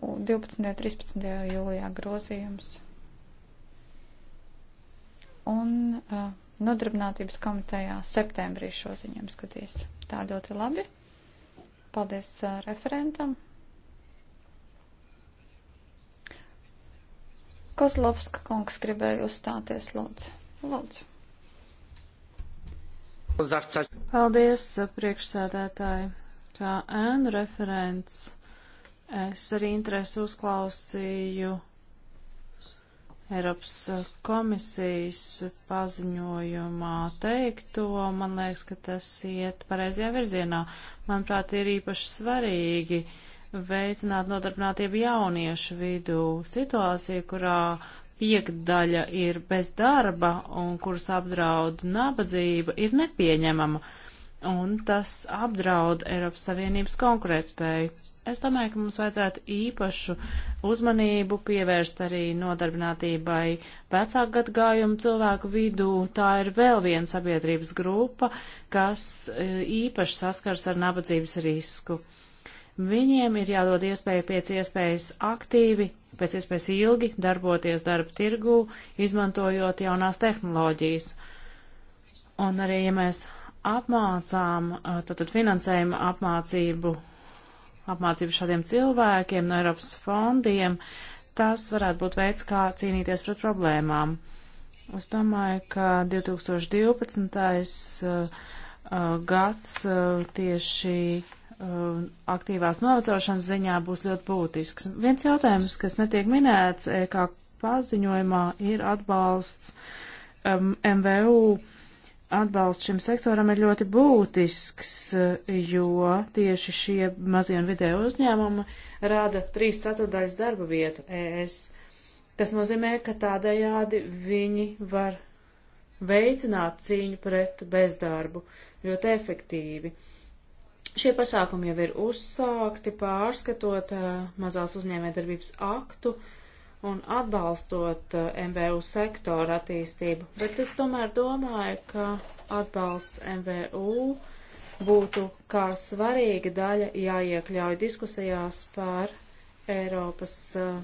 12. un 13. jūlijā grozījums. Un uh, nodarbinātības komitejā septembrī šo ziņojumu skatīs. Tā ļoti labi. Paldies uh, referentam. Kozlovska kungs gribēja uzstāties, lūdzu. Lūdzu. Paldies, priekšsēdētāji. Kā ēnu referents, es arī interesi uzklausīju Eiropas komisijas paziņojumā teikto. Man liekas, ka tas iet pareizajā virzienā. Manuprāt, ir īpaši svarīgi uh, veicināt nodarbinātību jauniešu vidū. Situācija, kurā piekdaļa ir bez darba un kurus apdraud nabadzība, ir nepieņemama. Un tas apdraud Eiropas Savienības konkurētspēju. Es domāju, ka mums vajadzētu īpašu uzmanību pievērst arī nodarbinātībai vecāku gadgājumu cilvēku vidū. Tā ir vēl viena sabiedrības grupa, kas e, īpaši saskars ar nabadzības risku. Viņiem ir jādod iespēja pēc iespējas aktīvi, pēc iespējas ilgi darboties darba tirgū, izmantojot jaunās tehnoloģijas. Un arī, ja mēs apmācām, eh, tad, tad finansējam apmācību, apmācību šādiem cilvēkiem no Eiropas fondiem, tas varētu būt veids, kā cīnīties pret problēmām. Es domāju, ka 2012. Eh, eh, gads tieši Uh, aktīvās novecošanas ziņā būs ļoti būtisks. Viens jautājums, kas netiek minēts e kā paziņojumā, ir atbalsts um, MVU. Atbalsts šim sektoram ir ļoti būtisks, jo tieši šie mazie un vidēji uzņēmumi rada 3 ceturdaļas darba vietu ES. Tas nozīmē, ka tādējādi viņi var veicināt cīņu pret bezdarbu ļoti efektīvi. Uh, Šie pasākumi jau ir uzsākti, pārskatot uh, mazās uzņēmējdarbības aktu un atbalstot uh, eh, MVU sektoru attīstību. Bet es tomēr domāju, ka atbalsts MVU būtu kā svarīga daļa jāiekļauj diskusijās par Eiropas uh,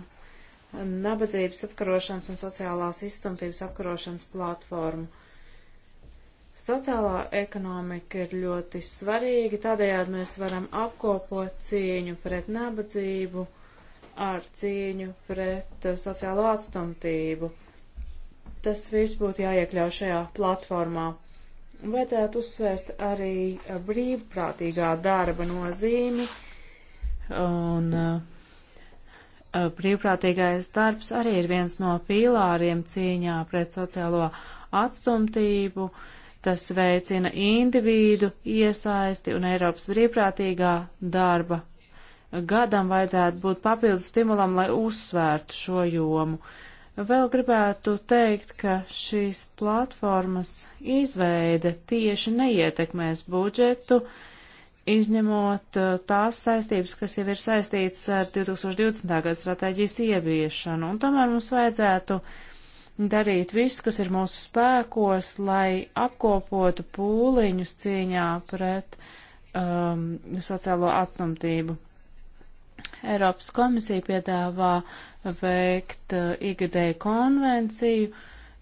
nabadzības apkarošanas un sociālās izstumtības apkarošanas platformu. Sociālā ekonomika ir ļoti svarīga, tādējādi mēs varam apkopot cīņu pret nabadzību ar cīņu pret uh, sociālo atstumtību. Tas viss būtu jāiekļauj šajā platformā. Vajadzētu uzsvērt arī uh, brīvprātīgā darba nozīmi un uh, brīvprātīgais darbs arī ir viens no pīlāriem cīņā pret sociālo atstumtību. Uh, Tas veicina individu iesaisti un Eiropas brīvprātīgā darba. Gadam vajadzētu būt papildus stimulam, lai uzsvērtu šo jomu. Vēl gribētu teikt, ka šīs platformas izveide tieši neietekmēs budžetu, izņemot uh, tās saistības, kas jau ir saistītas ar 2020. gada stratēģijas ieviešanu. Un tomēr mums vajadzētu uh, darīt visu, kas ir mūsu spēkos, lai apkopotu pūliņus cīņā pret um, sociālo atstumtību. Eiropas komisija piedāvā veikt uh, ikgadēju konvenciju,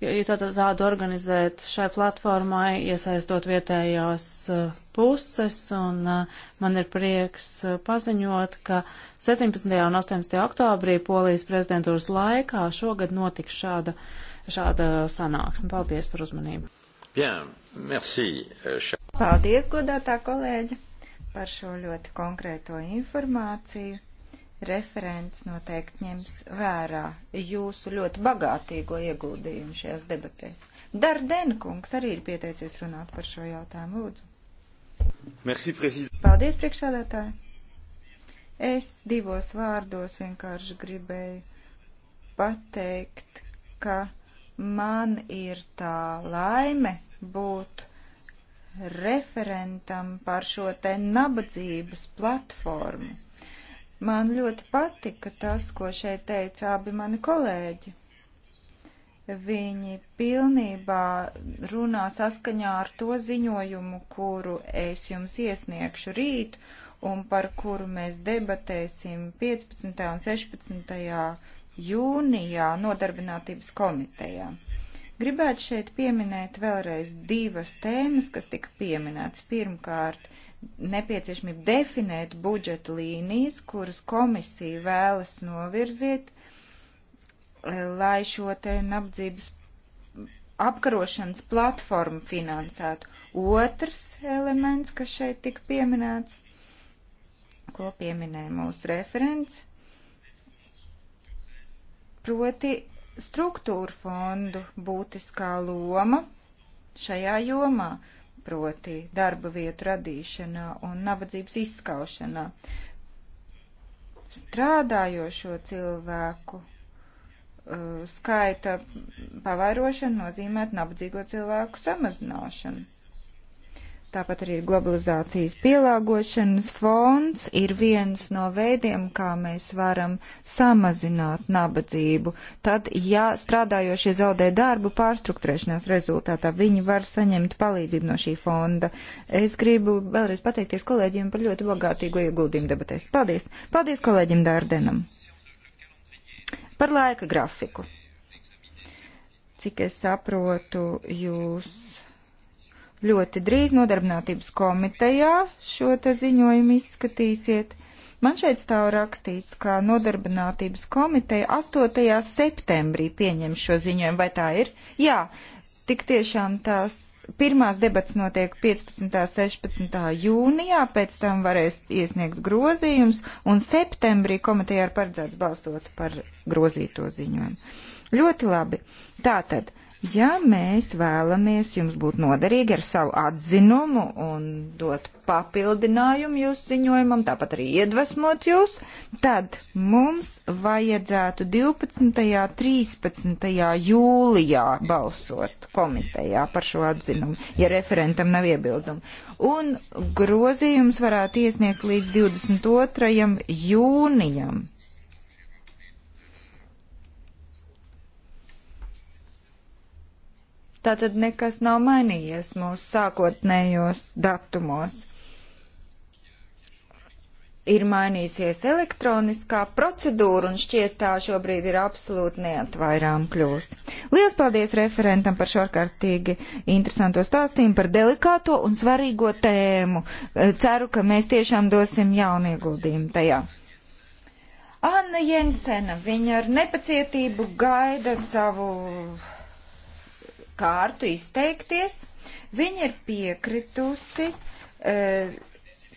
ja tādu, tādu organizēt šai platformai, iesaistot vietējās uh, puses, un uh, man ir prieks uh, paziņot, ka 17. un 18. oktobrī Polijas prezidentūras laikā šogad notiks šāda uh, šāda sanāksme. Paldies par uzmanību. Bien, merci. Euh, Paldies, godātā kolēģa, par šo ļoti konkrēto informāciju. Referents noteikti ņems vērā jūsu ļoti bagātīgo ieguldījumu šajās debatēs. Dardenkungs arī ir pieteicies runāt par šo jautājumu. Lūdzu. Merci, prezident. Paldies, priekšsādātāji. Es divos vārdos vienkārši gribēju pateikt, ka Man ir tā laime būt referentam par šo te nabadzības platformu. Man ļoti patika tas, ko šeit teica abi mani kolēģi. Viņi pilnībā runā saskaņā ar to ziņojumu, kuru es jums iesniegšu rīt un par kuru mēs debatēsim 15. un 16 jūnijā nodarbinātības komitejā. Gribētu šeit pieminēt vēlreiz divas tēmas, kas tika pieminētas. Pirmkārt, nepieciešamība definēt budžeta līnijas, kuras komisija vēlas novirziet, lai šo te nabadzības apkarošanas platformu finansētu. Otrs elements, kas šeit tika pieminēts, ko pieminēja mūsu referents, proti struktūra fondu būtiskā loma šajā jomā, proti darba vietu radīšanā un nabadzības izskaušanā. Strādājošo cilvēku uh, skaita pavairošana nozīmē nabadzīgo cilvēku samazināšanu. Tāpat arī globalizācijas pielāgošanas fonds ir viens no veidiem, kā mēs varam samazināt nabadzību. Tad, ja strādājošie zaudē darbu pārstruktūrēšanās rezultātā, viņi var saņemt palīdzību no šī fonda. Es gribu vēlreiz pateikties kolēģiem par ļoti bagātīgo ieguldījumu debatēs. Paldies! Paldies kolēģim Dārdenam! Par laika grafiku. Cik es saprotu, jūs ļoti drīz nodarbinātības komitejā šo te ziņojumu izskatīsiet. Man šeit stāv rakstīts, ka nodarbinātības komiteja 8. septembrī pieņem šo ziņojumu, vai tā ir? Jā, tik tiešām tās pirmās debats notiek 15. un 16. jūnijā, pēc tam varēs iesniegt grozījums, un septembrī komiteja ir paredzēts balsot par grozīto ziņojumu. Ļoti labi. Tātad. Uh, Ja mēs vēlamies jums būt noderīgi ar savu atzinumu un dot papildinājumu jūsu ziņojumam, tāpat arī iedvesmot jūs, tad mums vajadzētu 12. 13. jūlijā balsot komitejā par šo atzinumu, ja referentam nav iebildumu. Un grozījums varētu iesniegt līdz 22. jūnijam Tātad nekas nav mainījies mūsu sākotnējos datumos. Ir mainīsies elektroniskā procedūra un šķiet tā šobrīd ir absolūti neatvairām kļūst. Lielas paldies referentam par šo kārtīgi interesanto stāstījumu par delikāto un svarīgo tēmu. Ceru, ka mēs tiešām dosim jaunu ieguldījumu tajā. Anna Jensena, viņa ar nepacietību gaida savu kārtu izteikties. Viņa ir piekritusi uh,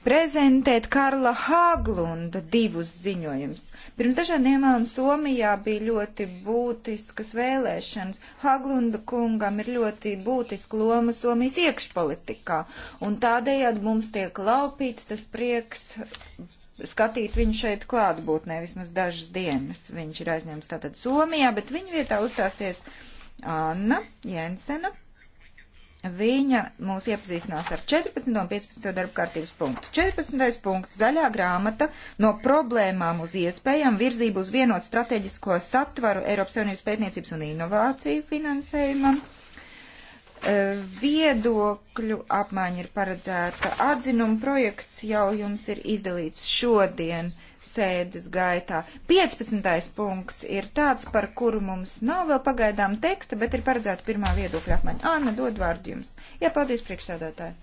prezentēt Karla Hāglunda divus ziņojumus. Pirms dažādiem un Somijā bija ļoti būtiskas vēlēšanas. Haglunda kungam ir ļoti būtiska loma Somijas iekšpolitikā, un tādējādi mums tiek laupīts tas prieks skatīt viņu šeit klātbūtnē vismaz dažas dienas. Viņš ir aizņemts tātad Somijā, bet viņa vietā uzstāsies uh, Anna Jensena. Viņa mūs iepazīstinās ar 14. un 15. darba kārtības punktu. 14. punkts - zaļā grāmata no problēmām uz iespējām virzību uz vienotu strateģisko satvaru Eiropas Savienības pētniecības un inovāciju finansējumam. E, viedokļu apmaiņa ir paredzēta. Atzinuma projekts jau jums ir izdalīts šodien. Uh, sēdes gaitā. 15. punkts ir tāds, par kuru mums nav vēl pagaidām teksta, bet ir paredzēta pirmā viedokļa apmaiņa. Anna, dod vārdu jums. Jā, paldies priekšsēdētāji.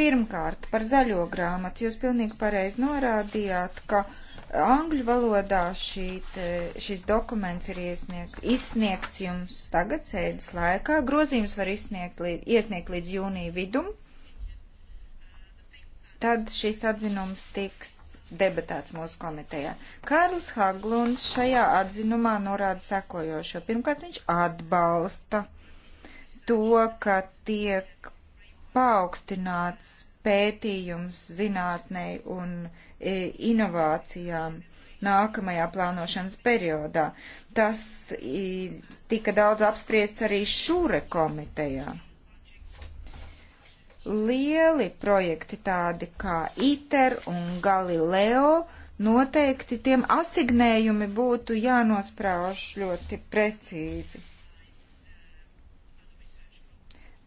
Pirmkārt, par zaļo grāmatu. Jūs pilnīgi pareizi norādījāt, ka angļu valodā šīt, šis dokuments ir iesniegts, izsniegts jums tagad sēdes laikā. Grozījums var izsniegt līdz, iesniegt līdz jūnija vidum tad šis atzinums tiks debatēts mūsu komitejā. Kārlis Haglunds šajā atzinumā norāda sekojošo. Pirmkārt, viņš atbalsta to, ka tiek paaugstināts pētījums zinātnē un e, inovācijām nākamajā plānošanas periodā. Tas e, tika daudz apspriests arī šūre komitejā. Lieli projekti tādi kā ITER un Galileo noteikti tiem asignējumi būtu jānosprauž ļoti precīzi.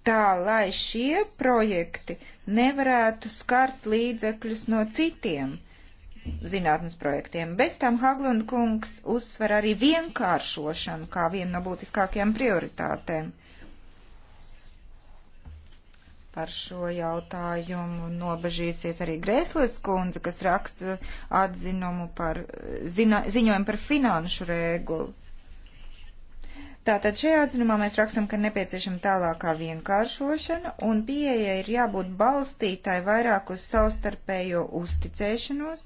Tā, lai šie projekti nevarētu skart līdzekļus no citiem zinātnes projektiem. Bez tam Haglund kungs uzsver arī vienkāršošanu kā vienu no būtiskākajām prioritātēm par šo jautājumu nobežīsies arī Grēslis kundze, kas raksta atzinumu par zina, ziņojumu par finanšu regulu. Tātad šajā atzinumā mēs rakstam, ka nepieciešama tālākā vienkāršošana un pieeja ir jābūt balstītai vairāk uz savstarpējo uzticēšanos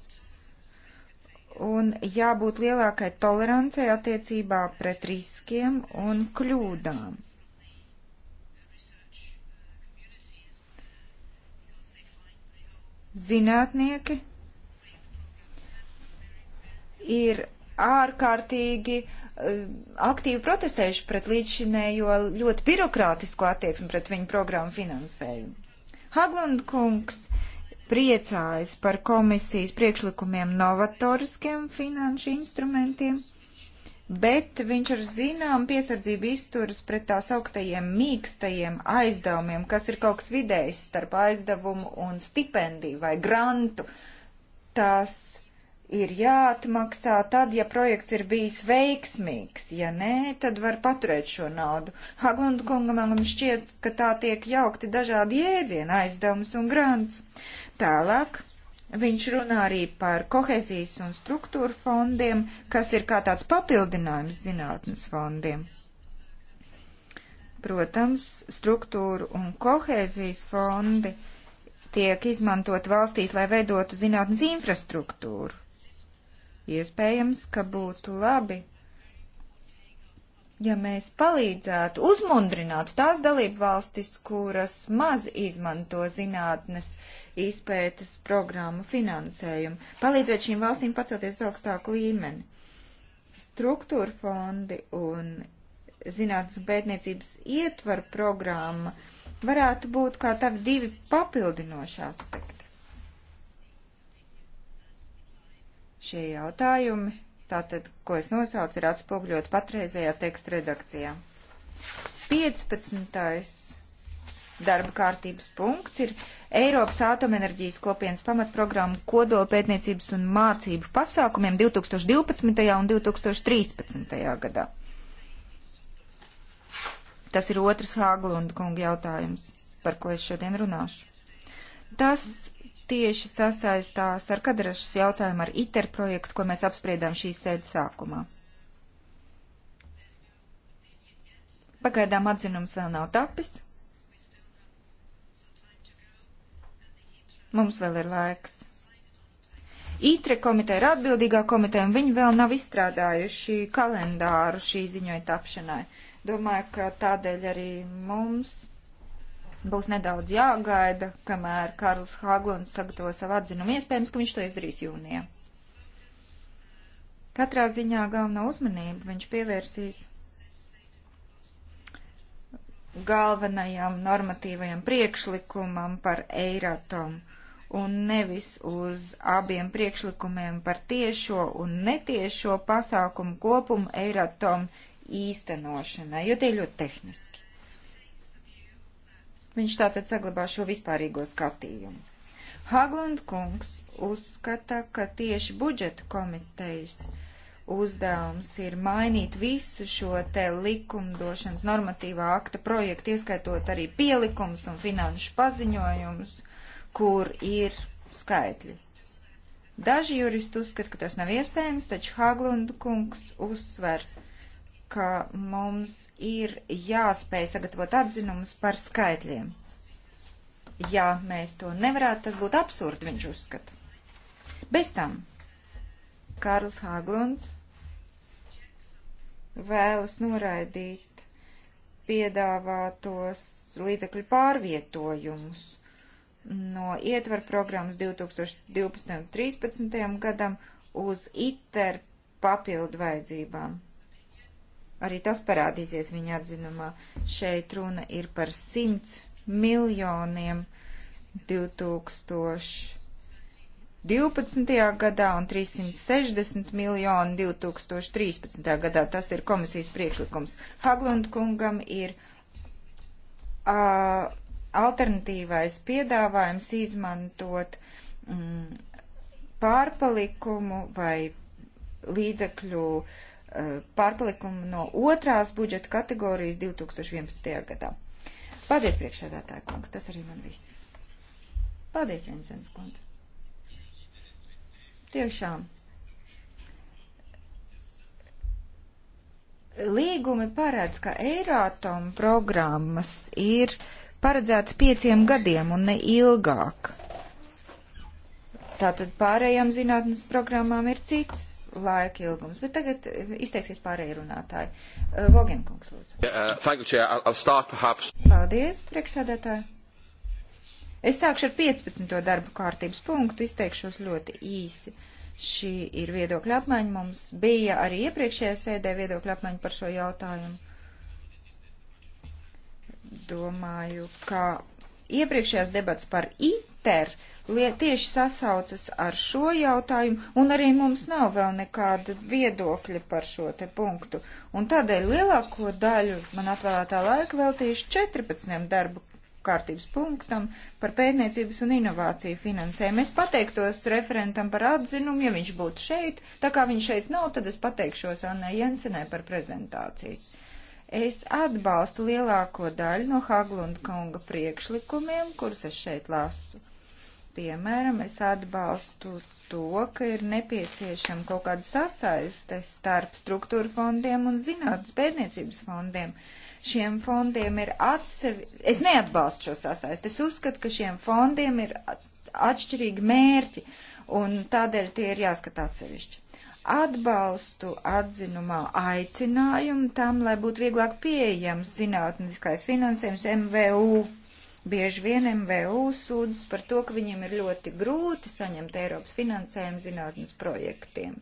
un jābūt lielākai tolerancei attiecībā pret riskiem un kļūdām zinātnieki ir ārkārtīgi eh, aktīvi protestējuši pret līdzšinējo ļoti birokrātisko attieksmi pret viņu programmu finansējumu. Haglund kungs priecājas par komisijas priekšlikumiem novatoriskiem finanšu instrumentiem bet viņš ar zinām piesardzību izturas pret tā sauktajiem mīkstajiem aizdevumiem, kas ir kaut kas vidējs starp aizdevumu un stipendiju vai grantu. Tas ir jāatmaksā tad, ja projekts ir bijis veiksmīgs, ja nē, tad var paturēt šo naudu. Haglund kungam man šķiet, ka tā tiek jaukti dažādi jēdzieni aizdevums un grants. Tālāk Viņš runā arī par kohezijas un struktūra fondiem, kas ir kā tāds papildinājums zinātnes fondiem. Protams, struktūra un kohēzijas fondi tiek izmantot valstīs, lai veidotu zinātnes infrastruktūru. Iespējams, ka būtu labi ja mēs palīdzētu, uzmundrinātu tās dalību valstis, kuras maz izmanto zinātnes izpētes programmu finansējumu, palīdzēt šīm valstīm pacelties uz augstāku līmeni. Struktūra fondi un zinātnes un pētniecības ietvaru programma varētu būt kā tādi divi papildinoši aspekti. Šie jautājumi tātad, ko es nosaucu, ir atspoguļot patreizējā teksta redakcijā. 15. darba kārtības punkts ir Eiropas atomenerģijas kopienas pamatprogramma kodola pētniecības un mācību pasākumiem 2012. un 2013. gadā. Tas ir otrs Hāglunda kunga jautājums, par ko es šodien runāšu. Tas tieši sasaistās ar Kadrašas jautājumu ar ITER projektu, ko mēs apspriedām šīs sēdes sākumā. Pagaidām atzinums vēl nav tapis. Mums vēl ir laiks. ITRE komiteja ir atbildīgā komiteja, un viņi vēl nav izstrādājuši kalendāru šī ziņoja tapšanai. Domāju, ka tādēļ arī mums Būs nedaudz jāgaida, kamēr Karls Haglunds sagatavo savu atzinumu. Iespējams, ka viņš to izdarīs jūnijā. Katrā ziņā galveno uzmanību viņš pievērsīs galvenajam normatīvajam priekšlikumam par Eiratomu un nevis uz abiem priekšlikumiem par tiešo un netiešo pasākumu kopumu Eiratom īstenošanai, jo tie ļoti tehniski. Viņš tātad saglabā šo vispārīgo skatījumu. Haglund kungs uzskata, ka tieši budžeta komitejas uzdevums ir mainīt visu šo te likumdošanas normatīvā akta projektu, ieskaitot arī pielikums un finanšu paziņojumus, kur ir skaitļi. Daži juristi uzskata, ka tas nav iespējams, taču Haglund kungs uzsver ka mums ir jāspēj sagatavot atzinumus par skaitļiem. Ja mēs to nevarētu, tas būtu absurdi, viņš uzskata. Bez tam Kārls Hāglunds vēlas noraidīt piedāvātos līdzekļu pārvietojumus no ietver programmas 2012. un 2013. gadam uz ITER papildu vajadzībām. Arī tas parādīsies viņa atzinumā. Šeit runa ir par 100 miljoniem 2012. gadā un 360 miljoni 2013. gadā. Tas ir komisijas priekšlikums. Haglund kungam ir uh, alternatīvais piedāvājums izmantot mm, pārpalikumu vai līdzekļu uh, pārpalikumu no otrās budžeta kategorijas 2011. gadā. Paldies, priekšsēdētāja kungs, tas arī man viss. Paldies, Jensens kundze. Tiešām. Līgumi paredz, ka Eirātom programmas ir paredzētas pieciem gadiem un ne ilgāk. Tātad pārējām zinātnes programmām ir cits laika ilgums. Bet tagad eh, izteiksies pārējie runātāji. Eh, Vogenkungs, lūdzu. Yeah, uh, thank you, Chair. I'll, I'll start perhaps. Paldies, priekšsēdētāji. Es sākšu ar 15. darbu kārtības punktu, izteikšos ļoti īsi. Šī ir viedokļa apmaiņa. Mums bija arī iepriekšējā sēdē viedokļa apmaiņa par šo jautājumu. Domāju, ka iepriekšējās debats par IT ITER tieši sasaucas ar šo jautājumu, un arī mums nav vēl nekāda viedokļa par šo te punktu. Un tādēļ lielāko daļu man atvēlētā laika veltīšu 14 darbu kārtības punktam par pētniecības un inovāciju finansējumu. Es pateiktos referentam par atzinumu, ja viņš būtu šeit. Tā kā viņš šeit nav, tad es pateikšos Annai Jensenai par prezentācijas. Es atbalstu lielāko daļu no Haglunda kunga priekšlikumiem, kurus es šeit lasu Piemēram, es atbalstu to, ka ir nepieciešama kaut kāda sasaiste starp struktūra fondiem un zinātnes pētniecības fondiem. Šiem fondiem ir atsevi... Es neatbalstu šo sasaisti. Es uzskatu, ka šiem fondiem ir atšķirīgi mērķi, un tādēļ tie ir jāskatā atsevišķi. Atbalstu atzinumā aicinājumu tam, lai būtu vieglāk pieejams zinātniskais finansējums MVU Bieži vien MVU sūdzas par to, ka viņiem ir ļoti grūti saņemt Eiropas finansējumu zinātnes projektiem.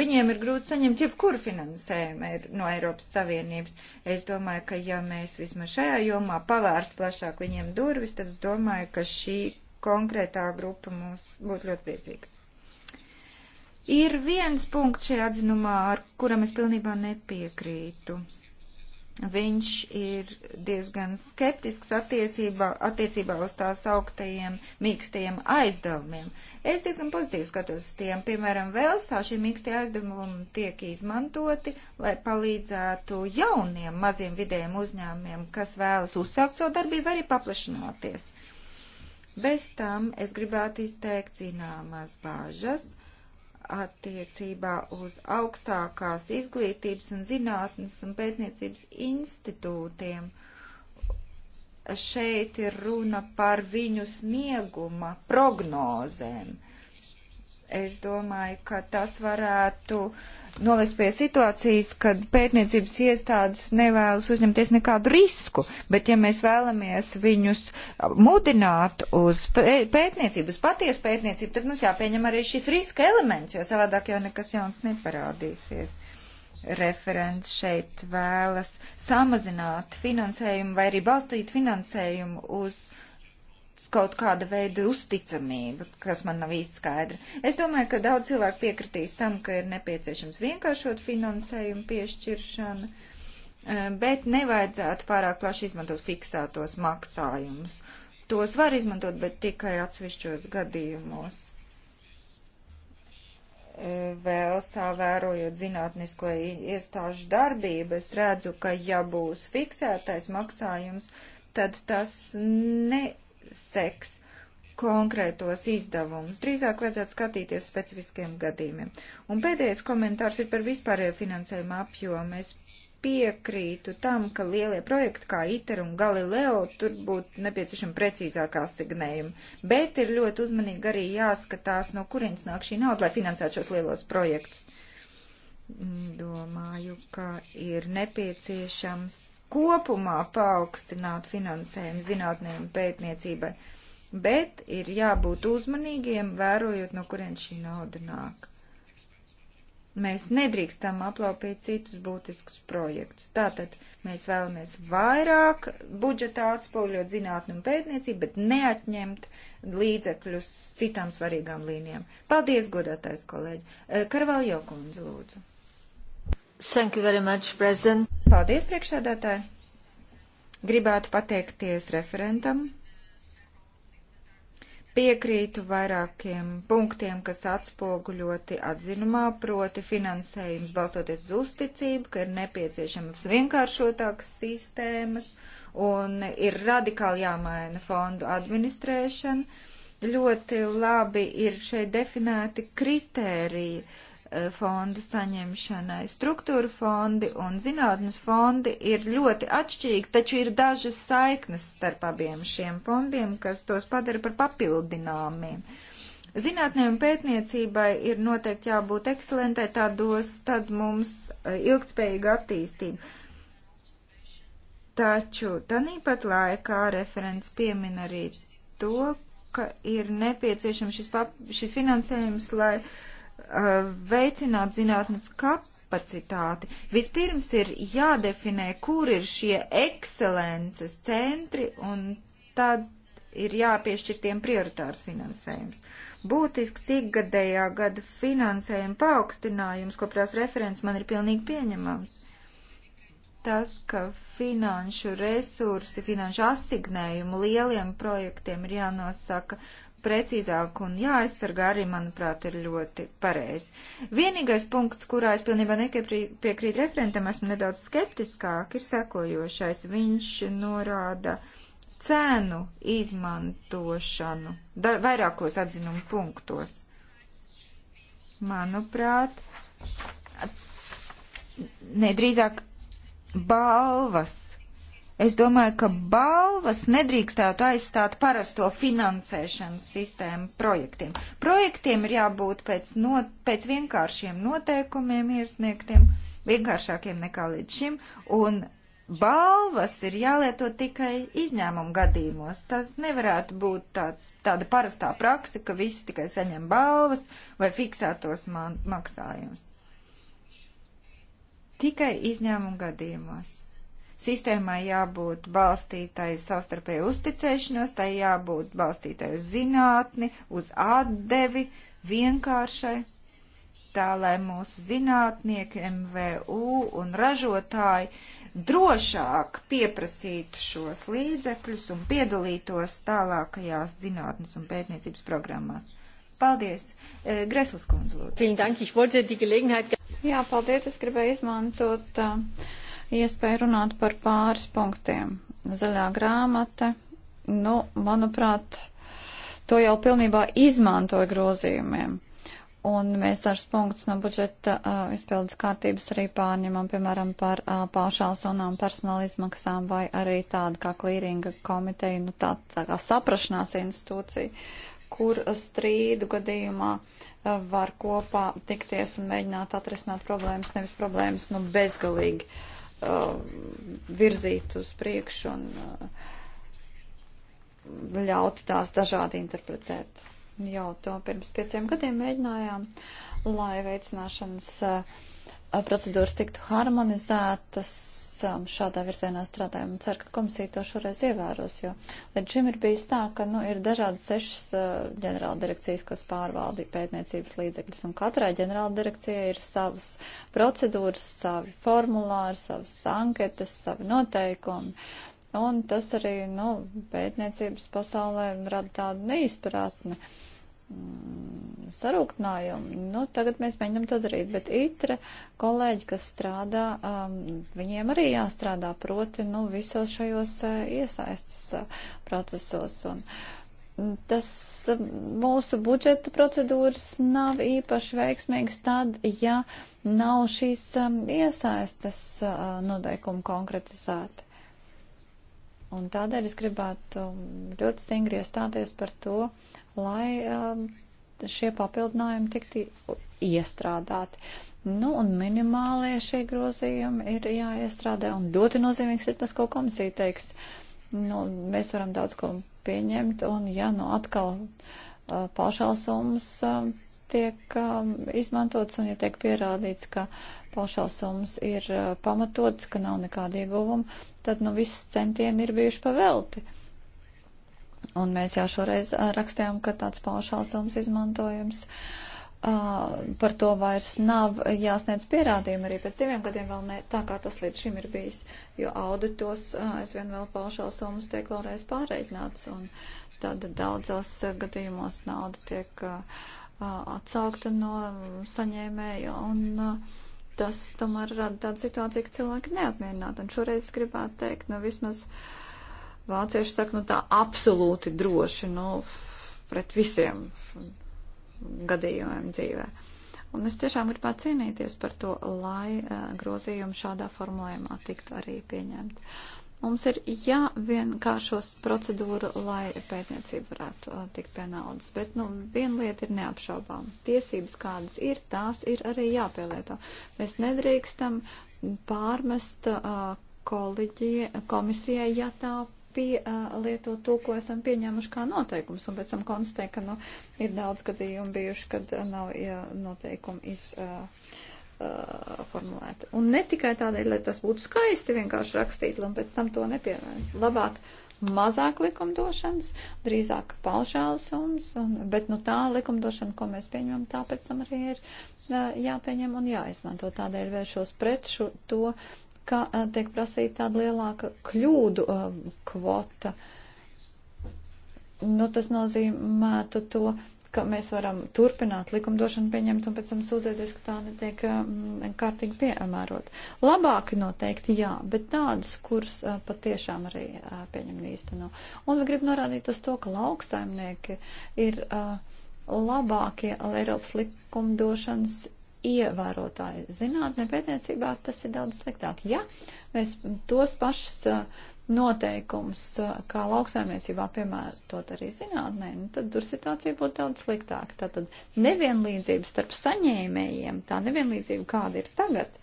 Viņiem ir grūti saņemt jebkuru finansējumu no Eiropas Savienības. Es domāju, ka ja mēs vismaz šajā jomā pavērtu plašāk viņiem durvis, tad es domāju, ka šī konkrētā grupa mūs būtu ļoti priecīga. Ir viens punkts šajā atzinumā, ar kuram es pilnībā nepiekrītu viņš ir diezgan skeptisks attiecībā, attiecībā uz tās augtajiem mīkstajiem aizdevumiem. Es diezgan pozitīvi skatos uz tiem. Piemēram, Velsā šie mīkstie aizdevumi tiek izmantoti, lai palīdzētu jauniem maziem vidējiem uzņēmumiem, kas vēlas uzsākt savu darbību, arī paplašināties. Bez tam es gribētu izteikt zināmas bāžas attiecībā uz augstākās izglītības un zinātnes un pētniecības institūtiem. Šeit ir runa par viņu snieguma prognozēm. Uh, Es domāju, ka tas varētu novest pie situācijas, kad pētniecības iestādes nevēlas uzņemties nekādu risku, bet ja mēs vēlamies viņus mudināt uz pētniecību, uz patiesu pētniecību, tad mums jāpieņem arī šis riska elements, jo savādāk jau nekas jauns neparādīsies referents šeit vēlas samazināt finansējumu vai arī balstīt finansējumu uz uh, kaut kāda veida uzticamība, kas man nav īsti skaidra. Es domāju, ka daudz cilvēku piekritīs tam, ka ir nepieciešams vienkāršot finansējumu piešķiršanu, eh, bet nevajadzētu pārāk plaši izmantot fiksētos maksājumus. Tos var izmantot, bet tikai atsevišķos gadījumos. Eh, vēl sāvērojot zinātnisko iestāžu darbību, es redzu, ka ja būs fiksētais maksājums, tad tas ne, seks konkrētos izdevumus. Drīzāk vajadzētu skatīties specifiskiem gadījumiem. Un pēdējais komentārs ir par vispārējo finansējumu apjomu. Es piekrītu tam, ka lielie projekti kā ITER un Galileo tur būtu nepieciešama precīzākā signējuma, bet ir ļoti uzmanīgi arī jāskatās, no kurienes nāk šī nauda, lai finansētu šos lielos projektus. Mm, domāju, ka ir nepieciešams kopumā paaugstināt finansējumu zinātnēm pētniecībai, bet ir jābūt uzmanīgiem, vērojot, no kurien šī nauda nāk. Mēs nedrīkstam aplaupīt citus būtiskus projektus. Tātad mēs vēlamies vairāk budžetā atspūļot zinātnu un pētniecību, bet neatņemt līdzekļus citām svarīgām līnijām. Paldies, godātais kolēģi. Eh, Karvaljo kundze, lūdzu. Thank you very much, President. Paldies, priekšsēdētāji! Gribētu pateikties referentam. Piekrītu vairākiem punktiem, kas atspoguļoti atzinumā, proti finansējums balstoties uz uzticību, ka ir nepieciešams vienkāršotākas sistēmas un ir radikāli jāmaina fondu administrēšana. Ļoti labi ir šeit definēti kritēriji, Eh, fondu saņemšanai. Struktūra fondi un zinātnes fondi ir ļoti atšķirīgi, taču ir dažas saiknes starp abiem šiem fondiem, kas tos padara par papildināmiem. Zinātnē un pētniecībai ir noteikti jābūt ekscelentai, tā dos tad mums eh, ilgspējīga attīstība. Taču tanīpat laikā referents piemin arī to, ka ir nepieciešams šis, šis finansējums, lai uh, Uh, veicināt zinātnes kapacitāti. Vispirms ir jādefinē, kur ir šie ekscelences centri, un tad ir jāpiešķir tiem prioritārs finansējums. Būtisks ikgadējā gada finansējuma paaugstinājums, ko prās referents man ir pilnīgi pieņemams. Tas, ka finanšu resursi, finanšu asignējumu lieliem projektiem ir jānosaka precīzāk un jāaizsargā arī, manuprāt, ir ļoti pareizi. Vienīgais punkts, kurā es pilnībā nepiekrītu referentam, esmu nedaudz skeptiskāk, ir sekojošais. Viņš norāda cēnu izmantošanu da, vairākos atzinumu punktos. Manuprāt, nedrīzāk balvas Es domāju, ka balvas nedrīkstētu aizstāt parasto finansēšanas sistēmu projektiem. Projektiem ir jābūt pēc, no, pēc vienkāršiem noteikumiem iesniegtiem, vienkāršākiem nekā līdz šim, un balvas ir jālieto tikai izņēmumu gadījumos. Tas nevarētu būt tāds, tāda parastā praksa, ka visi tikai saņem balvas vai fiksētos maksājumus. Tikai izņēmumu gadījumos Sistēmai jābūt balstītai savstarpēju uzticēšanos, tai jābūt balstītai uz zinātni, uz atdevi, vienkāršai, tā lai mūsu zinātnieki, MVU un ražotāji drošāk pieprasītu šos līdzekļus un piedalītos tālākajās zinātnes un pētniecības programmās. Paldies! Eh, Gresls kundze, lūdzu. Jā, paldies! Es gribēju izmantot uh, iespēju runāt par pāris punktiem. Zaļā grāmata, nu, manuprāt, to jau pilnībā izmantoja grozījumiem. Un mēs dažus punktus no budžeta uh, izpildes kārtības arī pārņemam, piemēram, par uh, paušālsonām personāla izmaksām vai arī tāda kā klīringa komiteja, nu tā, tā kā saprašanās institūcija, kur strīdu gadījumā uh, var kopā tikties un mēģināt atrisināt problēmas, nevis problēmas, nu, bezgalīgi. Uh, uh, virzīt uz priekšu un uh, ļaut tās dažādi interpretēt. Jau to pirms pieciem gadiem mēģinājām, lai veicināšanas uh, procedūras tiktu harmonizētas šādā virzienā strādājam un ceru, ka komisija to šoreiz ievēros, jo līdz šim ir bijis tā, ka nu, ir dažādas sešas uh, ģenerāla direkcijas, kas pārvalda pētniecības līdzekļus, un katrai ģenerāla direkcijai ir savas procedūras, savi formulāri, savas anketas, savi noteikumi. Un tas arī nu, pētniecības pasaulē rada tādu neizpratni. Uh, Mm, sarūktinājumu. Nu, tagad mēs mēģinam to darīt, bet itre kolēģi, kas strādā, um, viņiem arī jāstrādā proti, nu, visos šajos uh, iesaistas uh, procesos. Un, mm, Tas uh, mūsu budžeta procedūras nav īpaši veiksmīgas tad, ja nav šīs um, iesaistas uh, noteikumi konkretizēti. Un tādēļ es gribētu um, ļoti stingri iestāties par to, lai um, šie papildinājumi tiktu iestrādāti. Nu, un minimālie šie grozījumi ir jāiestrādē, un ļoti nozīmīgs ir tas, ko komisija teiks. Nu, mēs varam daudz ko pieņemt, un ja nu atkal uh, paušālsums uh, um, tiek um, izmantots un ja tiek pierādīts, ka paušālsums ir uh, pamatots, ka nav nekāda ieguvuma, tad nu viss centieni ir bijuši pavelti. Uh, Un mēs jau šoreiz rakstījām, ka tāds paušālsums izmantojums par to vairs nav jāsniedz pierādījumi arī pēc diviem gadiem vēl ne tā, kā tas līdz šim ir bijis, jo auditos aizvien vēl paušālsums tiek vēlreiz pārreikināts un tad daudzos gadījumos nauda tiek atsaukta no saņēmēja un tas tomēr rada tādu situāciju, ka cilvēki neapmierināti. Un šoreiz gribētu teikt, nu vismaz uh, Vācieši saka, nu tā absolūti droši, nu, pret visiem gadījumiem dzīvē. Un es tiešām gribētu cīnīties par to, lai uh, grozījumi šādā formulējumā tiktu arī pieņemti. Mums ir jāvienkāršos procedūru, lai pētniecība varētu uh, tikt pie naudas. Bet, nu, viena lieta ir neapšaubām. Tiesības, kādas ir, tās ir arī jāpielieto. Mēs nedrīkstam pārmest uh, eh, kolēģie, komisijai, ja tā pielietot to, ko esam pieņēmuši kā noteikums, un pēc tam konstatē, ka nu, ir daudz gadījumu bijuši, kad eh, nav ja, noteikumi iz. Uh, eh, uh, eh, formulēta. Un ne tikai tādēļ, lai tas būtu skaisti vienkārši rakstīt, un pēc tam to nepievērst. Labāk mazāk likumdošanas, drīzāk paušāls sums, un, bet nu tā likumdošana, ko mēs pieņemam, tā pēc tam arī ir uh, jāpieņem un jāizmanto. Tādēļ vēršos pret šo, to, ka uh, tiek prasīta tāda lielāka kļūdu uh, kvota. Nu, tas nozīmētu to, ka mēs varam turpināt likumdošanu pieņemt un pēc tam sūdzēties, ka tā netiek um, kārtīgi piemērot. Labāki noteikti jā, bet tādus, kurus uh, patiešām arī uh, pieņem īsteno. Un gribu norādīt uz to, ka lauksaimnieki ir uh, labākie Eiropas likumdošanas ievērotāji. Zinātnē pētniecībā tas ir daudz sliktāk. Ja mēs tos pašus uh, noteikumus, uh, kā lauksaimniecībā piemērot arī zinātnē, nu, tad tur situācija būtu daudz sliktāka. Tātad nevienlīdzība starp saņēmējiem, tā nevienlīdzība kāda ir tagad,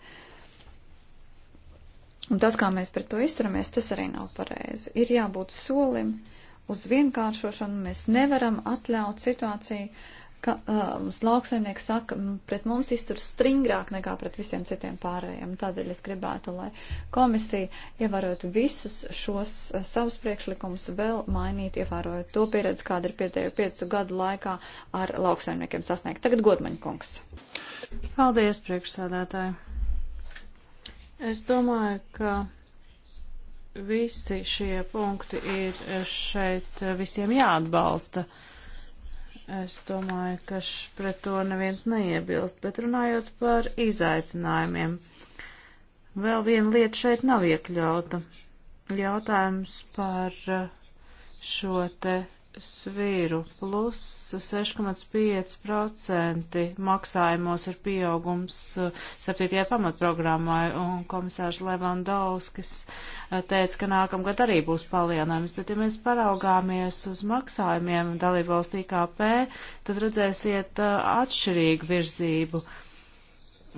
un tas, kā mēs pret to izturamies, tas arī nav pareizi. Ir jābūt solim uz vienkāršošanu, mēs nevaram atļaut situāciju, uh, ka uh, lauksaimnieks saka, pret mums izturs stringrāk nekā pret visiem citiem pārējiem. Tādēļ es gribētu, lai komisija ievērotu visus šos uh, savus priekšlikumus, vēl mainīt, ievērojot to pieredzi, kāda ir pēdējo piecu gadu laikā ar lauksaimniekiem sasniegt. Tagad godmaņa kungs. Paldies, priekšsādātāji. Es domāju, ka visi šie punkti ir šeit visiem jāatbalsta. Uh, Es domāju, ka pret to neviens neiebilst, bet runājot par izaicinājumiem, vēl viena lieta šeit nav iekļauta. Jautājums par eh, šo te svīru plus 6,5% maksājumos ir pieaugums 7. Eh, pamatprogrammai, un komisārs Levandovskis teica, ka nākamgad arī būs palielinājums, bet ja mēs paraugāmies uz maksājumiem dalībvalsts IKP, tad redzēsiet uh, atšķirīgu virzību.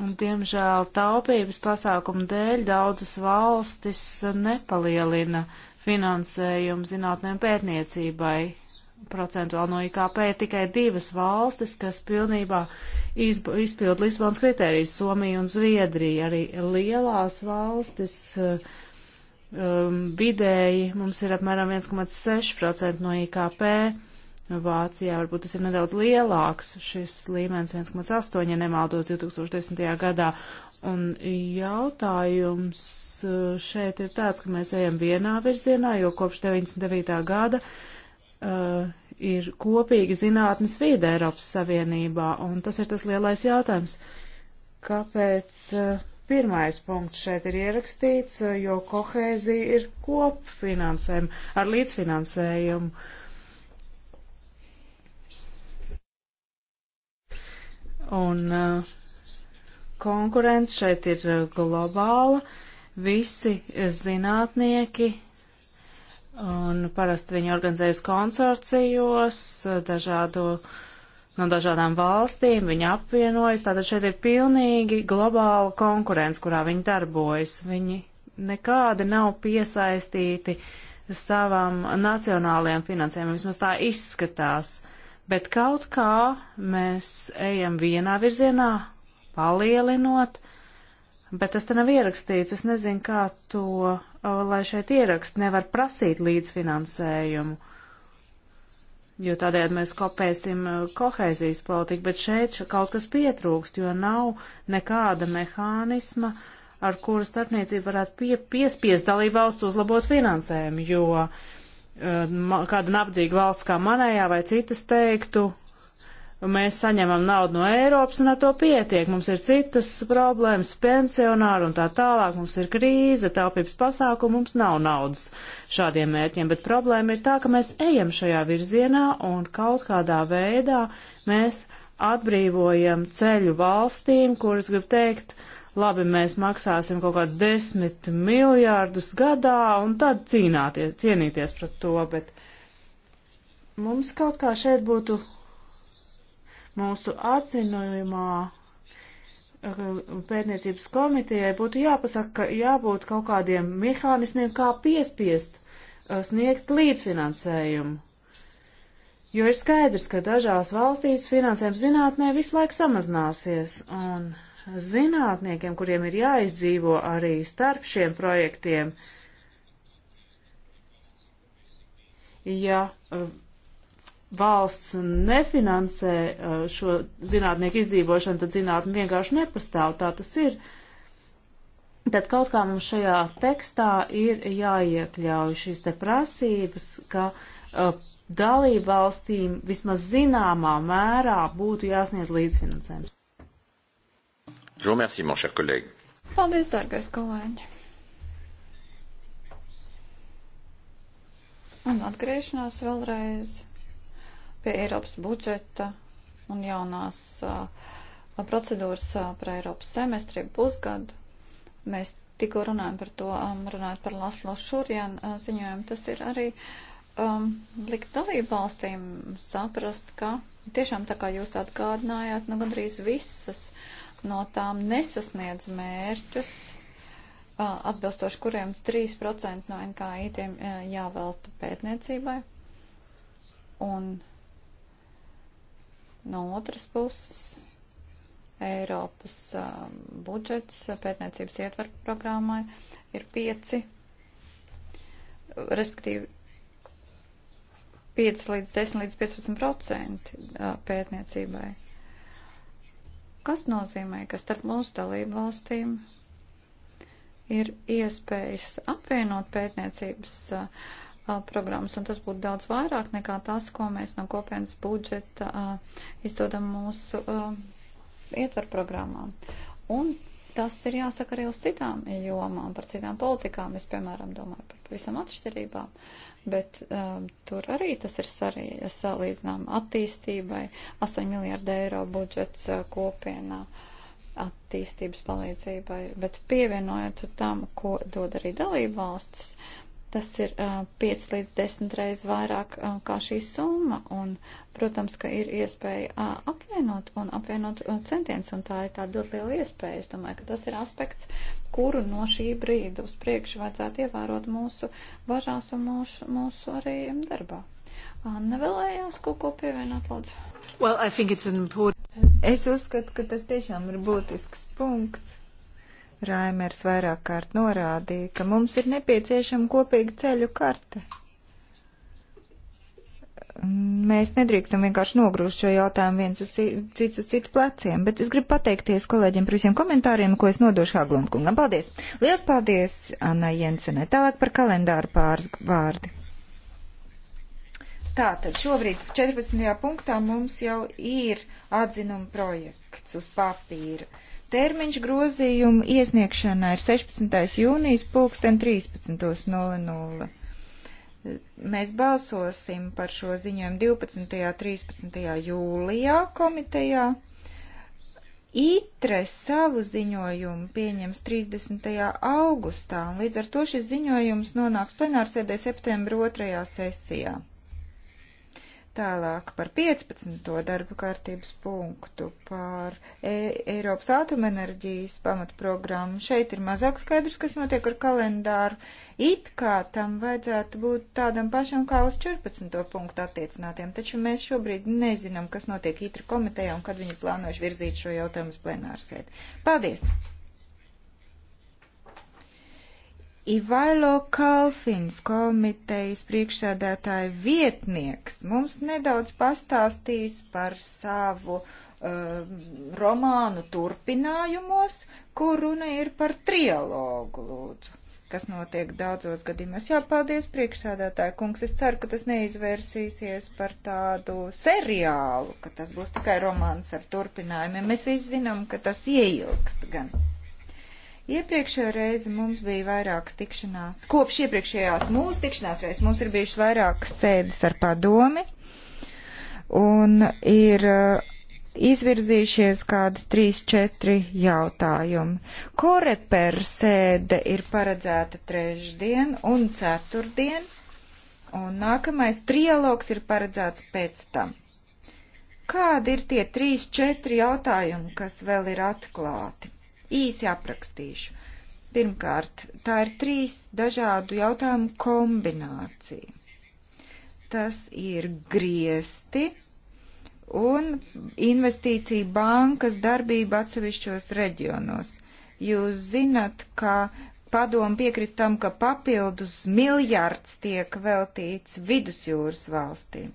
Un, diemžēl taupības pasākumu dēļ daudzas valstis nepalielina finansējumu zinātnēm pētniecībai, procentuāli no IKP tikai divas valstis, kas pilnībā izpild Lisbonas kritērijas - Somija un Zviedrija. Arī lielās valstis uh, um, vidēji mums ir apmēram 1,6% no IKP. Vācijā varbūt tas ir nedaudz lielāks, šis līmenis 1,8, ja nemaldos, 2010. gadā. Un jautājums uh, šeit ir tāds, ka mēs ejam vienā virzienā, jo kopš 99. gada uh, ir kopīga zinātnes vīde Eiropas Savienībā, un tas ir tas lielais jautājums. Kāpēc uh, Pirmais punkts šeit ir ierakstīts, eh, jo kohēzija ir kopfinansējuma ar līdzfinansējumu. Un uh, konkurence šeit ir eh, globāla, visi zinātnieki, un parasti viņi organizējas konsorcijos dažādu uh, no dažādām valstīm, viņi apvienojas, tātad šeit ir pilnīgi globāla konkurence, kurā viņi darbojas. Viņi nekādi nav piesaistīti savam nacionālajiem finansējumam, vismaz tā izskatās. Bet kaut kā mēs ejam vienā virzienā, palielinot, bet tas te nav ierakstīts, es nezinu, kā to, lai šeit ierakst, nevar prasīt līdzfinansējumu jo tādējādi mēs kopēsim uh, kohēzijas politiku, bet šeit kaut kas pietrūkst, jo nav nekāda mehānisma, ar kuru starpniecību varētu pie, piespiest dalību valsts uzlabot finansējumu, jo uh, kāda nabadzīga valsts kā manējā vai citas teiktu, mēs saņemam naudu no Eiropas un ar to pietiek. Mums ir citas problēmas, pensionāri un tā tālāk, mums ir krīze, taupības pasākumi, mums nav naudas šādiem mērķiem, bet problēma ir tā, ka mēs ejam šajā virzienā un kaut kādā veidā mēs atbrīvojam ceļu valstīm, kuras grib teikt, labi, mēs maksāsim kaut kāds desmit miljārdus gadā un tad cīnāties, cienīties pret to, bet mums kaut kā šeit būtu Mūsu atzinojumā eh, pētniecības komitejai būtu jāpasaka, ka jābūt kaut kādiem mehānismiem, kā piespiest eh, sniegt līdzfinansējumu. Jo ir skaidrs, ka dažās valstīs finansējums zinātnē visu laiku samazināsies, un zinātniekiem, kuriem ir jāizdzīvo arī starp šiem projektiem, ja eh, valsts nefinansē uh, šo zinātnieku izdzīvošanu, tad zinātne vienkārši nepastāv. Tā tas ir. Tad kaut kā mums šajā tekstā ir jāiekļauj šīs te prasības, ka uh, dalību valstīm vismaz zināmā mērā būtu jāsniedz līdzfinansējums. Merci, mon cher collègue. Paldies, dārgais kolēģi. Un atgriešanās vēlreiz pie Eiropas budžeta un jaunās uh, procedūras uh, par Eiropas semestri pusgadu. Mēs tikko runājam par to, um, runājot par Laslo Šurjan uh, ziņojumu, tas ir arī um, likt dalību valstīm saprast, ka tiešām tā kā jūs atgādinājāt, nu gandrīz visas no tām nesasniedz mērķus, atbilstoši kuriem 3% no NKI tiem jāvelta pētniecībai. Un No otras puses, Eiropas uh, budžets pētniecības ietver programmai ir pieci, respektīvi 5 līdz 10 līdz 15 procenti uh, pētniecībai. Kas nozīmē, ka starp mūsu dalību valstīm ir iespējas apvienot pētniecības uh, Uh, programmas, un tas būtu daudz vairāk nekā tas, ko mēs no kopienas budžeta uh, izdodam mūsu uh, ietver programmām. Un tas ir jāsaka arī uz citām jomām, par citām politikām. Es, piemēram, domāju par pavisam atšķirībām, bet um, tur arī tas ir salīdzinām attīstībai. 8 miljārdi eiro budžets uh, kopienā attīstības palīdzībai, bet pievienojot tam, ko dod arī dalību valstis. Uh, Tas ir uh, 5 līdz 10 reizes vairāk uh, kā šī summa, un, protams, ka ir iespēja uh, apvienot un apvienot uh, centienus, un tā ir tāda ļoti liela iespēja. Es domāju, ka tas ir aspekts, kuru no šī brīda uz priekšu vajadzētu ievērot mūsu bažās un mūsu, mūsu arī darbā. Anna vēlējās kaut ko pievienot, lūdzu. Well, important... Es uzskatu, ka tas tiešām ir būtisks punkts Raimers vairāk kārt norādīja, ka mums ir nepieciešama kopīga ceļu karte. Mēs nedrīkstam vienkārši nogrūst šo jautājumu viens uz cits uz citu pleciem, bet es gribu pateikties kolēģiem par visiem komentāriem, ko es nodošu Haglund kungam. Paldies! Lielas paldies, Anna Jensenē. Tālāk par kalendāru pāris vārdi. Tātad šobrīd 14. punktā mums jau ir atzinuma projekts uz papīra. Uh, Termiņš grozījumu iesniegšanā ir 16. jūnijas pulksten 13.00. Mēs balsosim par šo ziņojumu 12. un 13. jūlijā komitejā. ITRE savu ziņojumu pieņems 30. augustā, un līdz ar to šis ziņojums nonāks plenārsēdē septembra 2. sesijā. Tālāk par 15. darba kārtības punktu par e Eiropas atomenerģijas pamatprogrammu. Šeit ir mazāk skaidrs, kas notiek ar kalendāru. It kā tam vajadzētu būt tādam pašam kā uz 14. punktu attiecinātiem, taču mēs šobrīd nezinām, kas notiek ITRA komitejā un kad viņi plānojuši virzīt šo jautājumu uz plenārsēdi. Paldies! Ivailo Kalfins komitejas priekšsēdētāja vietnieks mums nedaudz pastāstīs par savu uh, romānu turpinājumos, kur runa ir par trialogu, lūdzu, kas notiek daudzos gadījumos. Jā, paldies priekšsēdētāja kungs, es ceru, ka tas neizvērsīsies par tādu seriālu, ka tas būs tikai romāns ar turpinājumiem. Mēs visi zinām, ka tas ieilgst gan. Iepriekšējā reize mums bija vairākas tikšanās. Kopš iepriekšējās mūsu tikšanās reizes mums ir bijušas vairākas sēdes ar padomi un ir uh, izvirzījušies kādi 3-4 jautājumi. Koreper sēde ir paredzēta trešdien un ceturtdien, un nākamais trialogs ir paredzēts pēc tam. Kādi ir tie 3-4 jautājumi, kas vēl ir atklāti? īsi aprakstīšu. Pirmkārt, tā ir trīs dažādu jautājumu kombinācija. Tas ir griesti un investīcija bankas darbība atsevišķos reģionos. Jūs zinat, ka padomu piekrita tam, ka papildus miljards tiek veltīts vidusjūras valstīm.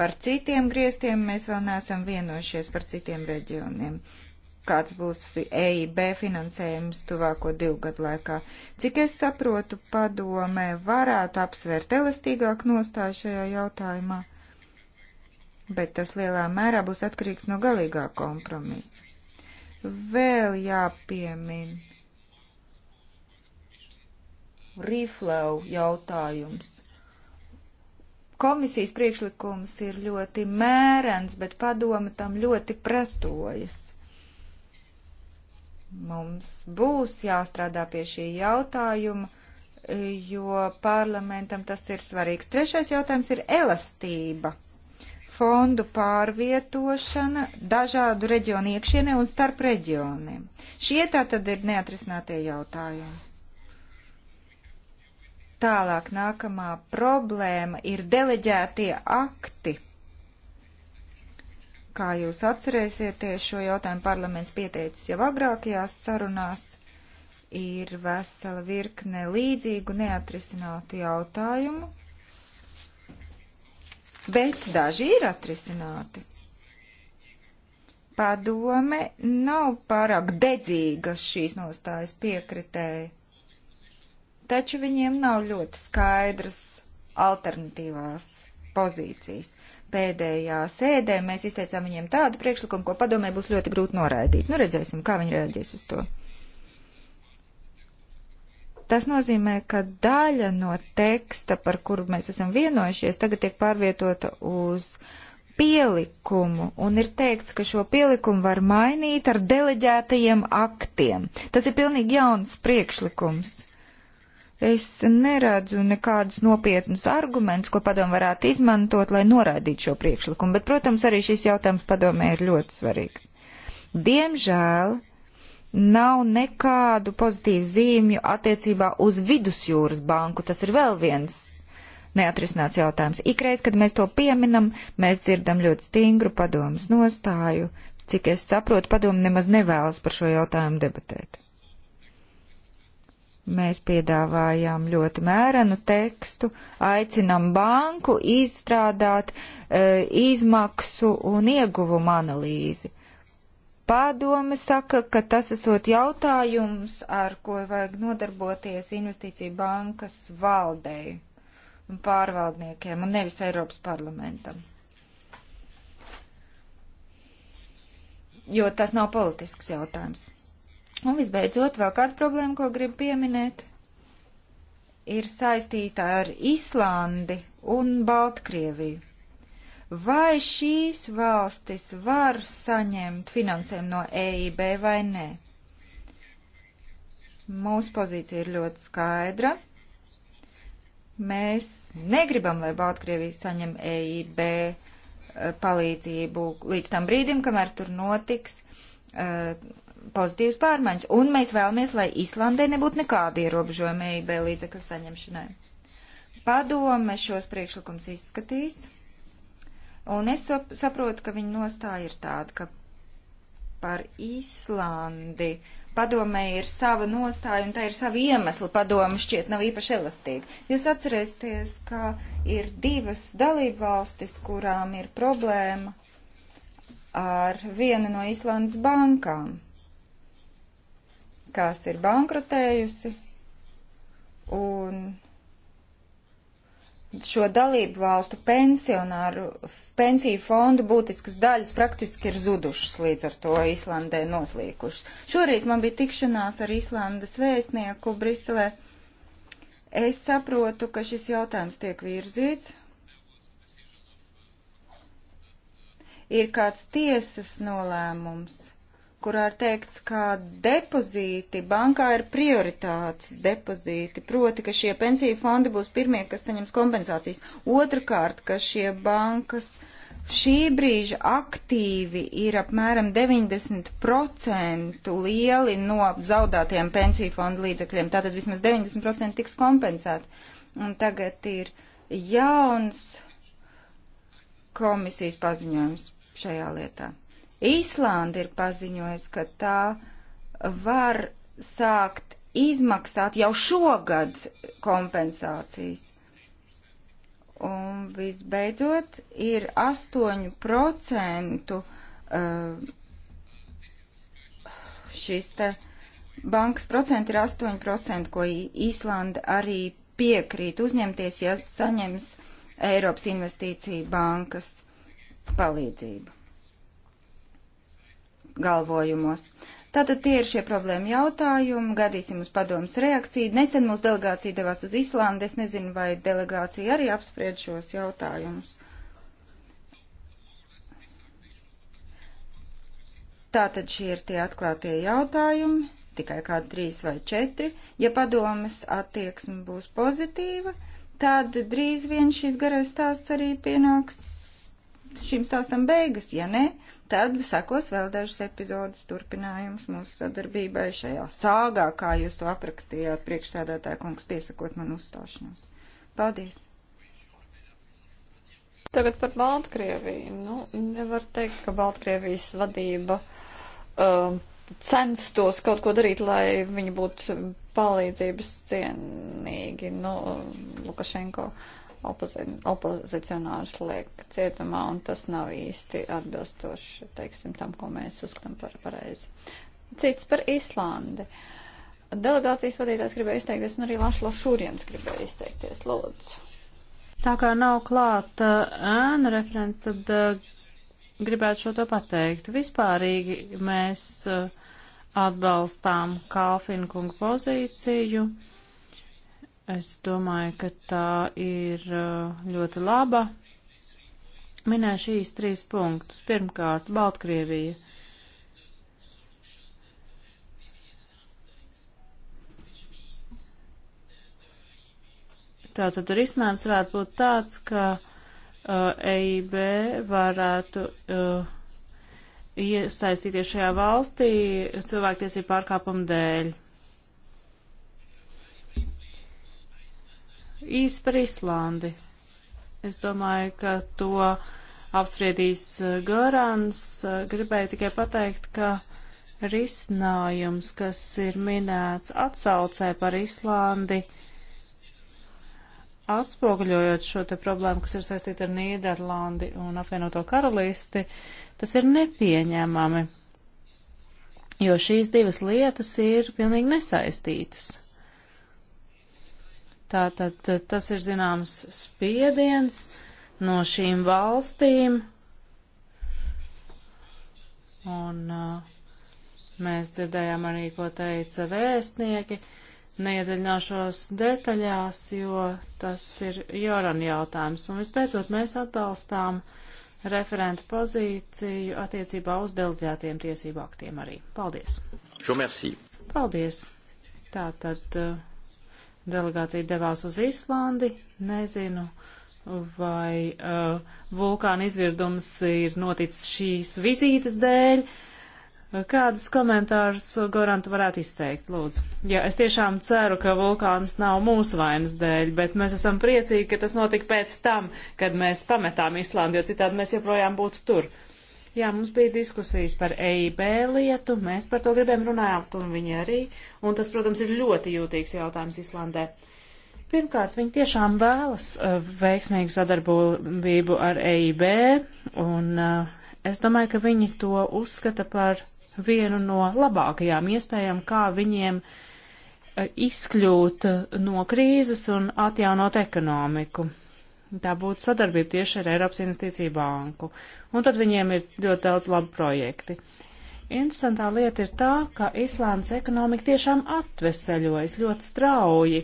Par citiem griestiem mēs vēl neesam vienojušies par citiem reģioniem kāds būs EIB finansējums tuvāko divu gadu laikā. Cik es saprotu, padomē varētu apsvērt elastīgāk nostāju šajā jautājumā, bet tas lielā mērā būs atkarīgs no galīgā kompromisa. Vēl jāpiemin reflow jautājums komisijas priekšlikums ir ļoti mērens, bet padoma tam ļoti pretojas. Mums būs jāstrādā pie šī jautājuma, jo parlamentam tas ir svarīgs. Trešais jautājums ir elastība. Fondu pārvietošana dažādu reģionu iekšienē un starp reģioniem. Šie tā tad ir neatrisinātie jautājumi. Tālāk nākamā problēma ir deleģētie akti Kā jūs atcerēsieties, šo jautājumu parlaments pieteicis jau agrākajās sarunās. Ir vesela virkne līdzīgu neatrisinātu jautājumu, bet daži ir atrisināti. Padome nav pārāk dedzīga šīs nostājas piekritēji, taču viņiem nav ļoti skaidras alternatīvās pozīcijas pēdējā sēdē mēs izteicām viņiem tādu priekšlikumu, ko padomē būs ļoti grūti noraidīt. Nu, redzēsim, kā viņi reaģēs uz to. Tas nozīmē, ka daļa no teksta, par kuru mēs esam vienojušies, tagad tiek pārvietota uz pielikumu, un ir teikts, ka šo pielikumu var mainīt ar deleģētajiem aktiem. Tas ir pilnīgi jauns priekšlikums. Es neredzu nekādus nopietnus argumentus, ko padomu varētu izmantot, lai noraidītu šo priekšlikumu, bet, protams, arī šis jautājums padomē ir ļoti svarīgs. Diemžēl nav nekādu pozitīvu zīmju attiecībā uz vidusjūras banku. Tas ir vēl viens neatrisināts jautājums. Ikreiz, kad mēs to pieminam, mēs dzirdam ļoti stingru padomas nostāju. Cik es saprotu, padomu nemaz nevēlas par šo jautājumu debatēt. Mēs piedāvājām ļoti mērenu tekstu, aicinam banku izstrādāt e, izmaksu un ieguvumu analīzi. Padome saka, ka tas esot jautājums, ar ko vajag nodarboties investīcija bankas valdei un pārvaldniekiem, un nevis Eiropas parlamentam. Jo tas nav politisks jautājums. Un visbeidzot, vēl kāda problēma, ko gribu pieminēt, ir saistīta ar Islandi un Baltkrieviju. Vai šīs valstis var saņemt finansējumu no EIB vai nē? Mūsu pozīcija ir ļoti skaidra mēs negribam, lai Baltkrievija saņem EIB eh, palīdzību līdz tam brīdim, kamēr tur notiks uh, pozitīvas pārmaiņas. Un mēs vēlamies, lai Islandē nebūtu nekāda ierobežojuma EIB līdzekļu saņemšanai. Padome šos priekšlikums izskatīs. Un es saprotu, ka viņa nostāja ir tāda, ka par Īslandi padomē ir sava nostāja un tā ir sava iemesla. Padoma šķiet nav īpaši elastīga. Jūs atcerēsieties, ka ir divas dalību valstis, kurām ir problēma ar vienu no Īslandes bankām kas ir bankrotējusi, un šo dalību valstu pensionāru pensiju fondu būtiskas daļas praktiski ir zudušas līdz ar to Islandē noslīkušas. Šorīt man bija tikšanās ar Islandas vēstnieku Briselē. Es saprotu, ka šis jautājums tiek virzīts. Ir kāds tiesas nolēmums kurā ir teikts, ka depozīti bankā ir prioritātes depozīti, proti, ka šie pensiju fondi būs pirmie, kas saņems kompensācijas. Otrakārt, ka šie bankas šī brīža aktīvi ir apmēram 90% lieli no zaudātiem pensiju fondu līdzekļiem, tātad vismaz 90% tiks kompensēti. Un tagad ir jauns komisijas paziņojums šajā lietā. Īslanda ir paziņojusi, ka tā var sākt izmaksāt jau šogad kompensācijas. Un visbeidzot ir 8% eh, šis te bankas procenti ir 8%, ko Īslanda arī piekrīt uzņemties, ja saņems Eiropas investīcija bankas palīdzību galvojumos. Tātad tie ir šie problēma jautājumi, gadīsim uz padomas reakciju. Nesen mūsu delegācija devās uz Islandu, es nezinu, vai delegācija arī apspried šos jautājumus. Tātad šie ir tie atklātie jautājumi, tikai kādi trīs vai četri. Ja padomas attieksme būs pozitīva, tad drīz vien šis garais stāsts arī pienāks šim stāstam beigas, ja ne, Tad sekos vēl dažas epizodes turpinājums mūsu sadarbībai šajā sāgā, kā jūs to aprakstījāt priekšsēdētāja kungs piesakot man uzstāšanos. Paldies! Tagad par Baltkrieviju. Nu, nevar teikt, ka Baltkrievijas vadība uh, censtos kaut ko darīt, lai viņi būtu palīdzības cienīgi, nu, Lukašenko. Uh, opozi opozicionārus liek cietumā, un tas nav īsti atbilstoši, teiksim, tam, ko mēs uzskatām par pareizi. Cits par Islandi. Delegācijas vadītājs gribēja izteikties, un arī Lašlo Šūriens gribēja izteikties. Lūdzu. Tā kā nav klāta uh, ēnu uh, referents, tad uh, gribētu šo to pateikt. Vispārīgi mēs uh, atbalstām Kalfinkunga pozīciju. Uh, Es domāju, ka tā ir uh, ļoti laba. Minēšu šīs trīs punktus. Pirmkārt, Baltkrievija. Tātad risinājums varētu būt tāds, ka uh, EIB varētu uh, iesaistīties šajā valstī cilvēktiesību pārkāpumu dēļ. Īsi par Islandi. Es domāju, ka to apspriedīs uh, Gorans. Uh, gribēju tikai pateikt, ka risinājums, kas ir minēts atsaucē par Islandi, atspoguļojot šo te problēmu, kas ir saistīta ar Nīderlandi un apvienoto karalisti, tas ir nepieņēmami, jo šīs divas lietas ir pilnīgi nesaistītas. Tātad tas ir zināms spiediens no šīm valstīm, un uh, mēs dzirdējām arī, ko teica vēstnieki. Neiedziļināšos detaļās, jo tas ir Joran jautājums. Un vispēcot, mēs atbalstām referenta pozīciju attiecībā uz delģētiem tiesību aktiem arī. Paldies! Šo merci! Paldies! Tātad. Uh, delegācija devās uz Islandi. Nezinu, vai uh, vulkāna izvirdums ir noticis šīs vizītes dēļ. Uh, Kādus komentārus, Gorant, varētu izteikt, lūdzu? Jā, es tiešām ceru, ka vulkāns nav mūsu vainas dēļ, bet mēs esam priecīgi, ka tas notika pēc tam, kad mēs pametām Islandu, jo citādi mēs joprojām būtu tur. Uh, Jā, mums bija diskusijas par EIB lietu, mēs par to gribējām runāt, un viņi arī, un tas, protams, ir ļoti jūtīgs jautājums Islandē. Pirmkārt, viņi tiešām vēlas uh, veiksmīgu sadarbību ar EIB, un uh, es domāju, ka viņi to uzskata par vienu no labākajām iespējām, kā viņiem uh, izkļūt uh, no krīzes un atjaunot ekonomiku tā būtu sadarbība tieši ar Eiropas Investīciju banku. Un tad viņiem ir ļoti daudz labu projekti. Interesantā lieta ir tā, ka Islāns ekonomika tiešām atveseļojas ļoti strauji,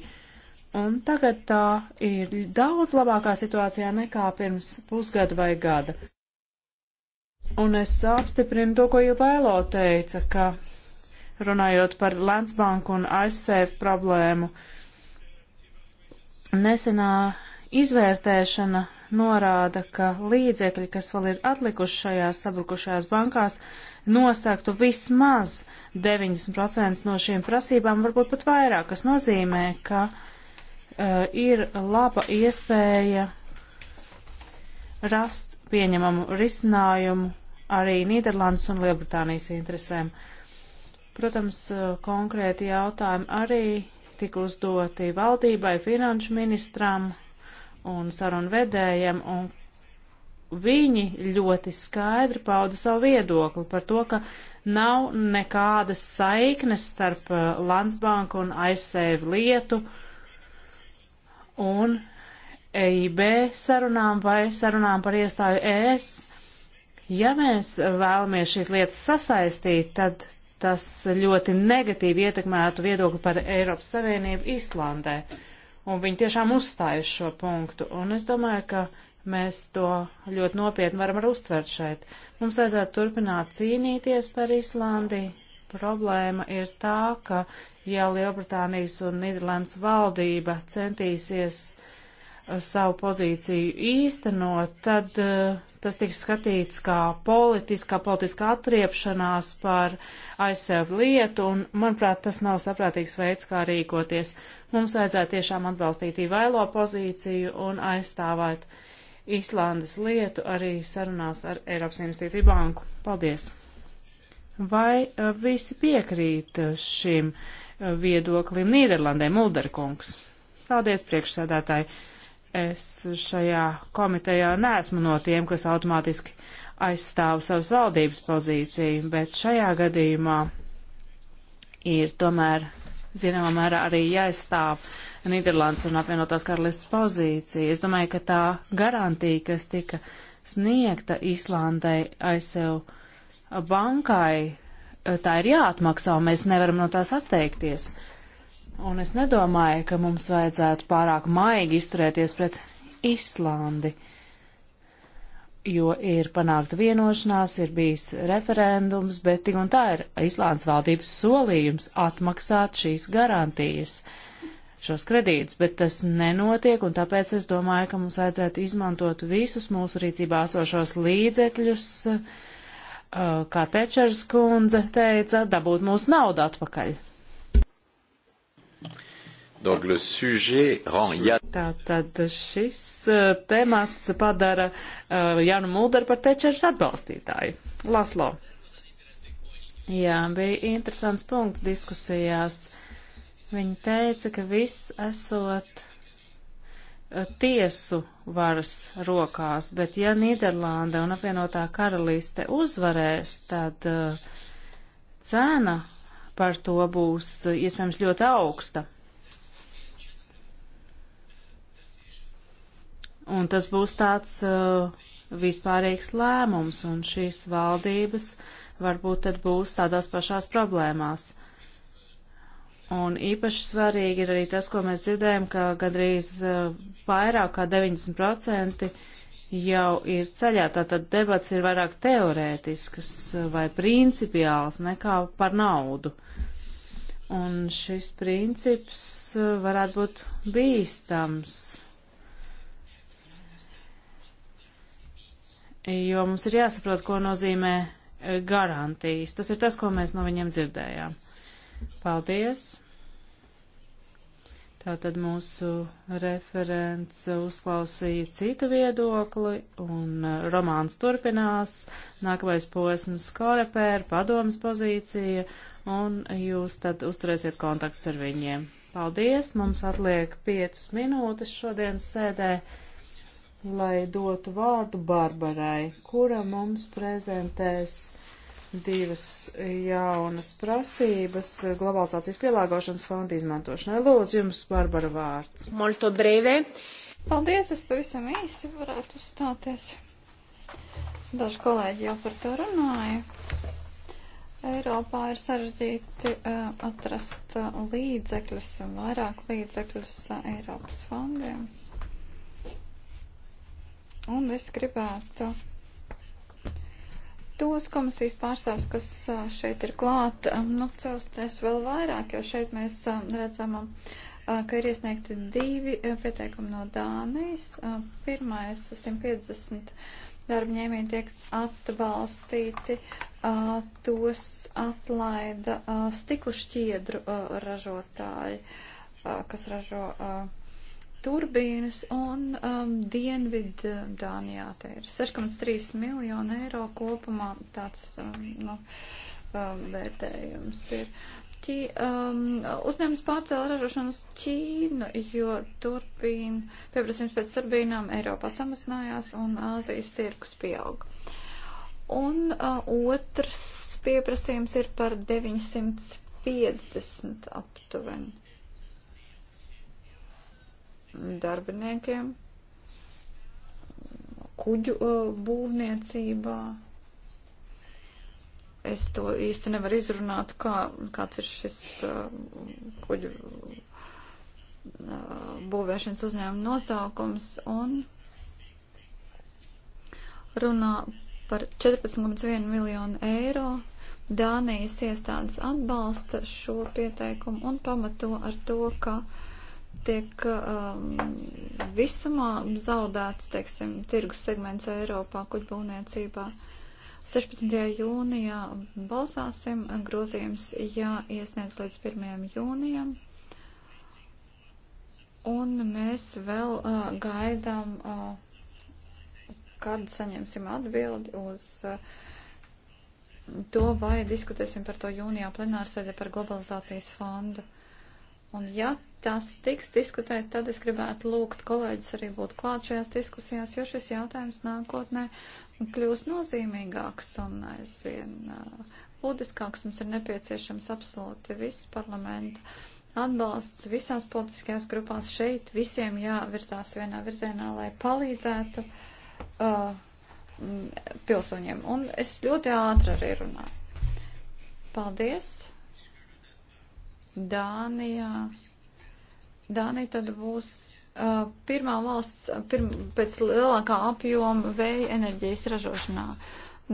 un tagad tā ir daudz labākā situācijā nekā pirms pusgada vai gada. Un es apstiprinu to, ko Ilvēlo teica, ka runājot par Landsbanku un aizsēvu e problēmu, nesenā Izvērtēšana norāda, ka līdzekļi, kas vēl ir atlikuši šajās sabrukušajās bankās, nosaktu vismaz 90% no šīm prasībām, varbūt pat vairāk, kas nozīmē, ka uh, ir laba iespēja rast pieņemamu risinājumu arī Nīderlandes un Lielbritānijas interesēm. Protams, eh, konkrēti jautājumi arī tika uzdoti valdībai, finanšu ministram, un sarunu vedējiem, un viņi ļoti skaidri pauda savu viedokli par to, ka nav nekādas saiknes starp uh, Landsbanku un aizsēvu lietu un EIB sarunām vai sarunām par iestāju ES. Ja mēs vēlamies šīs lietas sasaistīt, tad tas ļoti negatīvi ietekmētu viedokli par Eiropas Savienību Islandē. Uh, un viņi tiešām uzstāja uz šo punktu, un es domāju, ka mēs to ļoti nopietni varam arī uztvert šeit. Mums vajadzētu turpināt cīnīties par Islandi. Problēma ir tā, ka ja Lielbritānijas un Nīderlandes valdība centīsies uh, savu pozīciju īstenot, tad uh, tas tiks skatīts kā politiskā, politiskā atriepšanās par aizsev lietu, un, manuprāt, tas nav saprātīgs veids, kā rīkoties. Mums vajadzētu tiešām atbalstīt Ivailo pozīciju un aizstāvēt Īslandes lietu arī sarunās ar Eiropas Investīciju banku. Paldies! Vai e, visi piekrīt e, šim e, viedoklim Nīderlandē, Mulderkungs? Paldies, priekšsēdētāji! es šajā komitejā neesmu no tiem, kas automātiski aizstāv savas valdības pozīciju, bet šajā gadījumā ir tomēr zināmā mērā arī jāizstāv Nīderlandes un apvienotās karalistas pozīcija. Es domāju, ka tā garantija, kas tika sniegta Islandai aizsev bankai, tā ir jāatmaksā, un mēs nevaram no tās atteikties. Un es nedomāju, ka mums vajadzētu pārāk maigi izturēties pret Islandi. Uh, jo ir panākta vienošanās, ir bijis referendums, bet tik un tā ir Islāns valdības solījums atmaksāt šīs garantijas, šos kredītus, bet tas nenotiek, un tāpēc es domāju, ka mums vajadzētu izmantot visus mūsu rīcībā esošos līdzekļus, uh, kā Tečers kundze teica, dabūt mūsu naudu atpakaļ. Donc, le sujet rend Jan. Tātad šis uh, temats padara uh, Janu Mulderu par tečers atbalstītāju. Laslo. Jā, bija interesants punkts diskusijās. Viņa teica, ka viss esot eh, tiesu varas rokās, bet ja Nīderlanda un apvienotā karaliste uzvarēs, tad uh, cena par to būs iespējams ļoti augsta. Un tas būs tāds uh, vispārīgs lēmums, un šīs valdības varbūt tad būs tādās pašās problēmās. Un īpaši svarīgi ir arī tas, ko mēs dzirdējam, ka gandrīz uh, vairāk kā 90% jau ir ceļā. Tātad debats ir vairāk teorētisks uh, vai principiāls nekā par naudu. Un šis princips uh, varētu būt bīstams jo mums ir jāsaprot, ko nozīmē e, garantijas. Tas ir tas, ko mēs no viņiem dzirdējām. Paldies! Tātad mūsu referents uzklausīja citu viedokli, un e, romāns turpinās, nākamais posms korepēra, padomas pozīcija, un jūs tad uzturēsiet kontakts ar viņiem. Paldies, mums atliek 5 minūtes šodienas sēdē lai dotu vārdu Barbarai, kura mums prezentēs divas jaunas prasības globalizācijas pielāgošanas fonda izmantošanai. Lūdzu, jums, Barbara, vārds. Molto breve. Paldies, es pavisam īsi varētu uzstāties. Daži kolēģi jau par to runāja. Eiropā ir sarežģīti uh, atrast uh, līdzekļus un vairāk līdzekļus uh, Eiropas fondiem. Un es gribētu tos komisijas pārstāvs, kas šeit ir klāt, nu, celsties vēl vairāk, jo šeit mēs redzam, ka ir iesniegti divi pieteikumi no Dānijas. Pirmais 150 darbņēmēji tiek atbalstīti, tos atlaida stikla šķiedru ražotāji, kas ražo turbīnas un um, Dienvid uh, Dānijā te ir 6,3 miljonu eiro kopumā tāds um, nu, um, vērtējums ir. Ķī, um, uzņēmums pārcēla ražošanu uz Ķīnu, jo turbīna, pieprasījums pēc turbīnām Eiropā samazinājās un Āzijas tirkus pieauga. Un uh, otrs pieprasījums ir par 950 aptuveni darbiniekiem kuģu uh, būvniecībā. Es to īsti nevaru izrunāt, kā, kāds ir šis uh, kuģu uh, būvēšanas uzņēmuma nosaukums un runā par 14,1 miljonu eiro. Dānijas iestādes atbalsta šo pieteikumu un pamato ar to, ka uh, tiek um, visumā zaudēts, teiksim, tirgus segments Eiropā kuģbūniecībā. 16. jūnijā balsāsim, grozījums jāiesniedz līdz 1. jūnijam. Un mēs vēl uh, gaidām, uh, kad saņemsim atbildi uz uh, to, vai diskutēsim par to jūnijā plenārsēdē par globalizācijas fondu. Un ja tas tiks diskutēt, tad es gribētu lūgt kolēģis arī būt klāt šajās diskusijās, jo šis jautājums nākotnē kļūs nozīmīgāks un aizvien uh, būtiskāks. Mums ir nepieciešams absolūti viss parlamenta atbalsts visās politiskajās grupās šeit. Visiem jāvirzās vienā virzienā, lai palīdzētu uh, pilsoņiem. Un es ļoti ātri arī runāju. Paldies! Dānijā Dānija tad būs uh, pirmā valsts uh, pirm, pēc lielākā apjoma vēja enerģijas ražošanā.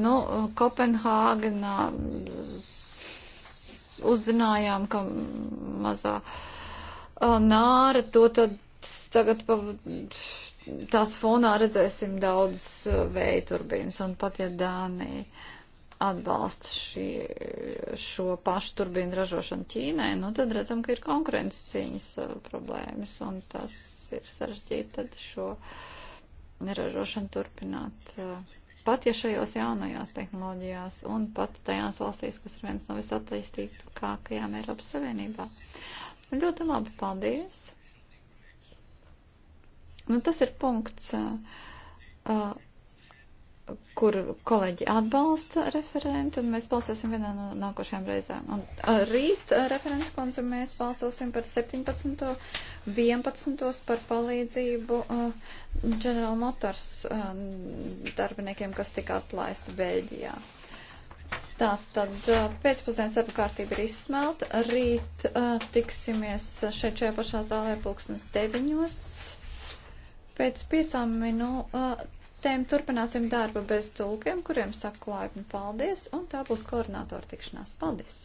Nu, uh, Kopenhāgenā uzzinājām, ka mazā uh, nāra to tad tagad pa, tās fonā redzēsim daudz uh, vēja turbīnas un pat ja Dānija. Uh, atbalsta šī, šo pašu turbīnu ražošanu Ķīnai, nu tad redzam, ka ir konkurences cīņas uh, problēmas, un tas ir sarežģīti tad šo ražošanu turpināt. Uh, pat ja šajos jaunajās tehnoloģijās un pat tajās valstīs, kas ir viens no visattīstītākajām Eiropas Savienībā. Ļoti labi, paldies! Nu, tas ir punkts. Uh, uh, kur kolēģi atbalsta referentu, un mēs balsosim vienā no nākošajām reizēm. Un rīt referents kundze mēs balsosim par 17. 11. par palīdzību uh, General Motors uh, darbiniekiem, kas tika atlaisti Beļģijā. Tā tad uh, pēcpusdienas apkārtība ir izsmelta. Rīt uh, tiksimies šeit šajā pašā zālē pulksnes deviņos. Pēc piecām minūtēm. Uh, tēmu turpināsim darbu bez tulkiem, kuriem saku laipni paldies, un tā būs koordinātora tikšanās. Paldies!